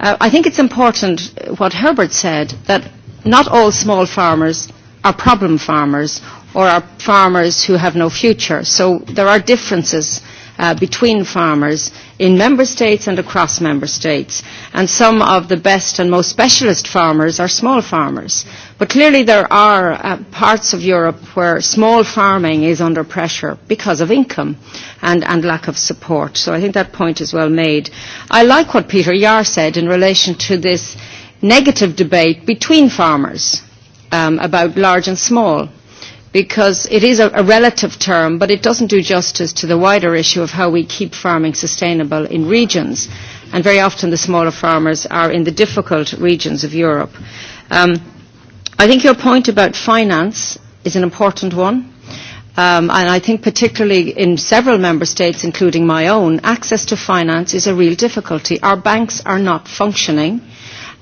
Uh, I think it's important what Herbert said that not all small farmers are problem farmers or are farmers who have no future. So there are differences uh, between farmers in member states and across member states. And some of the best and most specialist farmers are small farmers. But clearly there are uh, parts of Europe where small farming is under pressure because of income and, and lack of support. So I think that point is well made. I like what Peter Yar said in relation to this negative debate between farmers um, about large and small because it is a, a relative term, but it doesn't do justice to the wider issue of how we keep farming sustainable in regions. And very often the smaller farmers are in the difficult regions of Europe. Um, I think your point about finance is an important one. Um, and I think particularly in several member states, including my own, access to finance is a real difficulty. Our banks are not functioning.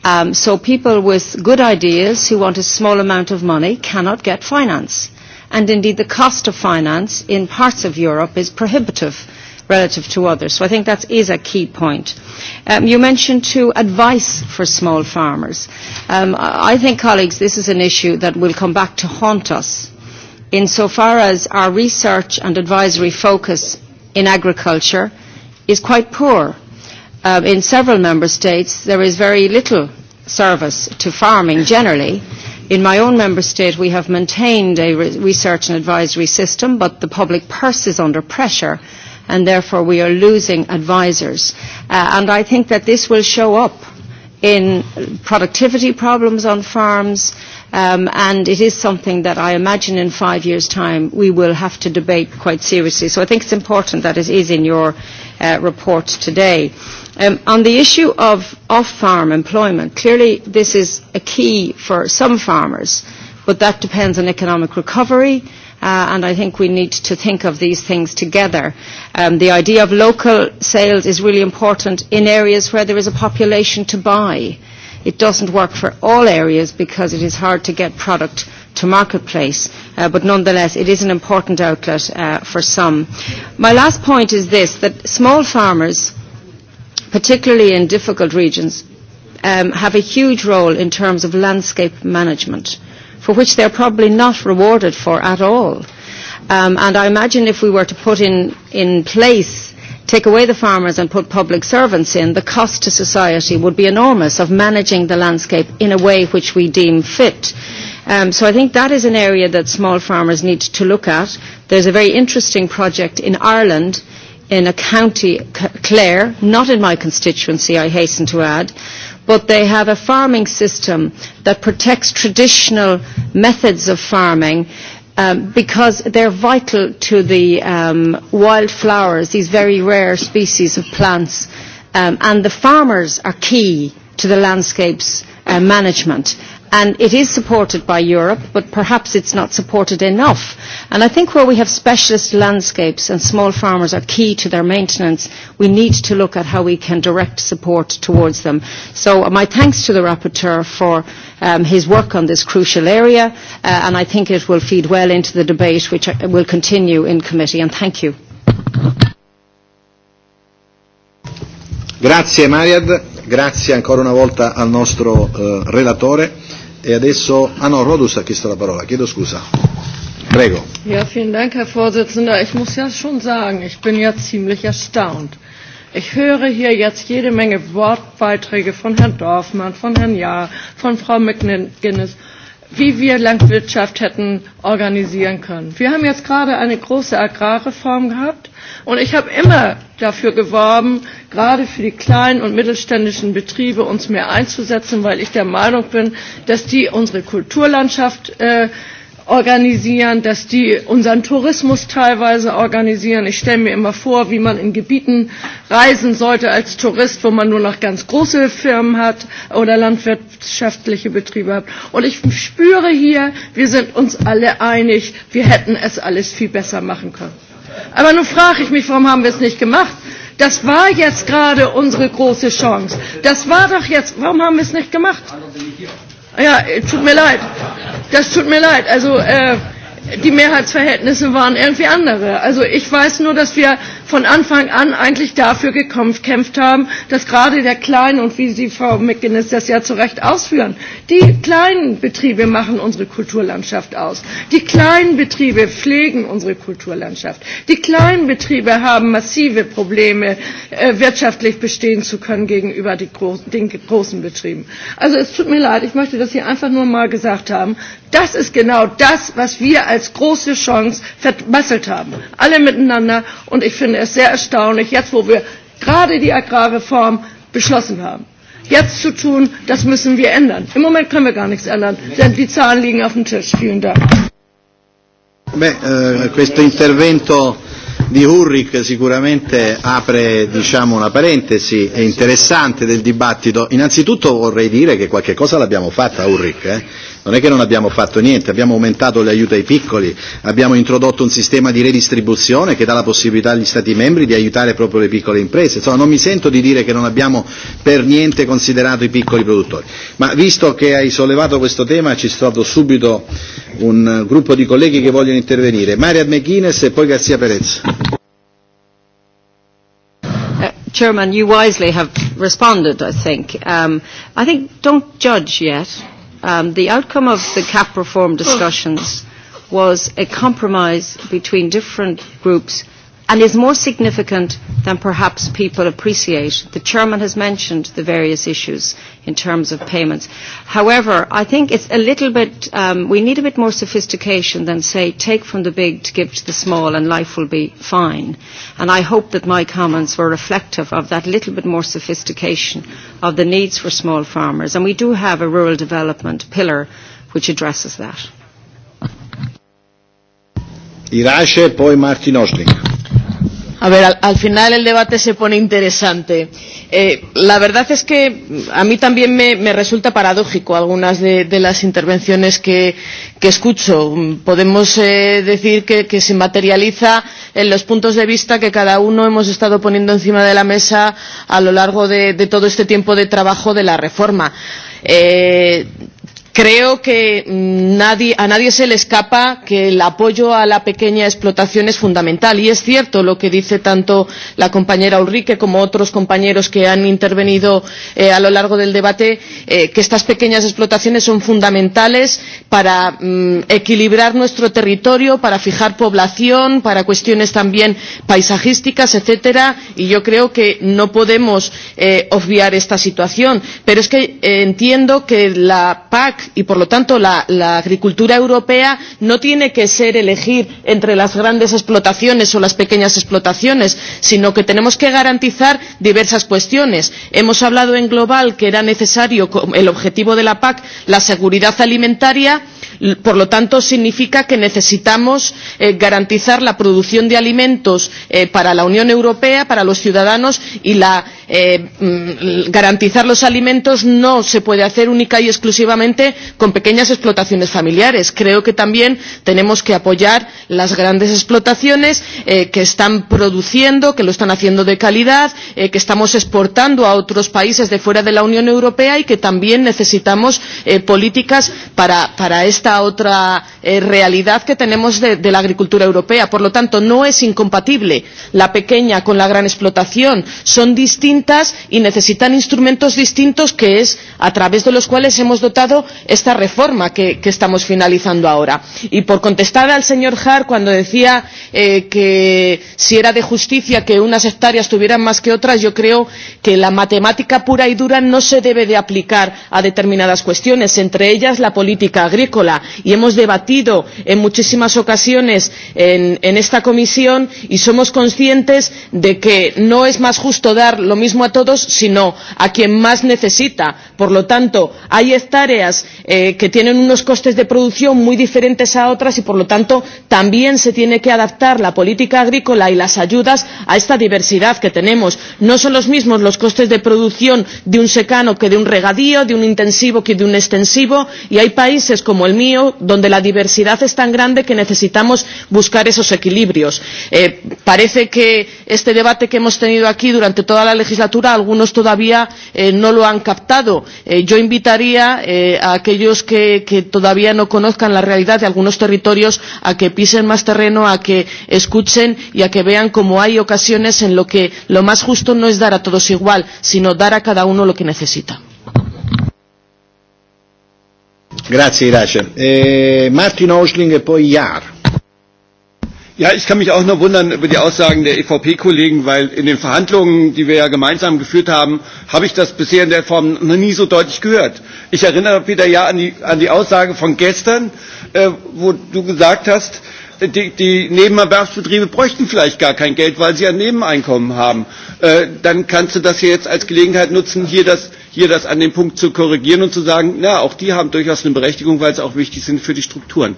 Um, so people with good ideas who want a small amount of money cannot get finance and indeed the cost of finance in parts of Europe is prohibitive relative to others. So I think that is a key point. Um, you mentioned too advice for small farmers. Um, I think, colleagues, this is an issue that will come back to haunt us insofar as our research and advisory focus in agriculture is quite poor. Um, in several member states, there is very little service to farming generally. In my own member state, we have maintained a re- research and advisory system, but the public purse is under pressure, and therefore we are losing advisors. Uh, and I think that this will show up in productivity problems on farms, um, and it is something that I imagine in five years' time we will have to debate quite seriously. So I think it's important that it is in your uh, report today. Um, on the issue of off-farm employment, clearly this is a key for some farmers, but that depends on economic recovery, uh, and I think we need to think of these things together. Um, the idea of local sales is really important in areas where there is a population to buy. It doesn't work for all areas because it is hard to get product to marketplace. Uh, but nonetheless, it is an important outlet uh, for some. My last point is this, that small farmers, particularly in difficult regions, um, have a huge role in terms of landscape management, for which they're probably not rewarded for at all. Um, and I imagine if we were to put in, in place take away the farmers and put public servants in, the cost to society would be enormous of managing the landscape in a way which we deem fit. Um, so I think that is an area that small farmers need to look at. There's a very interesting project in Ireland in a county, Clare, not in my constituency, I hasten to add, but they have a farming system that protects traditional methods of farming um, because they're vital to the um, wildflowers, these very rare species of plants, um, and the farmers are key to the landscape's uh, management and it is supported by Europe, but perhaps it's not supported enough. And I think where we have specialist landscapes and small farmers are key to their maintenance, we need to look at how we can direct support towards them. So uh, my thanks to the rapporteur for um, his work on this crucial area, uh, and I think it will feed well into the debate which uh, will continue in committee, and thank you. Grazie Mariad, grazie ancora una volta al nostro eh, relatore E adesso, ah no, Rodus ha chiesto la parola, chiedo scusa. Prego. Ja, vielen Dank, Herr Vorsitzender. Ich muss ja schon sagen, ich bin ja ziemlich erstaunt. Ich höre hier jetzt jede Menge Wortbeiträge von Herrn Dorfmann, von Herrn Jahr, von Frau McGuinness wie wir Landwirtschaft hätten organisieren können. Wir haben jetzt gerade eine große Agrarreform gehabt und ich habe immer dafür geworben, gerade für die kleinen und mittelständischen Betriebe uns mehr einzusetzen, weil ich der Meinung bin, dass die unsere Kulturlandschaft äh, organisieren, dass die unseren Tourismus teilweise organisieren. Ich stelle mir immer vor, wie man in Gebieten reisen sollte als Tourist, wo man nur noch ganz große Firmen hat oder landwirtschaftliche Betriebe hat. Und ich spüre hier, wir sind uns alle einig, wir hätten es alles viel besser machen können. Aber nun frage ich mich, warum haben wir es nicht gemacht? Das war jetzt gerade unsere große Chance. Das war doch jetzt, warum haben wir es nicht gemacht? Ja, tut mir leid. Das tut mir leid. Also, äh, die Mehrheitsverhältnisse waren irgendwie andere. Also ich weiß nur, dass wir von Anfang an eigentlich dafür gekämpft haben, dass gerade der Kleinen, und wie Sie, Frau McGuinness, das ja zu Recht ausführen, die kleinen Betriebe machen unsere Kulturlandschaft aus. Die kleinen Betriebe pflegen unsere Kulturlandschaft. Die kleinen Betriebe haben massive Probleme, äh, wirtschaftlich bestehen zu können gegenüber die Gro den großen Betrieben. Also es tut mir leid, ich möchte das hier einfach nur mal gesagt haben, Das ist genau das, was wir als große Chance vermasselt haben. Alle miteinander. Und ich finde es sehr erstaunlich, jetzt wo wir gerade die Agrarreform beschlossen haben. Jetzt zu tun, das müssen wir ändern. Im Moment können wir gar nichts ändern, denn die Zahlen liegen auf dem Tisch. Vielen Dank. Beh, eh, questo intervento di Hurrik sicuramente apre diciamo, una parentesi interessante del dibattito. Innanzitutto vorrei dire che qualche cosa l'abbiamo fatta Hurrik. Eh? non è che non abbiamo fatto niente, abbiamo aumentato gli aiuti ai piccoli, abbiamo introdotto un sistema di redistribuzione che dà la possibilità agli Stati membri di aiutare proprio le piccole imprese. Insomma, non mi sento di dire che non abbiamo per niente considerato i piccoli produttori. Ma visto che hai sollevato questo tema ci stato subito un gruppo di colleghi che vogliono intervenire. Maria McGuinness e poi Garzia Perez. Uh, Chairman, you wisely have responded, I think. Um, I think don't judge yet Um, the outcome of the cap reform discussions was a compromise between different groups and is more significant than perhaps people appreciate. The chairman has mentioned the various issues in terms of payments. However, I think it's a little bit, um, we need a bit more sophistication than say, take from the big to give to the small and life will be fine. And I hope that my comments were reflective of that little bit more sophistication of the needs for small farmers. And we do have a rural development pillar which addresses that. Irace, poi Martin Osling. A ver, al, al final el debate se pone interesante. Eh, la verdad es que a mí también me, me resulta paradójico algunas de, de las intervenciones que, que escucho. Podemos eh, decir que, que se materializa en los puntos de vista que cada uno hemos estado poniendo encima de la mesa a lo largo de, de todo este tiempo de trabajo de la reforma. Eh, Creo que mm, nadie, a nadie se le escapa que el apoyo a la pequeña explotación es fundamental. Y es cierto lo que dice tanto la compañera Ulrike como otros compañeros que han intervenido eh, a lo largo del debate, eh, que estas pequeñas explotaciones son fundamentales para mm, equilibrar nuestro territorio, para fijar población, para cuestiones también paisajísticas, etcétera. Y yo creo que no podemos eh, obviar esta situación. Pero es que eh, entiendo que la PAC y por lo tanto la, la agricultura europea no tiene que ser elegir entre las grandes explotaciones o las pequeñas explotaciones sino que tenemos que garantizar diversas cuestiones hemos hablado en global que era necesario el objetivo de la pac la seguridad alimentaria Por lo tanto, significa que necesitamos eh, garantizar la producción de alimentos eh, para la Unión Europea, para los ciudadanos, y la, eh, mm, garantizar los alimentos no se puede hacer única y exclusivamente con pequeñas explotaciones familiares. Creo que también tenemos que apoyar las grandes explotaciones eh, que están produciendo, que lo están haciendo de calidad, eh, que estamos exportando a otros países de fuera de la Unión Europea y que también necesitamos eh, políticas para, para este esta otra eh, realidad que tenemos de, de la agricultura europea. Por lo tanto, no es incompatible la pequeña con la gran explotación. Son distintas y necesitan instrumentos distintos que es a través de los cuales hemos dotado esta reforma que, que estamos finalizando ahora. Y por contestar al señor Hart cuando decía eh, que si era de justicia que unas hectáreas tuvieran más que otras, yo creo que la matemática pura y dura no se debe de aplicar a determinadas cuestiones, entre ellas la política agrícola Europea y hemos debatido en muchísimas ocasiones en, en esta comisión y somos conscientes de que no es más justo dar lo mismo a todos sino a quien más necesita. Por lo tanto, hay hectáreas eh, que tienen unos costes de producción muy diferentes a otras y por lo tanto también se tiene que adaptar la política agrícola y las ayudas a esta diversidad que tenemos. No son los mismos los costes de producción de un secano que de un regadío, de un intensivo que de un extensivo y hay países como el mío mío donde la diversidad es tan grande que necesitamos buscar esos equilibrios. Eh, parece que este debate que hemos tenido aquí durante toda la legislatura algunos todavía eh, no lo han captado. Eh, yo invitaría eh, a aquellos que, que todavía no conozcan la realidad de algunos territorios a que pisen más terreno, a que escuchen y a que vean cómo hay ocasiones en lo que lo más justo no es dar a todos igual, sino dar a cada uno lo que necesita. Grazie Irace. Eh, Martin Oschling e poi Jahr. Ja, ich kann mich auch nur wundern über die Aussagen der EVP-Kollegen, weil in den Verhandlungen, die wir ja gemeinsam geführt haben, habe ich das bisher in der Form noch nie so deutlich gehört. Ich erinnere, Peter, ja an die, an die Aussage von gestern, äh, wo du gesagt hast, die, die Nebenerwerbsbetriebe bräuchten vielleicht gar kein Geld, weil sie ein Nebeneinkommen haben. Äh, dann kannst du das hier jetzt als Gelegenheit nutzen, hier das hier das an dem Punkt zu korrigieren und zu sagen, na, auch die haben durchaus eine Berechtigung, weil sie auch wichtig sind für die Strukturen.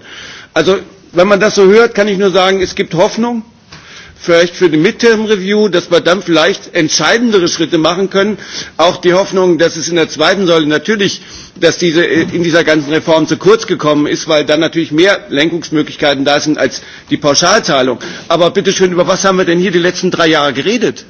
Also, wenn man das so hört, kann ich nur sagen, es gibt Hoffnung, vielleicht für die Midterm Review, dass wir dann vielleicht entscheidendere Schritte machen können. Auch die Hoffnung, dass es in der zweiten Säule natürlich, dass diese äh, in dieser ganzen Reform zu kurz gekommen ist, weil dann natürlich mehr Lenkungsmöglichkeiten da sind als die Pauschalzahlung. Aber bitteschön, über was haben wir denn hier die letzten drei Jahre geredet?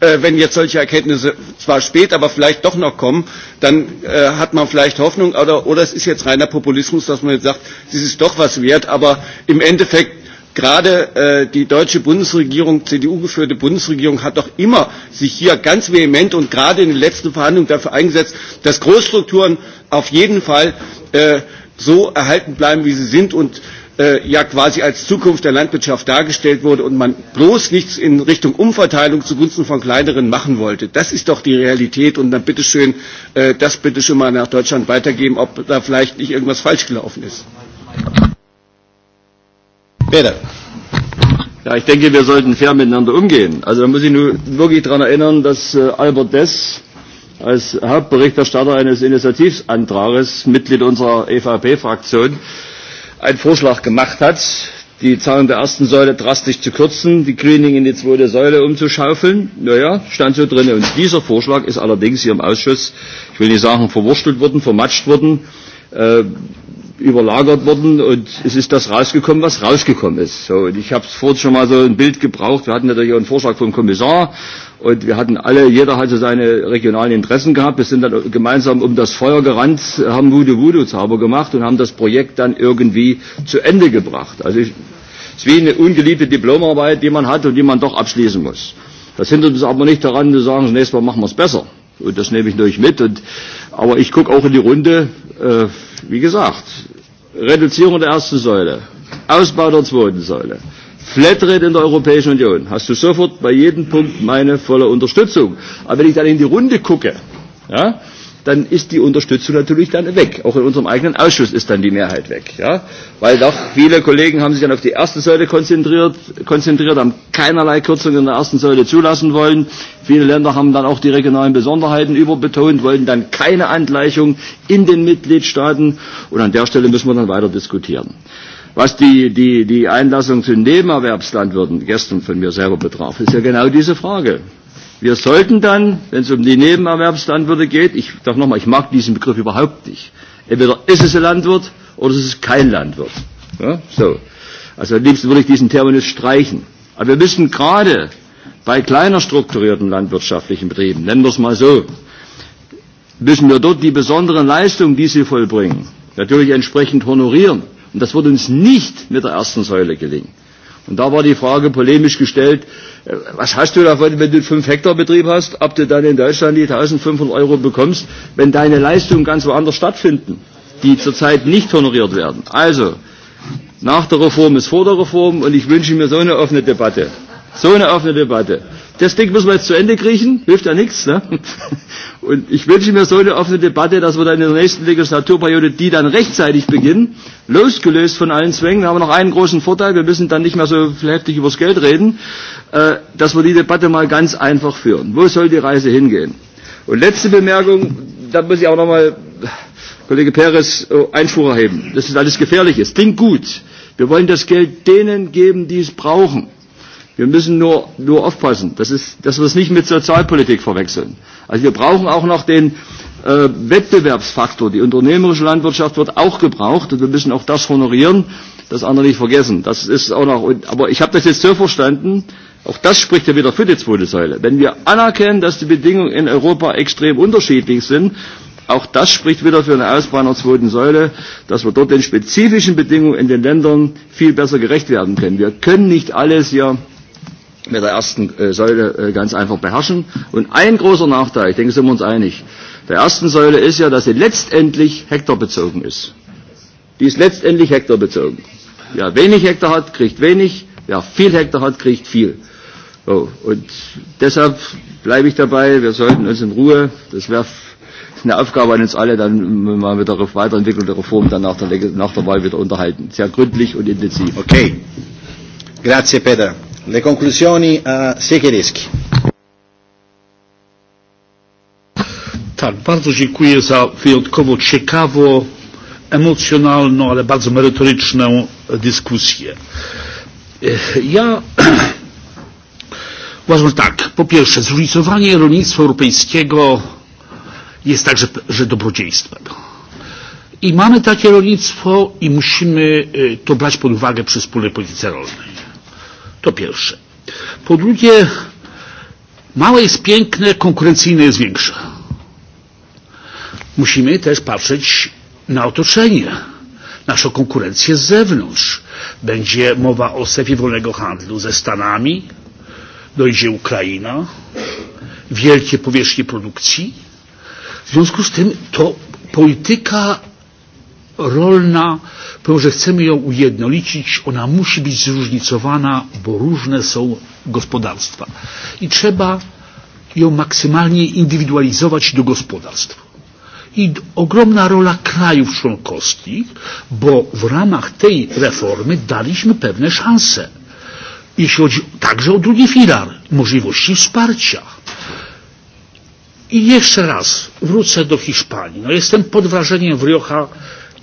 äh, wenn jetzt solche Erkenntnisse zwar spät, aber vielleicht doch noch kommen, dann äh, hat man vielleicht Hoffnung oder, oder es ist jetzt reiner Populismus, dass man jetzt sagt, das ist doch was wert, aber im Endeffekt gerade äh, die deutsche Bundesregierung, CDU geführte Bundesregierung hat doch immer sich hier ganz vehement und gerade in den letzten Verhandlungen dafür eingesetzt, dass Großstrukturen auf jeden Fall äh, so erhalten bleiben, wie sie sind und äh, ja quasi als Zukunft der Landwirtschaft dargestellt wurde und man bloß nichts in Richtung Umverteilung zugunsten von kleineren machen wollte. Das ist doch die Realität und dann bitteschön, äh, das bitte schon mal nach Deutschland weitergeben, ob da vielleicht nicht irgendwas falsch gelaufen ist. Bitte. Ja, ich denke, wir sollten fair miteinander umgehen. Also da muss ich nur wirklich daran erinnern, dass äh, Albert Dess als Hauptberichterstatter eines Initiativantrages, Mitglied unserer EVP-Fraktion, einen Vorschlag gemacht hat, die Zahlen der ersten Säule drastisch zu kürzen, die Greening in die zweite Säule umzuschaufeln. Naja, stand so drin. Und dieser Vorschlag ist allerdings hier im Ausschuss, ich will nicht sagen verwurstelt worden, vermatscht worden, äh, überlagert worden und es ist das rausgekommen, was rausgekommen ist. So, und ich habe es vorhin schon mal so ein Bild gebraucht. Wir hatten natürlich auch einen Vorschlag vom Kommissar Und wir hatten alle, jeder hatte seine regionalen Interessen gehabt. Wir sind dann gemeinsam um das Feuer gerannt, haben Voodoo Voodoo Zauber gemacht und haben das Projekt dann irgendwie zu Ende gebracht. Also ich, es ist wie eine ungeliebte Diplomarbeit, die man hat und die man doch abschließen muss. Das hindert uns aber nicht daran, zu sagen, das nächste Mal machen wir es besser. Und das nehme ich natürlich mit. Und, aber ich gucke auch in die Runde, äh, wie gesagt, Reduzierung der ersten Säule, Ausbau der zweiten Säule, Flatrate in der Europäischen Union. Hast du sofort bei jedem Punkt meine volle Unterstützung. Aber wenn ich dann in die Runde gucke, ja, dann ist die Unterstützung natürlich dann weg. Auch in unserem eigenen Ausschuss ist dann die Mehrheit weg. Ja? Weil doch viele Kollegen haben sich dann auf die erste Säule konzentriert, konzentriert, haben keinerlei Kürzungen in der ersten Säule zulassen wollen. Viele Länder haben dann auch die regionalen Besonderheiten überbetont, wollten dann keine Angleichung in den Mitgliedstaaten. Und an der Stelle müssen wir dann weiter diskutieren. Äh, Was die, die, die Einlassung zu Nebenerwerbslandwirten gestern von mir selber betraf, ist ja genau diese Frage. Wir sollten dann, wenn es um die Nebenerwerbslandwirte geht, ich sage nochmal, ich mag diesen Begriff überhaupt nicht. Entweder ist es ein Landwirt oder es ist kein Landwirt. Ja, so. Also am liebsten würde ich diesen Terminus streichen. Aber wir müssen gerade bei kleiner strukturierten landwirtschaftlichen Betrieben, nennen wir es mal so, müssen wir dort die besonderen Leistungen, die sie vollbringen, natürlich entsprechend honorieren. Und das wird uns nicht mit der ersten Säule gelingen. Und da war die Frage polemisch gestellt, äh, was hast du davon, wenn du einen 5-Hektar-Betrieb hast, ob du dann in Deutschland die 1500 Euro bekommst, wenn deine Leistungen ganz woanders stattfinden, die zurzeit nicht honoriert werden. Also, nach der Reform ist vor der Reform und ich wünsche mir so eine offene Debatte. So eine offene Debatte das Ding müssen wir jetzt zu Ende kriechen, hilft ja nichts. Ne? (laughs) Und ich wünsche mir so eine offene Debatte, dass wir dann in der nächsten Legislaturperiode, die dann rechtzeitig beginnen, losgelöst von allen Zwängen, da haben wir noch einen großen Vorteil, wir müssen dann nicht mehr so heftig übers Geld reden, äh, dass wir die Debatte mal ganz einfach führen. Wo soll die Reise hingehen? Und letzte Bemerkung, da muss ich auch nochmal äh, Kollege Perez äh, Einspruch erheben, dass das alles gefährlich ist. Klingt gut. Wir wollen das Geld denen geben, die es brauchen. Wir müssen nur, nur aufpassen, dass, es, dass wir es nicht mit Sozialpolitik verwechseln. Also wir brauchen auch noch den äh, Wettbewerbsfaktor. Die unternehmerische Landwirtschaft wird auch gebraucht und wir müssen auch das honorieren. Das andere nicht vergessen. Das ist auch noch, und, aber ich habe das jetzt so verstanden, auch das spricht ja wieder für die zweite Säule. Wenn wir anerkennen, dass die Bedingungen in Europa extrem unterschiedlich sind, auch das spricht wieder für eine Ausbau einer zweiten Säule, dass wir dort den spezifischen Bedingungen in den Ländern viel besser gerecht werden können. Wir können nicht alles hier mit der ersten äh, Säule äh, ganz einfach beherrschen. Und ein großer Nachteil, ich denke, sind wir uns einig, der ersten Säule ist ja, dass sie letztendlich hektarbezogen ist. Die ist letztendlich hektarbezogen. Wer wenig Hektar hat, kriegt wenig. Wer viel Hektar hat, kriegt viel. So, und deshalb bleibe ich dabei, wir sollten uns in Ruhe, das wäre eine Aufgabe an uns alle, dann mal mit der Weiterentwicklung der Reform dann nach der, nach der Wahl wieder unterhalten. Sehr gründlich und intensiv. Okay. Grazie, Peter. Le conclusioni a Siekierski. Tak, bardzo dziękuję za wyjątkowo ciekawą, emocjonalną, ale bardzo merytoryczną dyskusję. E, ja (clears throat) uważam tak. Po pierwsze, zróżnicowanie rolnictwa europejskiego jest także że dobrodziejstwem. I mamy takie rolnictwo i musimy e, to brać pod uwagę przy wspólnej polityce rolnej. To pierwsze. Po drugie, małe jest piękne, konkurencyjne jest większe. Musimy też patrzeć na otoczenie, naszą konkurencję z zewnątrz. Będzie mowa o strefie wolnego handlu ze Stanami, dojdzie Ukraina, wielkie powierzchnie produkcji. W związku z tym to polityka rolna Pomimo, że chcemy ją ujednolicić, ona musi być zróżnicowana, bo różne są gospodarstwa. I trzeba ją maksymalnie indywidualizować do gospodarstw. I ogromna rola krajów członkowskich, bo w ramach tej reformy daliśmy pewne szanse. Jeśli chodzi także o drugi filar, możliwości wsparcia. I jeszcze raz wrócę do Hiszpanii. No jestem pod wrażeniem Wriocha,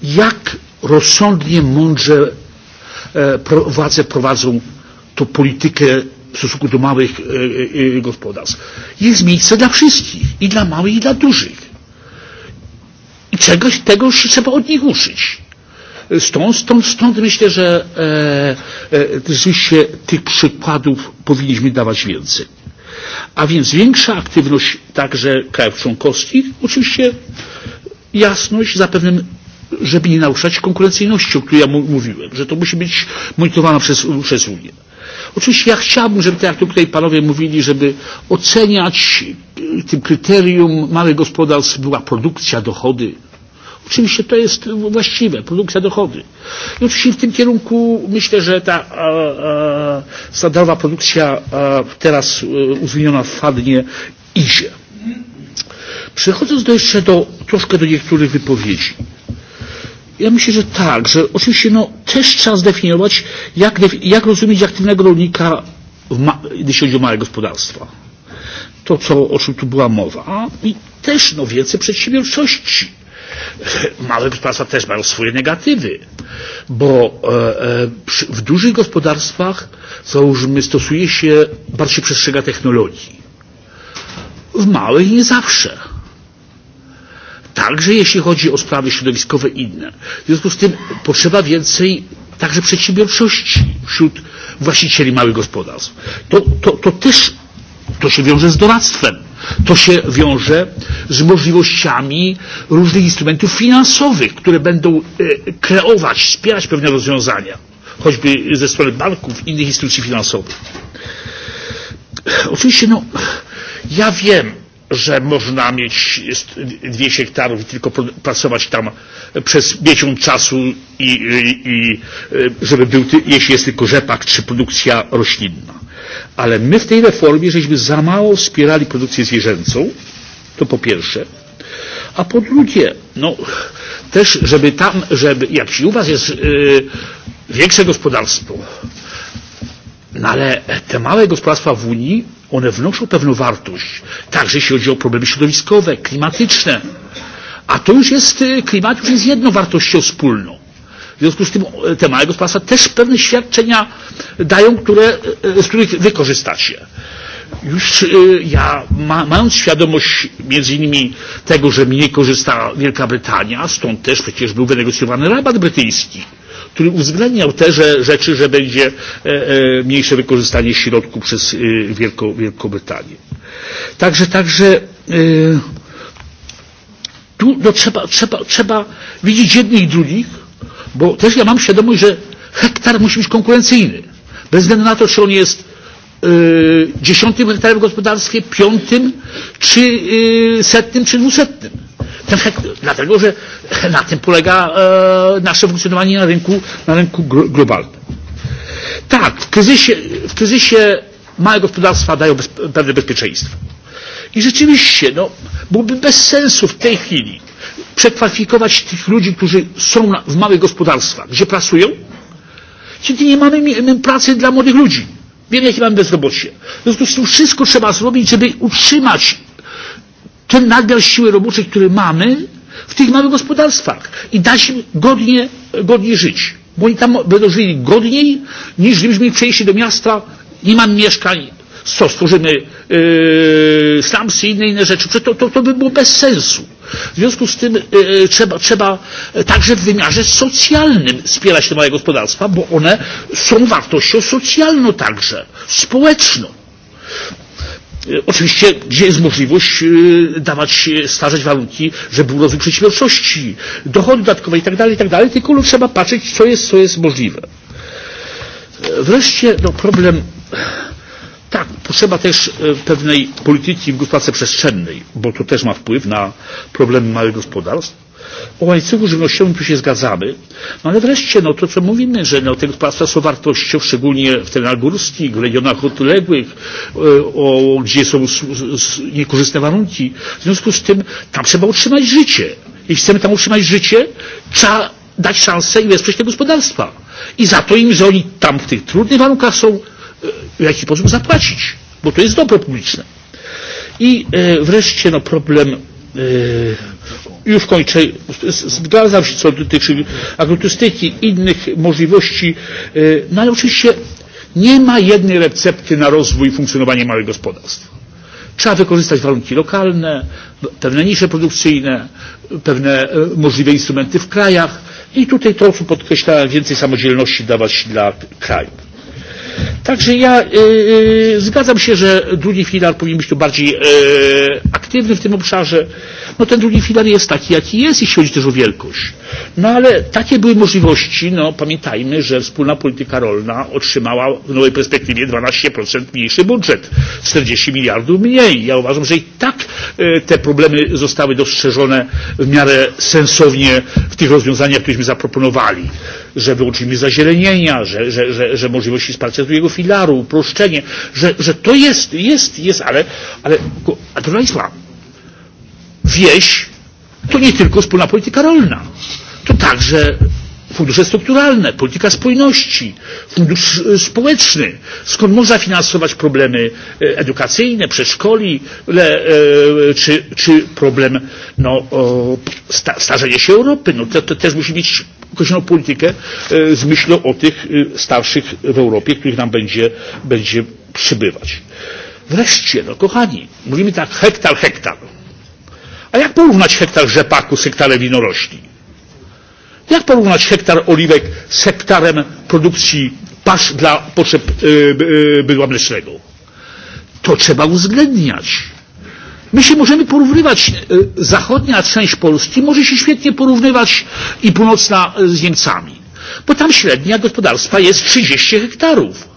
jak rozsądnie, mądrze e, władze prowadzą tą politykę w stosunku do małych e, e, gospodarstw. Jest miejsce dla wszystkich, i dla małych, i dla dużych. I czegoś tego trzeba od nich uczyć. Stąd, stąd, stąd myślę, że e, e, rzeczywiście tych przykładów powinniśmy dawać więcej. A więc większa aktywność także krajów członkowskich, oczywiście jasność, zapewne żeby nie naruszać konkurencyjności, o której ja mówiłem, że to musi być monitorowane przez, przez Unię. Oczywiście ja chciałbym, żeby tak jak tutaj panowie mówili, żeby oceniać tym kryterium małych gospodarstw była produkcja, dochody. Oczywiście to jest właściwe, produkcja, dochody. I oczywiście w tym kierunku myślę, że ta e, e, standardowa produkcja e, teraz e, uwzględniona w FADNie idzie. Przechodząc do jeszcze do, troszkę do niektórych wypowiedzi. E, Ja myślę, że tak, że oczywiście no, też trzeba zdefiniować, jak, jak rozumieć aktywnego rolnika, w ma, jeśli chodzi o małe gospodarstwa. To, co, o czym tu była mowa. I też no, więcej przedsiębiorczości. (laughs) Małe gospodarstwa też mają swoje negatywy, bo e, e, przy, w dużych gospodarstwach, załóżmy, stosuje się, bardziej przestrzega technologii. W małych nie zawsze także jeśli chodzi o sprawy środowiskowe i inne. W związku z tym potrzeba więcej także przedsiębiorczości wśród właścicieli małych gospodarstw. To, to, to też to się wiąże z doradztwem, to się wiąże z możliwościami różnych instrumentów finansowych, które będą e, kreować, wspierać pewne rozwiązania, choćby ze strony banków, innych instytucji finansowych. Oczywiście, no, ja wiem, że można mieć 200 hektarów i tylko pracować tam przez miesiąc czasu i, i, i żeby był, jeśli jest tylko rzepak czy produkcja roślinna. Ale my w tej reformie żeśmy za mało wspierali produkcję zwierzęcą, to po pierwsze. A po drugie, no też, żeby tam, żeby, jak u Was jest yy, większe gospodarstwo, no ale te małe gospodarstwa w Unii One wnoszą pewną wartość, także jeśli chodzi o problemy środowiskowe, klimatyczne. A to już jest, klimat już jest jedną wartością wspólną. W związku z tym e, te małe gospodarstwa też pewne świadczenia dają, które, e, e, z których wy korzystacie. Już ja, ma, mając świadomość między innymi tego, że mniej korzysta Wielka Brytania, stąd też przecież był wynegocjowany rabat brytyjski który uwzględniał te że, rzeczy, że będzie e, e, mniejsze wykorzystanie środków przez e, Wielką, Wielką Brytanię. Także, także e, tu no, trzeba, trzeba, trzeba widzieć jednych i drugich, bo też ja mam świadomość, że hektar musi być konkurencyjny. Bez względu na to, czy on jest y, e, dziesiątym hektarem gospodarstwem, piątym, czy y, e, setnym, czy dwusetnym Ten, dlatego, że (laughs) na tym polega e, nasze funkcjonowanie na rynku, na rynku globalnym. Tak, w kryzysie, w kryzysie małe gospodarstwa dają bez, pewne bezpieczeństwo. I rzeczywiście, no, byłoby bez sensu w tej chwili przekwalifikować tych ludzi, którzy są na, w małych gospodarstwach, gdzie pracują, kiedy nie mamy pracy dla młodych ludzi. Wiemy, jakie mamy bezrobocie. W związku z tym wszystko trzeba zrobić, żeby utrzymać ten nadmiar siły roboczej, który mamy w tych małych gospodarstwach i dać im godnie, godnie żyć. Bo oni tam będą żyli godniej niż gdybyśmy przejść do miasta, nie mam mieszkań, co stworzymy yy, slumsy i inne, inne rzeczy. Przecież to, to, to by było bez sensu. W związku z tym yy, trzeba, trzeba także w wymiarze socjalnym wspierać te małe gospodarstwa, bo one są wartością socjalną także, społeczną. E, oczywiście, gdzie jest możliwość dawać, stwarzać warunki, żeby był rozwój przedsiębiorczości, dochody dodatkowe itd., itd., tylko no, trzeba patrzeć, co jest, co jest możliwe. E, wreszcie no, problem, tak, potrzeba też e, pewnej polityki w gospodarce przestrzennej, bo to też ma wpływ na problemy małych gospodarstw o łańcuchu żywnościowym tu się zgadzamy. No ale wreszcie no, to, co mówimy, że no, te gospodarstwa są wartością, szczególnie w terenach górskich, w regionach odległych, e, o, gdzie są niekorzystne warunki. W związku z tym tam trzeba utrzymać życie. Jeśli chcemy tam utrzymać życie, trzeba dać szansę i wesprzeć te gospodarstwa. I za to im, że oni tam w tych trudnych warunkach są, e, w jakiś sposób zapłacić, bo to jest dobro publiczne. I e, wreszcie no, problem e, Już kończę. Zgadzam się, co dotyczy agroturystyki, innych możliwości. No ale oczywiście nie ma jednej recepty na rozwój i funkcjonowanie małych gospodarstw. Trzeba wykorzystać warunki lokalne, pewne nisze produkcyjne, pewne e, możliwe instrumenty w krajach i tutaj to, co podkreślałem, więcej samodzielności dawać dla krajów. Także ja yy, e, e, zgadzam się, że drugi filar powinien być tu bardziej yy, e, aktywny w tym obszarze. No ten drugi filar jest taki, jaki jest, jeśli chodzi też o wielkość. No ale takie były możliwości. No pamiętajmy, że wspólna polityka rolna otrzymała w nowej perspektywie 12% mniejszy budżet, 40 miliardów mniej. Ja uważam, że i tak yy, te problemy zostały dostrzeżone w miarę sensownie w tych rozwiązaniach, któreśmy zaproponowali że wyłączymy zazielenienia, że, że, że, że możliwości wsparcia drugiego filaru, uproszczenie, że, że to jest, jest, jest, ale, ale a proszę Państwa, wieś to nie tylko wspólna polityka rolna. To także fundusze strukturalne, polityka spójności, fundusz e, społeczny, skąd można finansować problemy e, edukacyjne, przedszkoli le, e, czy, czy problem no, sta, starzenia się Europy. No, to, to też musi mieć określoną politykę z myślą o tych starszych w Europie, których nam będzie, będzie przybywać. Wreszcie, no kochani, mówimy tak hektar, hektar. A jak porównać hektar rzepaku z hektarem winorośli? Jak porównać hektar oliwek z hektarem produkcji pasz dla potrzeb e, e, bydła mlecznego? To trzeba uwzględniać. My się możemy porównywać, e, zachodnia część Polski może się świetnie porównywać i północna z Niemcami, bo tam średnia gospodarstwa jest 30 hektarów.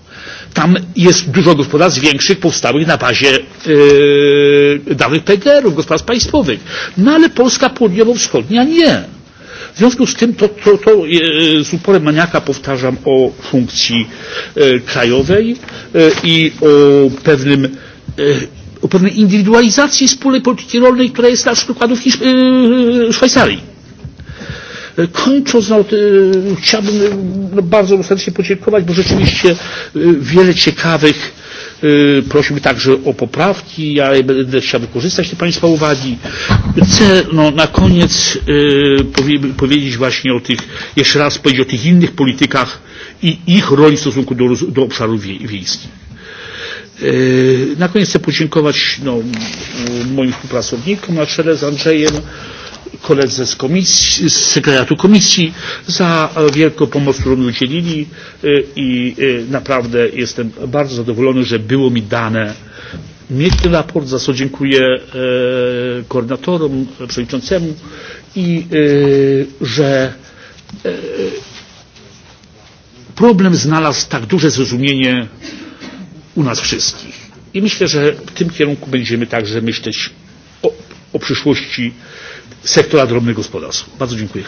Tam jest dużo gospodarstw większych powstałych na bazie yy, dawnych PGR-ów, gospodarstw państwowych. No ale Polska południowo-wschodnia nie W związku z tym to, to, to e, z uporem maniaka powtarzam o funkcji e, krajowej e, i o pewnym o pewnej indywidualizacji wspólnej polityki rolnej, która jest na przykład w Hiszp Szwajcarii. Kończąc, no, chciałbym no, bardzo serdecznie podziękować, bo rzeczywiście wiele ciekawych Prosiłby także o poprawki. Ja będę chciał wykorzystać te Państwa uwagi. Chcę no, na koniec powie, powiedzieć właśnie o tych, jeszcze raz powiedzieć o tych innych politykach i ich roli w stosunku do, do obszarów wie, wiejskich. Na koniec chcę podziękować no, moim współpracownikom na czele z Andrzejem koledze z, komisji, z sekretariatu komisji za e, wielką pomoc, którą mi udzielili e, i e, naprawdę jestem bardzo zadowolony, że było mi dane mieć ten raport, za co dziękuję koordynatorom, przewodniczącemu i że problem znalazł tak duże zrozumienie u nas wszystkich. I myślę, że w tym kierunku będziemy także myśleć o, o przyszłości sektora drobnych gospodarstw. Bardzo dziękuję.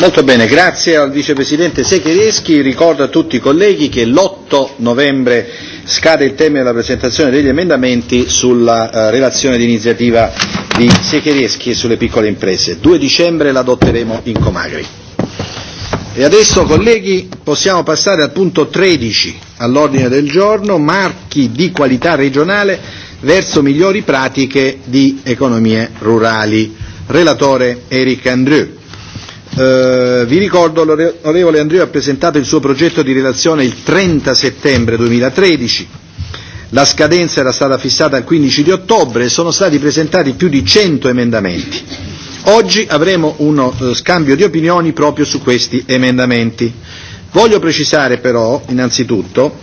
Molto bene, grazie al vicepresidente Secherieschi. Ricordo a tutti i colleghi che l'8 novembre scade il termine della presentazione degli emendamenti sulla eh, relazione d'iniziativa di Secherieschi e sulle piccole imprese. 2 dicembre l'adotteremo in Comagri. E adesso, colleghi, possiamo passare al punto 13 all'ordine del giorno, marchi di qualità regionale verso migliori pratiche di economie rurali. Relatore Eric Andrew. Eh, vi ricordo l'onorevole Andrew ha presentato il suo progetto di relazione il 30 settembre 2013. La scadenza era stata fissata al 15 di ottobre e sono stati presentati più di 100 emendamenti. Oggi avremo uno eh, scambio di opinioni proprio su questi emendamenti. Voglio precisare però, innanzitutto,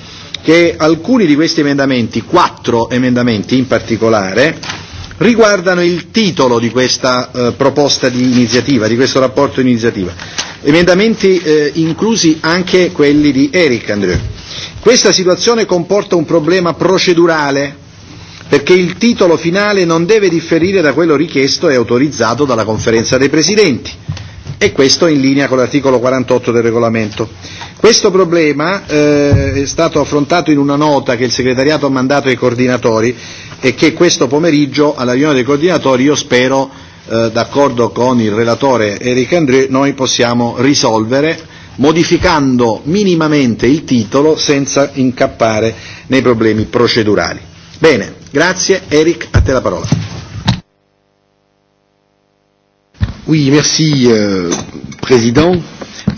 che alcuni di questi emendamenti, quattro emendamenti in particolare, riguardano il titolo di questa eh, proposta di iniziativa, di questo rapporto di iniziativa. Emendamenti eh, inclusi anche quelli di Eric Andrew. Questa situazione comporta un problema procedurale perché il titolo finale non deve differire da quello richiesto e autorizzato dalla conferenza dei presidenti e questo in linea con l'articolo 48 del regolamento. Questo problema eh, è stato affrontato in una nota che il segretariato ha mandato ai coordinatori e che questo pomeriggio alla riunione dei coordinatori io spero, eh, d'accordo con il relatore Eric André, noi possiamo risolvere modificando minimamente il titolo senza incappare nei problemi procedurali. Bene, grazie Eric, a te la parola. Oui, merci, euh, Président.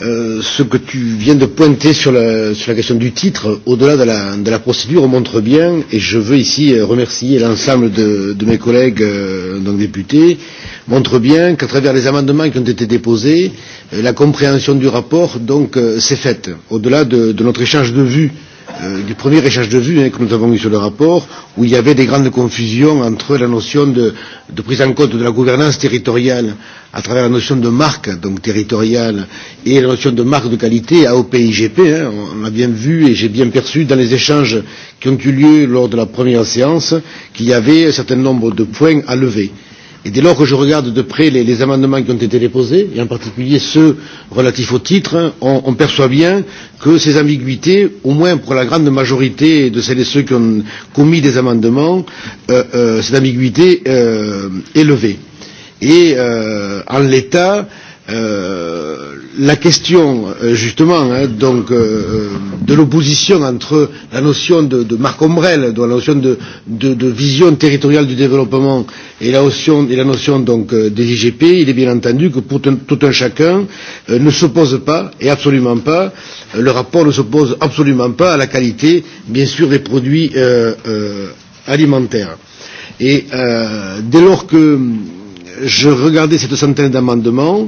Euh, ce que tu viens de pointer sur la, sur la question du titre, au-delà de la, de la procédure, montre bien, et je veux ici euh, remercier l'ensemble de, de mes collègues euh, donc députés, montre bien qu'à travers les amendements qui ont été déposés, euh, la compréhension du rapport donc euh, s'est faite, au-delà de, de notre échange de vues euh, euh, du premier échange de vues hein, que nous avons eu sur le rapport, où il y avait des grandes confusions entre la notion de, de prise en compte de la gouvernance territoriale à travers la notion de marque donc territoriale et la notion de marque de qualité AOP-IGP. Hein, on a bien vu et j'ai bien perçu dans les échanges qui ont eu lieu lors de la première séance qu'il y avait un certain nombre de points à lever. Euh, Et dès lors que je regarde de près les, les amendements qui ont été déposés, et en particulier ceux relatifs au titre, hein, on, on perçoit bien que ces ambiguïtés, au moins pour la grande majorité de celles et ceux qui ont commis des amendements, euh, euh, cette ambiguïté euh, est levée. Et euh, en l'état, euh, Euh, la question euh, justement hein, donc euh, euh, de l'opposition entre la notion de, de Marc Ombrel, de la notion de, de, de vision territoriale du développement et la notion, et la notion donc euh, des IGP, il est bien entendu que pour un, tout un chacun euh, ne s'oppose pas et absolument pas euh, le rapport ne s'oppose absolument pas à la qualité bien sûr des produits euh, euh, alimentaires. Et euh, dès lors que je regardais cette centaine d'amendements, euh,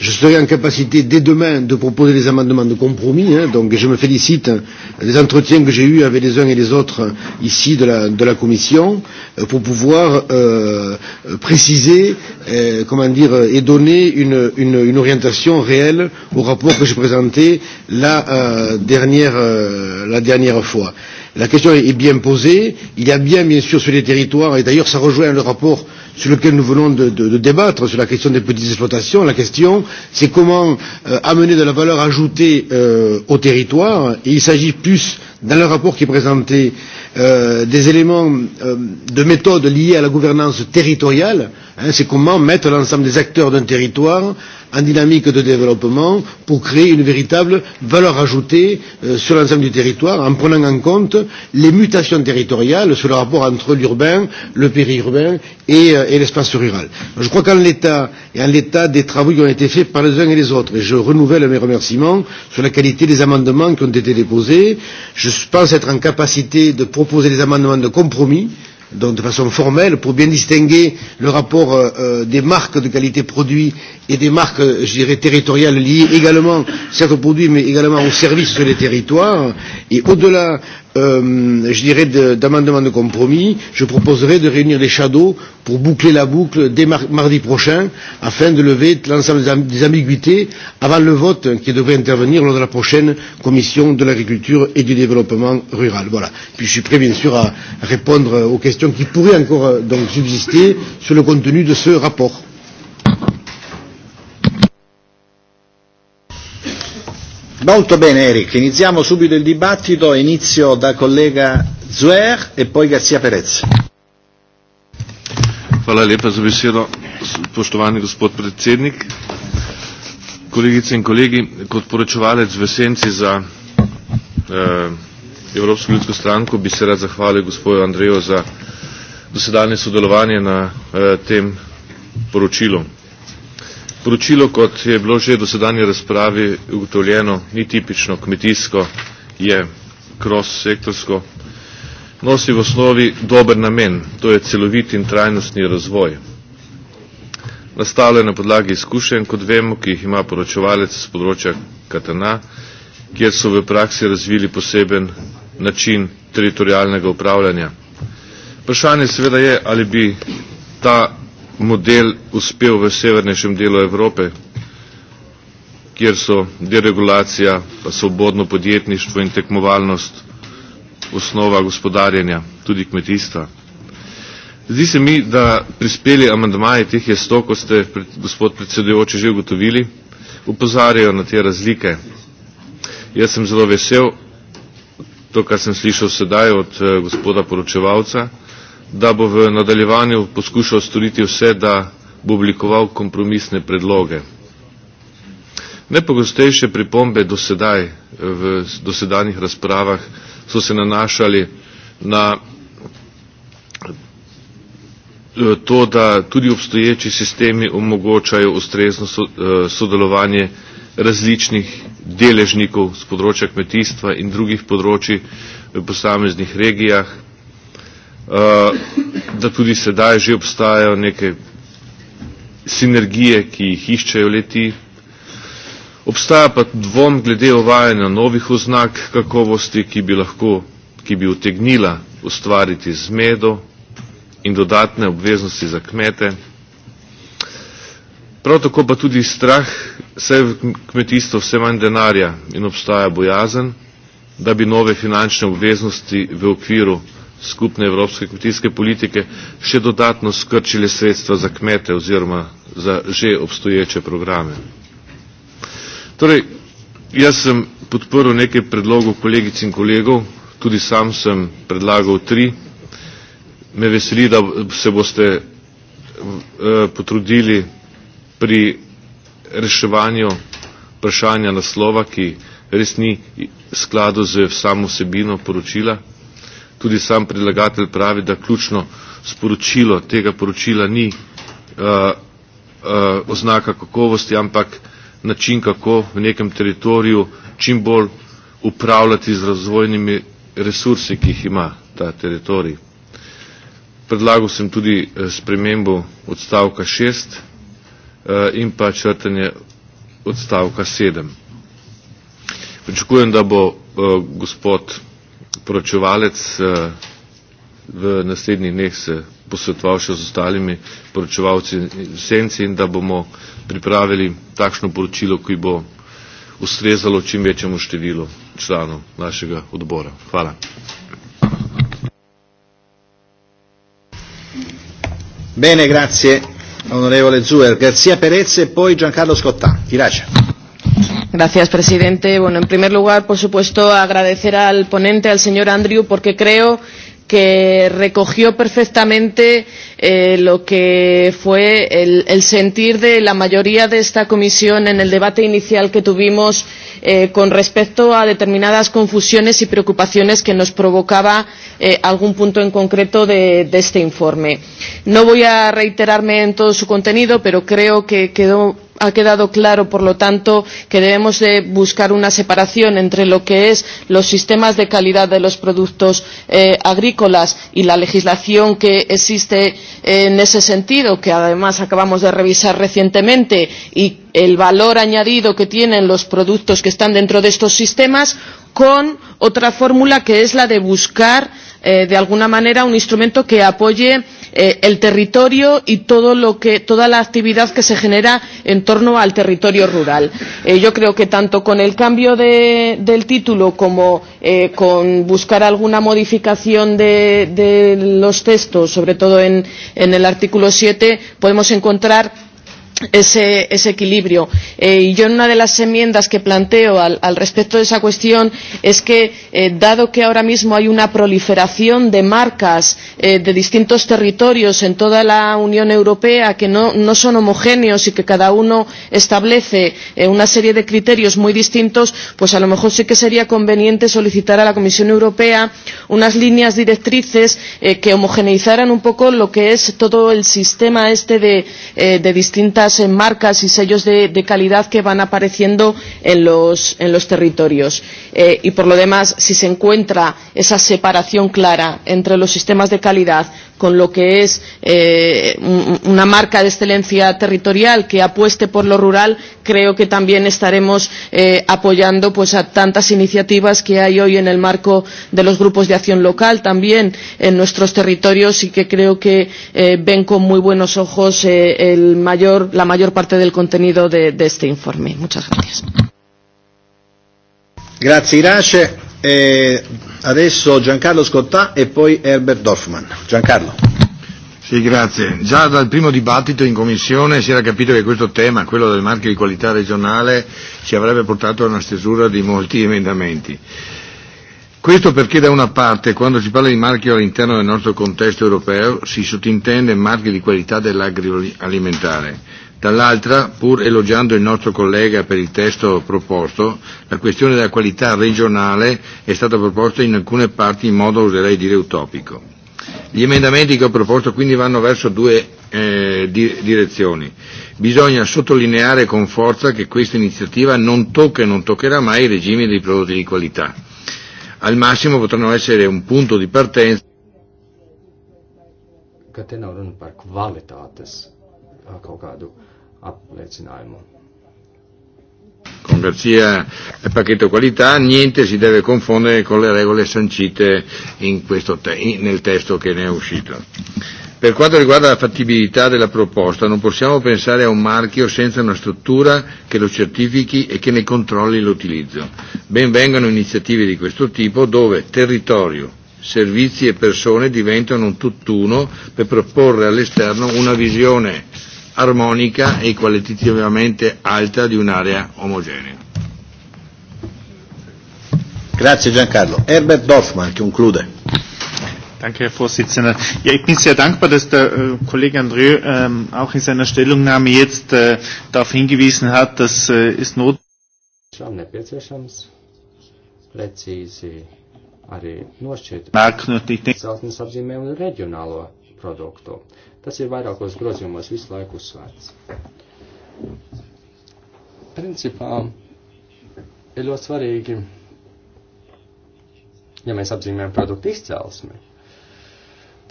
je serai en capacité dès demain de proposer des amendements de compromis. Hein, donc je me félicite des entretiens que j'ai eus avec les uns et les autres euh, ici de la, de la Commission euh, pour pouvoir euh, euh, préciser, euh, comment dire, et donner une, une, une orientation réelle au rapport que j'ai présenté la euh, dernière euh, la dernière fois. La question est bien posée. Il y a bien, bien sûr, sur les territoires, et d'ailleurs, ça rejoint le rapport euh, sur lequel nous venons de, de, de débattre, sur la question des petites exploitations, la question c'est comment euh, amener de la valeur ajoutée euh, au territoire. Et il s'agit plus euh, dans le rapport qui est présenté euh, des éléments euh, de méthode liés à la gouvernance territoriale, hein, c'est comment mettre l'ensemble des acteurs d'un territoire en dynamique de développement pour créer une véritable valeur ajoutée euh, sur l'ensemble du territoire en prenant en compte les mutations territoriales sur le rapport entre l'urbain, le périurbain et, euh, et l'espace rural. Je crois qu'en l'état et en l'état des travaux qui ont été faits par les uns et les autres, et je renouvelle mes remerciements sur la qualité des amendements qui ont été déposés, je je pense être en capacité de proposer des amendements de compromis donc de façon formelle pour bien distinguer le rapport euh, euh des marques de qualité produit et des marques, euh, je dirais, territoriales liées également, certes aux produits, mais également aux services sur les territoires. Et au-delà euh, je dirais, d'amendements de, de compromis, je proposerai de réunir les shadows pour boucler la boucle dès mar mardi prochain, afin de lever l'ensemble des, amb des ambiguïtés avant le vote qui devrait intervenir lors de la prochaine commission de l'agriculture et du développement rural. Voilà. Puis je suis prêt, bien sûr, à répondre aux questions qui pourraient encore euh, donc subsister sur le contenu de ce rapport. Molto bene Eric, iniziamo subito il dibattito, inizio da collega Zuer e poi Garzia Perez. Hvala lepa za besedo, spoštovani gospod predsednik. Kolegice in kolegi, kot poročevalec v senci za eh, Evropsko ljudsko stranko bi se rad zahvalil gospodu Andreju za dosedanje sodelovanje na eh, tem poročilu. Poročilo, kot je bilo že v dosedanji razpravi ugotovljeno, ni tipično kmetijsko, je cross-sektorsko, nosi v osnovi dober namen, to je celovit in trajnostni razvoj. Nastalo je na podlagi izkušenj, kot vemo, ki jih ima poročevalec z področja Katana, kjer so v praksi razvili poseben način teritorijalnega upravljanja. Vprašanje seveda je, ali bi ta model uspel v severnejšem delu Evrope, kjer so deregulacija, pa svobodno podjetništvo in tekmovalnost osnova gospodarjenja, tudi kmetijstva. Zdi se mi, da prispeli amandmaji, teh je sto, kot ste, pred, gospod predsedujoči, že ugotovili, upozarjajo na te razlike. Jaz sem zelo vesel, to, kar sem slišal sedaj od uh, gospoda poročevalca, da bo v nadaljevanju poskušal storiti vse, da bo oblikoval kompromisne predloge. Najpogostejše pripombe do sedaj v dosedanjih razpravah so se nanašali na eh, to, da tudi obstoječi sistemi omogočajo ustrezno eh, sodelovanje različnih deležnikov z področja kmetijstva in drugih področji v posameznih regijah, Eh, da tudi sedaj že obstajajo neke sinergije, ki jih iščejo leti. Obstaja pa dvom glede uvajanja novih oznak kakovosti, ki bi lahko, ki bi utegnila ustvariti zmedo in dodatne obveznosti za kmete. Prav tako pa tudi strah, saj v kmetijstvu vse manj denarja in obstaja bojazen, da bi nove finančne obveznosti v okviru skupne evropske kmetijske politike še dodatno skrčili sredstva za kmete oziroma za že obstoječe programe. Torej, jaz sem podprl nekaj predlogov kolegic in kolegov, tudi sam sem predlagal tri. Me veseli, da se boste eh, potrudili pri reševanju vprašanja naslova, ki res ni skladu z samo vsebino poročila Tudi sam predlagatelj pravi, da ključno sporočilo tega poročila ni uh, uh, oznaka kakovosti, ampak način, kako v nekem teritoriju čim bolj upravljati z razvojnimi resursi, ki jih ima ta teritorij. Predlagal sem tudi eh, spremembo odstavka 6 in pa črtanje odstavka 7. Pričakujem, da bo gospod poročevalec eh, v naslednjih dneh se posvetoval še z ostalimi poročevalci v senci in da bomo pripravili takšno poročilo, ki bo ustrezalo čim večjemu številu članov našega odbora. Hvala. Bene, grazie onorevole Zuer. Garzia Perez e poi Giancarlo Scottà. Ti lascia. Gracias, presidente. Bueno, en primer lugar, por supuesto, agradecer al ponente, al señor Andrew, porque creo que recogió perfectamente eh, lo que fue el, el sentir de la mayoría de esta comisión en el debate inicial que tuvimos eh, con respecto a determinadas confusiones y preocupaciones que nos provocaba eh, algún punto en concreto de, de este informe. No voy a reiterarme en todo su contenido, pero creo que quedó ha quedado claro por lo tanto que debemos de buscar una separación entre lo que son los sistemas de calidad de los productos eh, agrícolas y la legislación que existe eh, en ese sentido que además acabamos de revisar recientemente y el valor añadido que tienen los productos que están dentro de estos sistemas con otra fórmula que es la de buscar eh, de alguna manera un instrumento que apoye eh, el territorio y todo lo que, toda la actividad que se genera en torno al territorio rural. Eh, yo creo que tanto con el cambio de, del título como eh, con buscar alguna modificación de, de los textos, sobre todo en, en el artículo 7, podemos encontrar ese, ese equilibrio. Eh, yo en una de las enmiendas que planteo al, al respecto de esa cuestión es que, eh, dado que ahora mismo hay una proliferación de marcas eh, de distintos territorios en toda la Unión Europea que no, no son homogéneos y que cada uno establece eh, una serie de criterios muy distintos, pues a lo mejor sí que sería conveniente solicitar a la Comisión Europea unas líneas directrices eh, que homogeneizaran un poco lo que es todo el sistema este de, eh, de distintas nuevas marcas y sellos de, de calidad que van apareciendo en los, en los territorios. Eh, y por lo demás, si se encuentra esa separación clara entre los sistemas de calidad, con lo que es eh, una marca de excelencia territorial que apueste por lo rural, creo que también estaremos eh, apoyando pues, a tantas iniciativas que hay hoy en el marco de los grupos de acción local también en nuestros territorios y que creo que eh, ven con muy buenos ojos eh, el mayor, la mayor parte del contenido de, de este informe. Muchas gracias. Grazie Irace. Eh, adesso Giancarlo Scottà e poi Herbert Dorfman. Giancarlo. Sì, grazie. Già dal primo dibattito in Commissione si era capito che questo tema, quello del marchio di qualità regionale, ci avrebbe portato a una stesura di molti emendamenti. Questo perché da una parte, quando si parla di marchio all'interno del nostro contesto europeo, si sottintende marchio di qualità dell'agroalimentare Dall'altra, pur elogiando il nostro collega per il testo proposto, la questione della qualità regionale è stata proposta in alcune parti in modo, oserei dire, utopico. Gli emendamenti che ho proposto quindi vanno verso due eh, di, direzioni. Bisogna sottolineare con forza che questa iniziativa non tocca e non toccherà mai i regimi dei prodotti di qualità. Al massimo potranno essere un punto di partenza. Ka te nav runa par kvalitātes kaut kādu uh, apliecinājumu. Con Garcia e pacchetto qualità niente si deve confondere con le regole sancite in questo te- in, nel testo che ne è uscito. Per quanto riguarda la fattibilità della proposta, non possiamo pensare a un marchio senza una struttura che lo certifichi e che ne controlli l'utilizzo. Ben vengano iniziative di questo tipo dove territorio, servizi e persone diventano un tutt'uno per proporre all'esterno una visione armonica e qualitativamente alta di un'area omogenea. Grazie Giancarlo. Herbert Dorfmann conclude. Danke, Herr Vorsitzender. Ja, ich bin sehr dankbar, dass der äh, Kollege Andrieu ähm, auch in seiner Stellungnahme jetzt äh, darauf hingewiesen hat, dass äh, es notwendig ist. Precīzi arī nošķirt nākotnē apzīmējumu reģionālo produktu. Uh, Tas ir vairākos grozījumos visu laiku uzsvērts. Principā ir ļoti svarīgi, ja mēs apzīmējam produktu izcelsmi,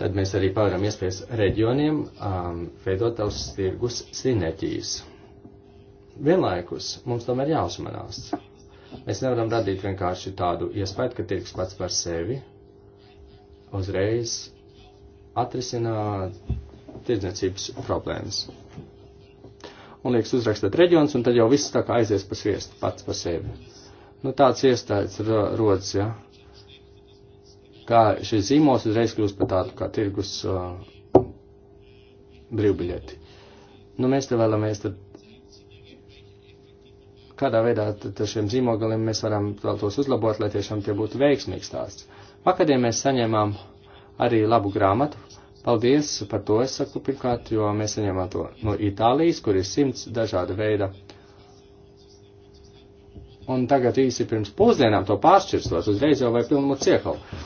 tad mēs arī pāram iespējas reģioniem um, veidot tavs tirgus sinerģijas. Vienlaikus mums tomēr jāuzmanās. Mēs nevaram radīt vienkārši tādu iespēju, ka tirgus pats par sevi uzreiz atrisināt tirdzniecības problēmas. Un liekas uzrakstot reģions, un tad jau viss tā kā aizies pa sviestu pats par sevi. Nu, tāds iestādes rodas, ja. Kā šis zīmos uzreiz kļūst par tādu kā tirgus uh, brīvbiļeti. Nu, mēs te vēlamies tad kādā veidā tad šiem zīmogaliem mēs varam vēl tos uzlabot, lai tiešām tie būtu veiksmīgs stāsts. Vakardien mēs saņēmām arī labu grāmatu, Paldies par to, es saku pirmkārt, jo mēs saņemam to no Itālijas, kur ir simts dažāda veida. Un tagad īsi pirms pusdienām to pāršķirstos uzreiz jau vai pilnu ciekalu.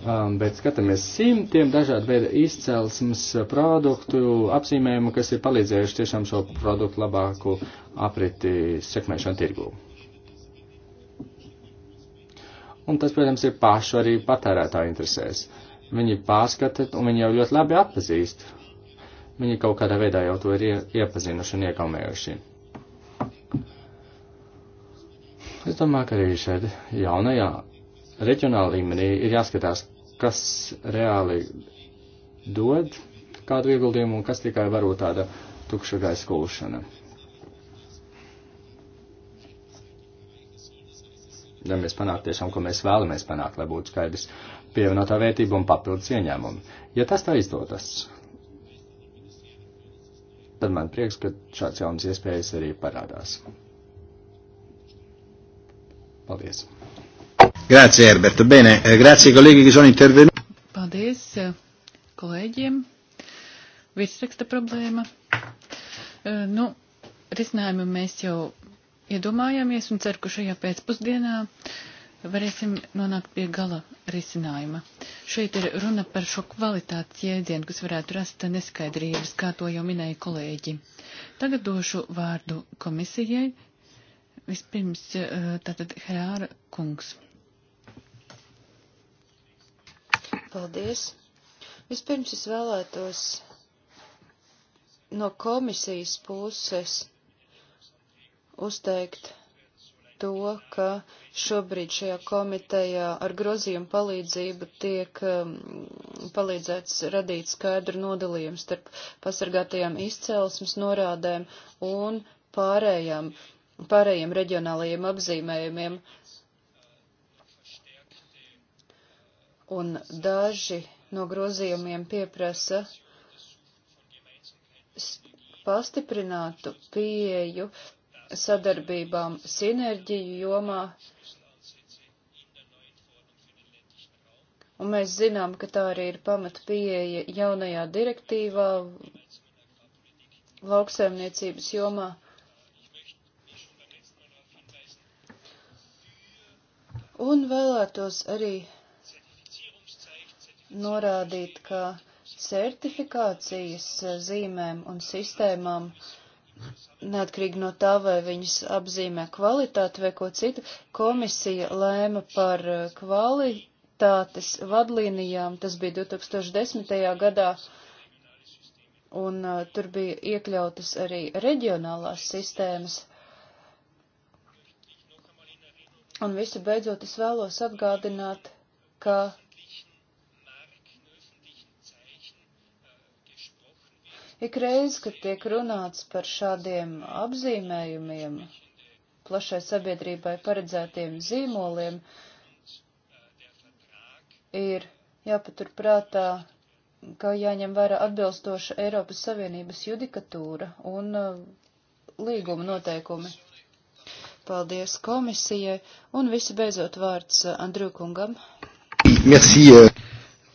Um, bet skatāmies simtiem dažādu veidu izcelsmes produktu apzīmējumu, kas ir palīdzējuši tiešām šo produktu labāku apriti sekmēšanu tirgū. Un tas, protams, ir pašu arī patērētāju interesēs. Uh, Viņi pārskata un viņi jau ļoti labi atpazīst. Viņi kaut kādā veidā jau to ir iepazinuši un iekaumējuši. Es domāju, ka arī šeit jaunajā reģionāla līmenī ir jāskatās, kas reāli dod kādu ieguldījumu un kas tikai varbūt tāda tukša gaisa kūšana. Ja mēs panāk tiešām, ko mēs vēlamies panākt, lai būtu skaidrs, pievienotā vērtība un papildus ieņēmumi. Ja tas tā izdodas, tad man prieks, ka šāds jauns iespējas arī parādās. Paldies. Grazie, Herberto. Bene, eh, grazie, kolēģi, kas sono intervenuti. Paldies eh, kolēģiem. Virsraksta problēma. Eh, nu, risinājumu mēs jau iedomājāmies un ceru, ka šajā pēcpusdienā uh, varēsim nonākt pie gala risinājuma. Šeit ir runa par šo kvalitātes jēdzienu, kas varētu rast neskaidrības, kā to jau minēja kolēģi. Tagad došu vārdu komisijai. Vispirms eh, tātad Herāra kungs. Paldies. Vispirms es vēlētos no komisijas puses uzteikt to, ka šobrīd šajā komitejā ar grozījumu palīdzību tiek um, palīdzēts radīt skaidru nodalījumu starp pasargātajām izcelsmes norādēm un pārējām, pārējiem reģionālajiem apzīmējumiem. Un daži no grozījumiem pieprasa pastiprinātu pieeju sadarbībām sinerģiju jomā. Un mēs zinām, ka tā arī ir pamata pieeja jaunajā direktīvā lauksaimniecības jomā. Un vēlētos arī norādīt, ka certifikācijas zīmēm un sistēmām neatkarīgi no tā, vai viņus apzīmē kvalitāti vai ko citu, komisija lēma par uh, kvalitātes vadlīnijām, tas bija 2010. gadā, un uh, tur bija iekļautas arī reģionālās sistēmas. Un visu beidzot es vēlos atgādināt, ka Ikreiz, kad tiek runāts par šādiem apzīmējumiem, plašai sabiedrībai paredzētiem zīmoliem, ir jāpaturprātā, ka jāņem vērā atbilstoša Eiropas Savienības judikatūra un uh, līguma noteikumi. Paldies komisijai un visi beidzot vārds uh, Andrūkungam. Merci. Euh.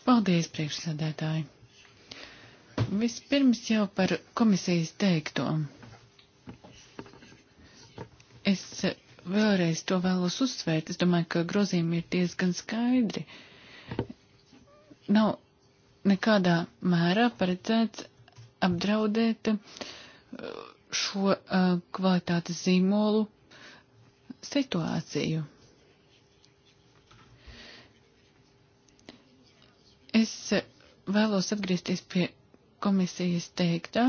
Paldies, priekšsēdētāji. Vispirms jau par komisijas teikto. Es vēlreiz to vēlos uzsvērt. Es domāju, ka grozījumi ir diezgan skaidri. Nav nekādā mērā paredzēts apdraudēt uh, šo uh, kvalitātes zīmolu situāciju. Es vēlos atgriezties pie komisijas teiktā,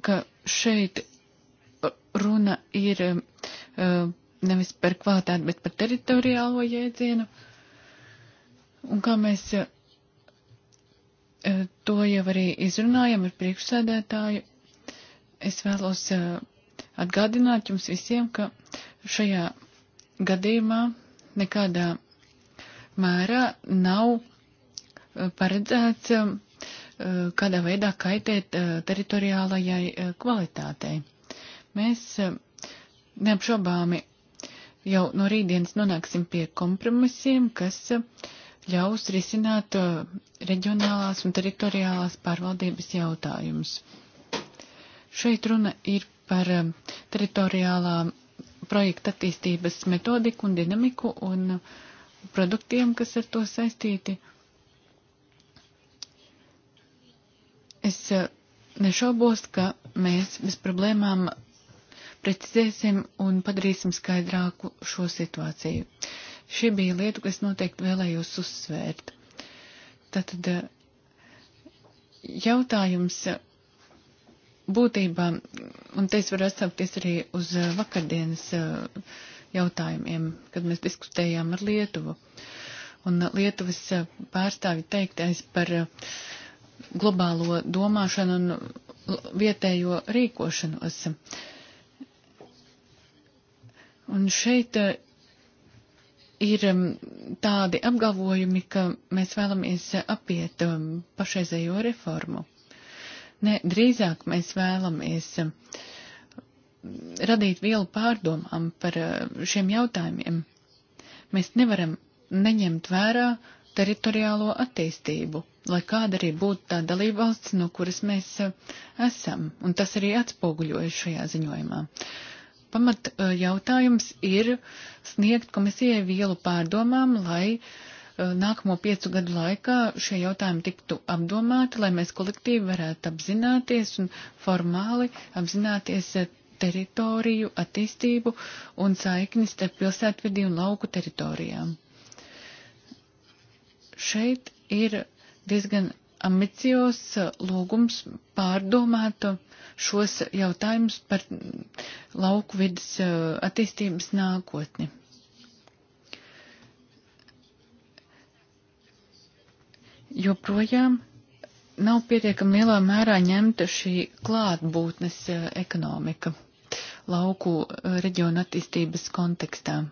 ka šeit runa ir eh, nevis par kvalitāti, bet par teritoriālo jēdzienu. Un kā mēs eh, to jau arī izrunājam ar priekšsēdētāju, es vēlos eh, atgādināt jums visiem, ka šajā gadījumā nekādā mērā nav paredzēts um, uh, kādā veidā kaitēt uh, teritoriālajai uh, kvalitātei. Mēs um, neapšaubāmi jau no rītdienas nonāksim pie kompromisiem, kas ļaus risināt reģionālās un teritoriālās pārvaldības jautājumus. Šeit runa ir par um, teritoriālām projekta attīstības metodiku un dinamiku un produktiem, kas ar to saistīti. Uh, Es eh, nešaubos, ka mēs bez problēmām precizēsim un padarīsim skaidrāku šo situāciju. Šī bija lieta, kas noteikti vēlējos uzsvērt. Tātad eh, jautājums eh, būtībā, un te es varu atsaukties arī uz vakardienas jautājumiem, kad mēs diskutējām ar Lietuvu. Un Lietuvas pārstāvi teiktais par uh, globālo domāšanu un vietējo rīkošanos. Un šeit eh, ir mm, tādi apgalvojumi, ka mēs vēlamies apiet mm, pašreizējo reformu. Nē, drīzāk mēs vēlamies mm, radīt vielu pārdomām par eh, šiem jautājumiem. Mēs nevaram neņemt vērā teritoriālo attīstību lai kāda arī būtu tā dalībvalsts, no kuras mēs eh, esam. Un tas arī atspoguļojas šajā ziņojumā. Pamat eh, jautājums ir sniegt komisijai vielu pārdomām, lai eh, nākamo piecu gadu laikā šie jautājumi tiktu apdomāti, lai mēs kolektīvi varētu apzināties un formāli apzināties teritoriju, attīstību un saiknis starp pilsētvidī un lauku teritorijām. Šeit ir diezgan ambiciozs uh, lūgums pārdomāt šos jautājumus par lauku vidas uh, attīstības nākotni. Joprojām nav pietiekami lielā mērā ņemta šī klātbūtnes uh, ekonomika lauku reģionu attīstības kontekstā.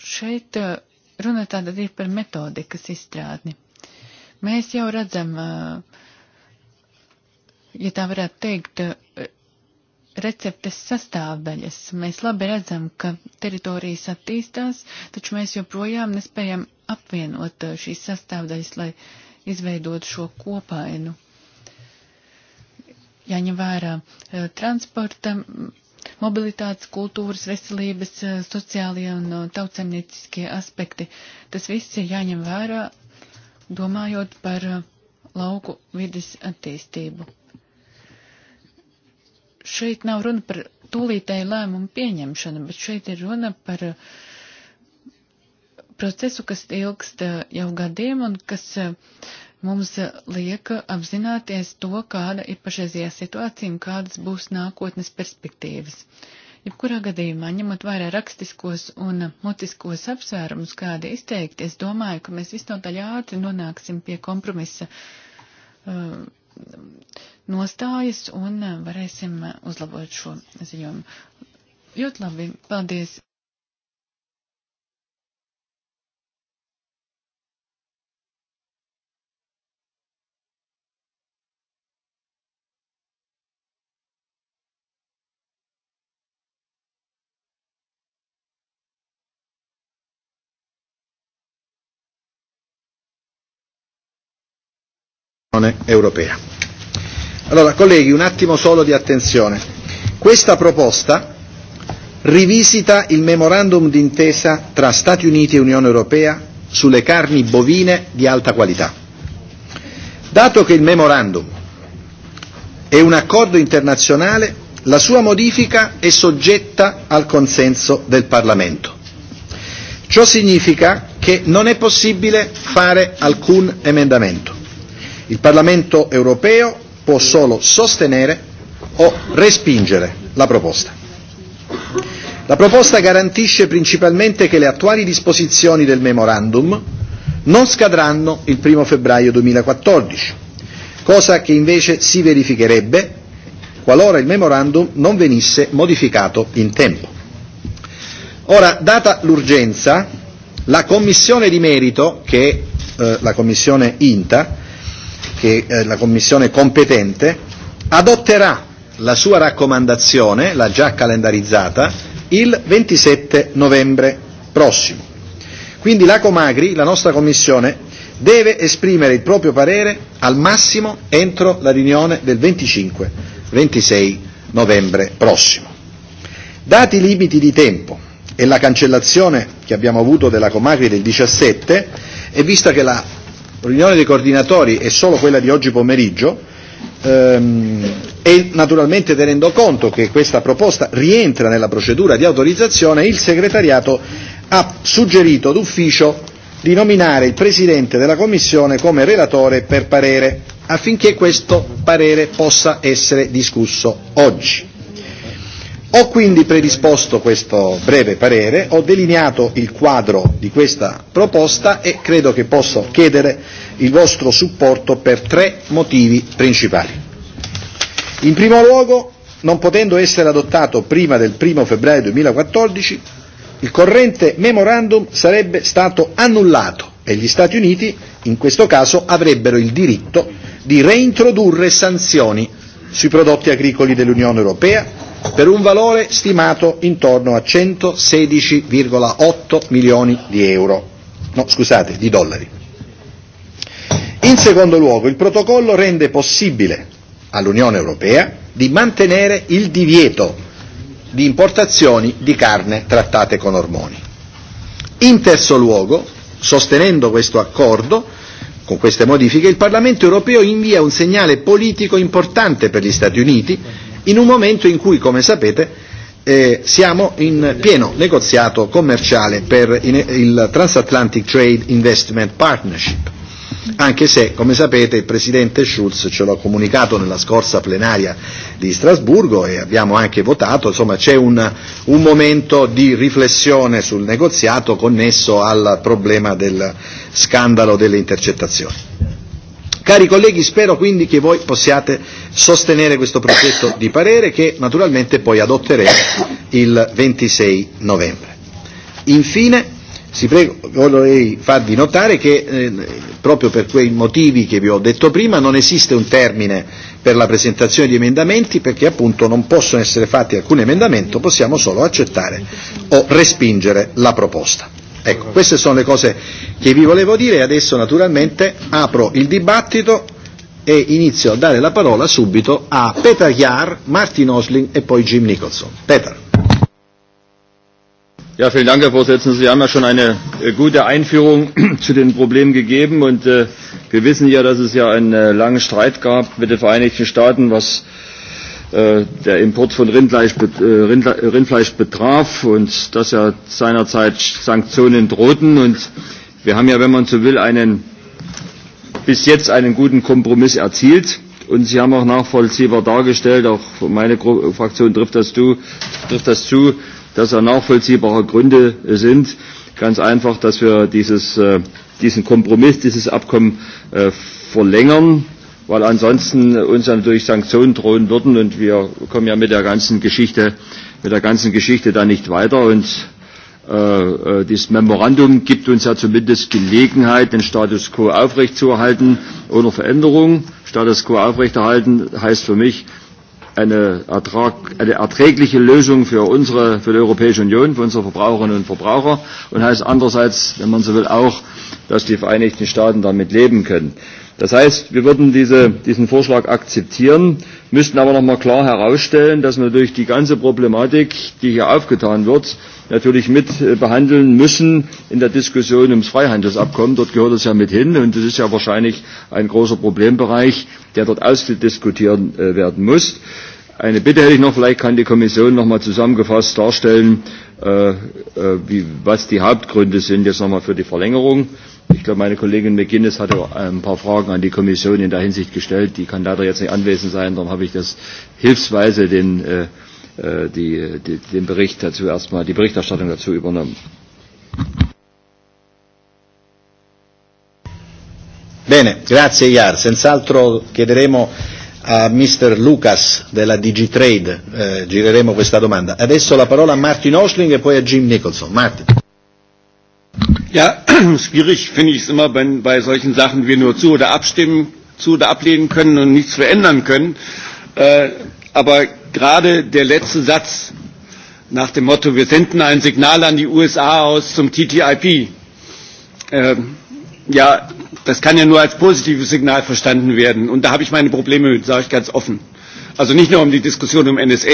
Šeit Runa tātad ir par metodikas izstrādni. Mēs jau redzam, eh, ja tā varētu teikt, eh, receptes sastāvdaļas. Mēs labi redzam, ka teritorijas attīstās, taču mēs joprojām nespējam apvienot eh, šīs sastāvdaļas, lai izveidot šo kopainu. Jāņem vērā transporta mobilitātes, kultūras, veselības, eh, sociālie un eh, tautsemnieciskie aspekti. Tas viss ir jāņem vērā, domājot par eh, lauku vidas attīstību. Šeit nav runa par tūlītēju lēmumu pieņemšanu, bet šeit ir runa par procesu, kas ilgst jau gadiem un kas uh, mums eh, liek apzināties to, kāda ir pašreizajā situācija un kādas būs nākotnes perspektīvas. Jebkurā gadījumā, ņemot vērā rakstiskos un mutiskos apsvērumus, kādi izteikti, es domāju, ka mēs visnotaļ ātri nonāksim pie kompromisa uh, nostājas un eh, varēsim uzlabot šo ziņojumu. Ļoti labi, paldies dell'Unione Europea. Allora, colleghi, un attimo solo di attenzione. Questa proposta rivisita il memorandum d'intesa tra Stati Uniti e Unione Europea sulle carni bovine di alta qualità. Dato che il memorandum è un accordo internazionale, la sua modifica è soggetta al consenso del Parlamento. Ciò significa che non è possibile fare alcun emendamento. Il Parlamento europeo può solo sostenere o respingere la proposta. La proposta garantisce principalmente che le attuali disposizioni del memorandum non scadranno il 1 febbraio 2014, cosa che invece si verificherebbe qualora il memorandum non venisse modificato in tempo. Ora, data l'urgenza, la Commissione di merito, che è eh, la Commissione INTA, che eh, la Commissione competente adotterà la sua raccomandazione, l'ha già calendarizzata, il 27 novembre prossimo. Quindi la Comagri, la nostra Commissione, deve esprimere il proprio parere al massimo entro la riunione del 25-26 novembre prossimo. Dati i limiti di tempo e la cancellazione che abbiamo avuto della Comagri del 17, e vista che la riunione dei coordinatori è e solo quella di oggi pomeriggio ehm, e naturalmente tenendo conto che questa proposta rientra nella procedura di autorizzazione, il segretariato ha suggerito d'ufficio di nominare il Presidente della Commissione come relatore per parere affinché questo parere possa essere discusso oggi. Ho quindi predisposto questo breve parere, ho delineato il quadro di questa proposta e credo che posso chiedere il vostro supporto per tre motivi principali. In primo luogo, non potendo essere adottato prima del 1 febbraio 2014, il corrente memorandum sarebbe stato annullato e gli Stati Uniti, in questo caso, avrebbero il diritto di reintrodurre sanzioni sui prodotti agricoli dell'Unione Europea per un valore stimato intorno a 116,8 milioni di euro, no scusate, di dollari. In secondo luogo, il protocollo rende possibile all'Unione Europea di mantenere il divieto di importazioni di carne trattate con ormoni. In terzo luogo, sostenendo questo accordo, Con queste modifiche il Parlamento europeo invia un segnale politico importante per gli Stati Uniti in un momento in cui, come sapete, eh, siamo in pieno negoziato commerciale per in, il Transatlantic Trade Investment Partnership, anche se, come sapete, il Presidente Schulz ce l'ha comunicato nella scorsa plenaria di Strasburgo e abbiamo anche votato, insomma c'è un, un momento di riflessione sul negoziato connesso al problema del scandalo delle intercettazioni. Cari colleghi, spero quindi che voi possiate sostenere questo progetto di parere che naturalmente poi adotteremo il 26 novembre. Infine, si prego, vorrei farvi notare che eh, proprio per quei motivi che vi ho detto prima non esiste un termine per la presentazione di emendamenti perché appunto non possono essere fatti alcun emendamento, possiamo solo accettare o respingere la proposta. Ecco, queste sono le cose che vi volevo dire e adesso naturalmente apro il dibattito e inizio a dare la parola subito a Peter Jahr, Martin Osling e poi Jim Nicholson. Peter. Ja, vielen Dank, Herr Vorsitzender. Sie haben ja schon eine äh, gute Einführung (clears throat) zu den Problemen gegeben und äh, wir wissen ja, dass es ja einen äh, langen Streit gab mit den Vereinigten Staaten, was äh, Äh, der Import von Rindfleisch, äh, äh, Rindfleisch betraf und dass ja seinerzeit Sanktionen drohten. Und wir haben ja, wenn man so will, einen, bis jetzt einen guten Kompromiss erzielt. Und Sie haben auch nachvollziehbar dargestellt, auch meine Fraktion trifft das, zu, trifft das zu, dass er nachvollziehbare Gründe sind. Ganz einfach, dass wir dieses, diesen Kompromiss, dieses Abkommen verlängern weil ansonsten uns dann durch Sanktionen drohen würden und wir kommen ja mit der ganzen Geschichte, mit der ganzen Geschichte da nicht weiter und äh, äh, dieses Memorandum gibt uns ja zumindest Gelegenheit, den Status quo aufrechtzuerhalten ohne Veränderung. Status quo aufrechterhalten heißt für mich, eine, Ertrag, eine erträgliche Lösung für unsere, für die Europäische Union, für unsere Verbraucherinnen und Verbraucher und heißt andererseits, wenn man so will, auch, dass die Vereinigten Staaten damit leben können. Das heißt, wir würden diese, diesen Vorschlag akzeptieren, müssten aber nochmal klar herausstellen, dass wir durch die ganze Problematik, die hier aufgetan wird, natürlich mit äh, behandeln müssen in der Diskussion ums Freihandelsabkommen. Dort gehört es ja mit hin und es ist ja wahrscheinlich ein großer Problembereich, der dort ausdiskutiert äh, werden muss. Eine Bitte hätte ich noch, vielleicht kann die Kommission nochmal zusammengefasst darstellen, äh, äh, wie, was die Hauptgründe sind jetzt nochmal für die Verlängerung Ich glaube, meine Kollegin McGuinness hatte äh, ein paar Fragen an die Kommission in der Hinsicht gestellt. Die kann leider jetzt nicht anwesend sein. Darum habe ich das hilfsweise den, äh, äh, die, die, den Bericht dazu erstmal, die Berichterstattung dazu übernommen. Bene, grazie Iar. Senz'altro chiederemo a Mr. Lucas della Digitrade, eh, gireremo questa domanda. Adesso la parola a Martin Osling e poi a Jim Nicholson. Martin. Ja, (clears throat) schwierig finde ich es immer, wenn bei solchen Sachen wir nur zu oder abstimmen, zu oder ablehnen können und nichts verändern können. Äh, aber gerade der letzte Satz nach dem Motto, wir senden ein Signal an die USA aus zum TTIP. Äh, ja, das kann ja nur als positives Signal verstanden werden. Und da habe ich meine Probleme mit, sage ich ganz offen. Also nicht nur um die Diskussion um NSA.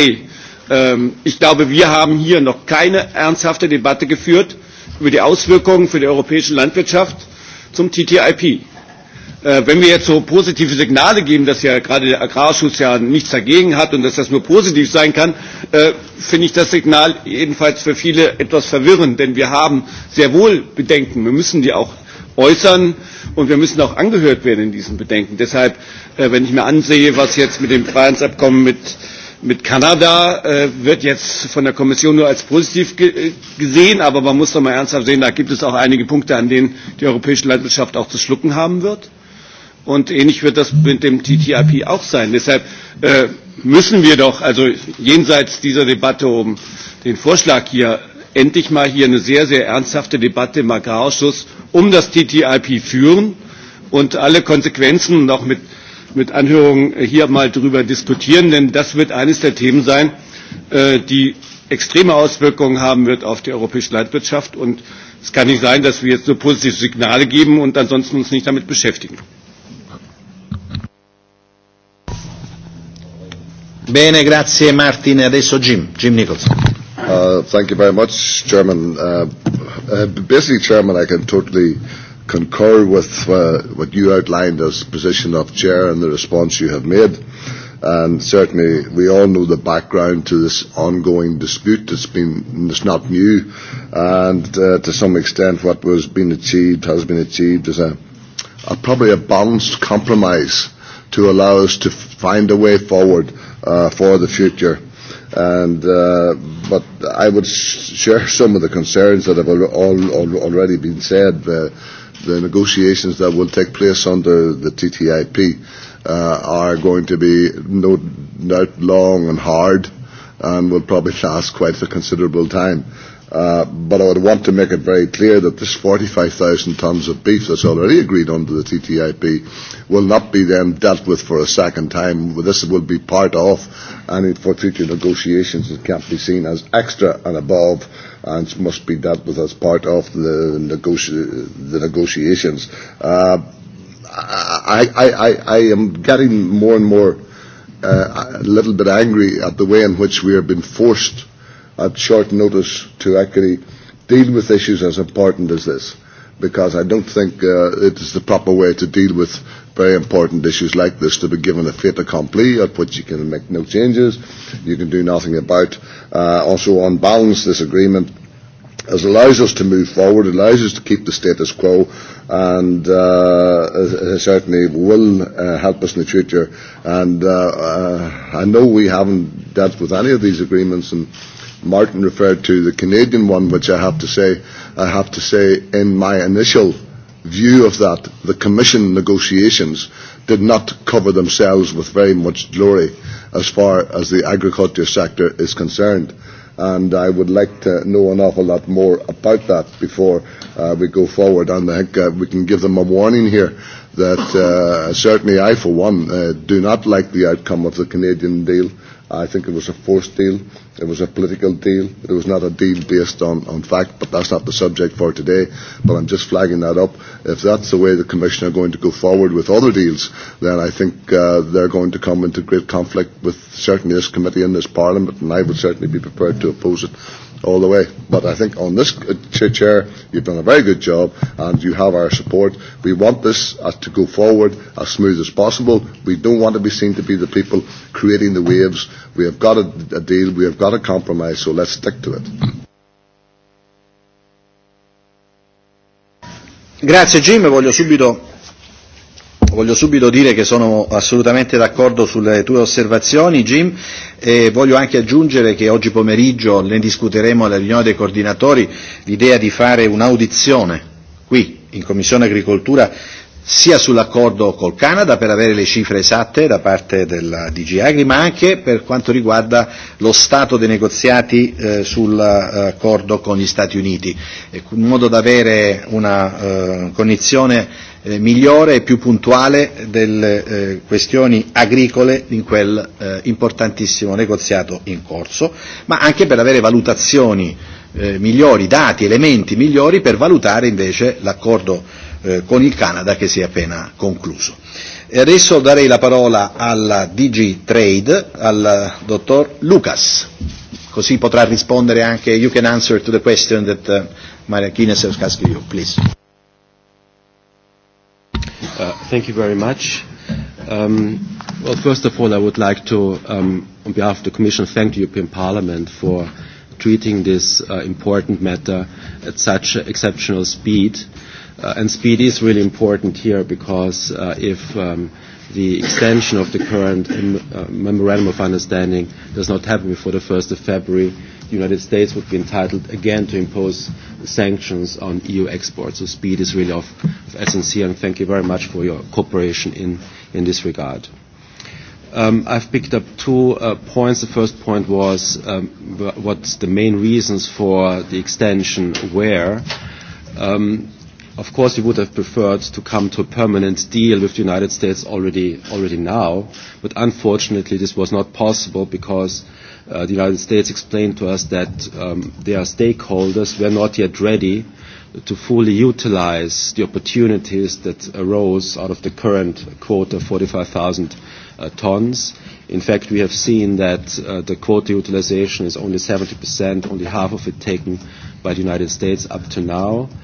Ähm, ich glaube, wir haben hier noch keine ernsthafte Debatte geführt über die Auswirkungen für die europäische Landwirtschaft zum TTIP. Äh, wenn wir jetzt so positive Signale geben, dass ja gerade der Agrarschutz ja nichts dagegen hat und dass das nur positiv sein kann, äh, finde ich das Signal jedenfalls für viele etwas verwirrend, denn wir haben sehr wohl Bedenken. Wir müssen die auch äußern und wir müssen auch angehört werden in diesen Bedenken. Deshalb, äh, wenn ich mir ansehe, was jetzt mit dem Freihandelsabkommen mit äh, mit Kanada äh, wird jetzt von der Kommission nur als positiv ge äh, gesehen, aber man muss doch mal ernsthaft sehen, da gibt es auch einige Punkte, an denen die europäische Landwirtschaft auch zu schlucken haben wird. Und ähnlich wird das mit dem TTIP auch sein. Deshalb äh, müssen wir doch, also jenseits dieser Debatte um den Vorschlag hier, endlich mal hier eine sehr, sehr ernsthafte Debatte im Agrarausschuss um das TTIP führen und alle Konsequenzen noch mit mit Anhörungen hier mal darüber diskutieren, denn das wird eines der Themen sein, äh, die extreme Auswirkungen haben wird auf die europäische Landwirtschaft. Und es kann nicht sein, dass wir jetzt nur positive Signale geben und ansonsten uns nicht damit beschäftigen. Bene, grazie Martin. Adesso Jim, Jim Nicholson. Uh, thank you very much, Chairman. Uh, uh, basically, Chairman, I can totally uh, concur with uh, what you outlined as position of chair and the response you have made. And certainly, we all know the background to this ongoing dispute. It's been it's not new, and uh, to some extent, what was being achieved has been achieved as a, a probably a balanced compromise to allow us to find a way forward uh, for the future. And uh, but I would share some of the concerns that have al- al- al- already been said. Uh, the negotiations that will take place under the TTIP uh, are going to be no doubt long and hard and will probably last quite a considerable time. Uh, but I would want to make it very clear that this 45,000 tonnes of beef that's already agreed under the TTIP will not be then dealt with for a second time. This will be part of, and for future negotiations it can't be seen as extra and above and must be dealt with as part of the, negoti- the negotiations. Uh, I, I, I, I am getting more and more uh, a little bit angry at the way in which we are being forced at short notice to actually deal with issues as important as this because I don't think uh, it is the proper way to deal with very important issues like this to be given a fait accompli at which you can make no changes, you can do nothing about. Uh, also, on balance, this agreement as allows us to move forward, allows us to keep the status quo, and uh, certainly will uh, help us in the future. And uh, uh, I know we haven't dealt with any of these agreements, and Martin referred to the Canadian one, which I have to say, I have to say, in my initial view of that, the Commission negotiations did not cover themselves with very much glory as far as the agriculture sector is concerned. And I would like to know an awful lot more about that before uh, we go forward. And I think uh, we can give them a warning here that uh, certainly I, for one, uh, do not like the outcome of the Canadian deal. Uh, I think it was a forced deal. It was a political deal. It was not a deal based on, on fact, but that's not the subject for today. But I'm just flagging that up. If that's the way the Commission are going to go forward with other deals, then I think uh, they're going to come into great conflict with certainly this committee and this Parliament, and I would certainly be prepared to oppose it all the way. But I think on this, uh, Chair, you've done a very good job and you have our support. We want this uh, to go forward as smooth as possible. We don't want to be seen to be the people creating the waves. We have got a, a deal, we have got a compromise, so let's stick to it. Grazie Jim, voglio subito voglio subito dire che sono assolutamente d'accordo sulle tue osservazioni, Jim, e voglio anche aggiungere che oggi pomeriggio ne discuteremo alla riunione dei coordinatori l'idea di fare un'audizione qui in Commissione Agricoltura sia sull'accordo col Canada per avere le cifre esatte da parte della DG Agri, ma anche per quanto riguarda lo stato dei negoziati eh, sull'accordo con gli Stati Uniti, e in modo da avere una eh, cognizione eh, migliore e più puntuale delle eh, questioni agricole in quel eh, importantissimo negoziato in corso, ma anche per avere valutazioni eh, migliori, dati, elementi migliori per valutare invece l'accordo eh, con il Canada che si è appena concluso. E adesso darei la parola alla DG Trade, al dottor Lucas, così potrà rispondere anche, you can answer to the question that uh, Maria Kines has asked you, please. Uh, thank you very much. Um, well, first of all, I would like to, um, on behalf of the Commission, thank the European Parliament for treating this uh, important matter at such exceptional speed. Uh, and speed is really important here because uh, if um, the extension of the current mem- uh, memorandum of understanding does not happen before the 1st of February, the United States would be entitled again to impose sanctions on EU exports. So speed is really of, of essence here, and thank you very much for your cooperation in, in this regard. Um, I've picked up two uh, points. The first point was um, what the main reasons for the extension were. Um, of course, we would have preferred to come to a permanent deal with the United States already, already now, but unfortunately this was not possible because uh, uh, the United States explained to us that um, their stakeholders were not yet ready to fully utilize the opportunities that arose out of the current quota, 45,000 uh, tons. In fact, we have seen that uh, the quota utilization is only 70%, only half of it taken by the United States up to now. Uh,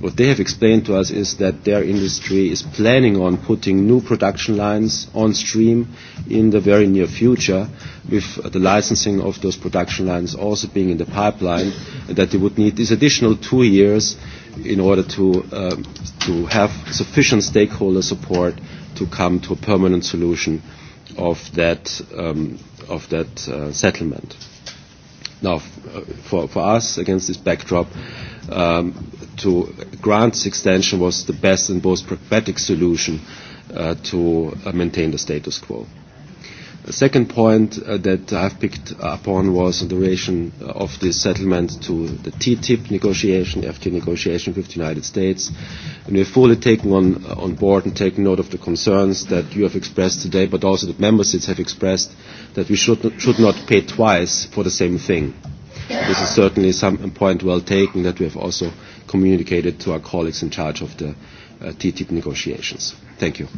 what they have explained to us is that their industry is planning on putting new production lines on stream in the very near future, with the licensing of those production lines also being in the pipeline, and that they would need these additional two years in order to, uh, to have sufficient stakeholder support to come to a permanent solution of that, um, of that uh, settlement. Now, f- uh, for, for us, against this backdrop, um, to grant extension was the best and most pragmatic solution uh, to uh, maintain the status quo. The second point uh, that I've picked upon was the relation uh, of this settlement to the TTIP negotiation, FTA negotiation with the United States. And we're fully taking on, uh, on board and taking note of the concerns that you have expressed today, but also that member states have expressed that we should not, should not pay twice for the same thing. This is certainly some point well taken that we have also communicated to our colleagues in charge of the uh, TTIP negotiations. Thank you.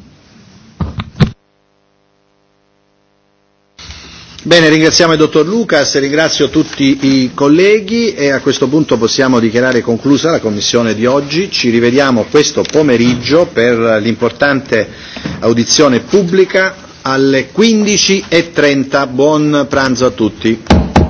Bene, ringraziamo il dottor Lucas, ringrazio tutti i colleghi e a questo punto possiamo dichiarare conclusa la commissione di oggi. Ci rivediamo questo pomeriggio per l'importante audizione pubblica alle 15.30. E Buon pranzo a tutti.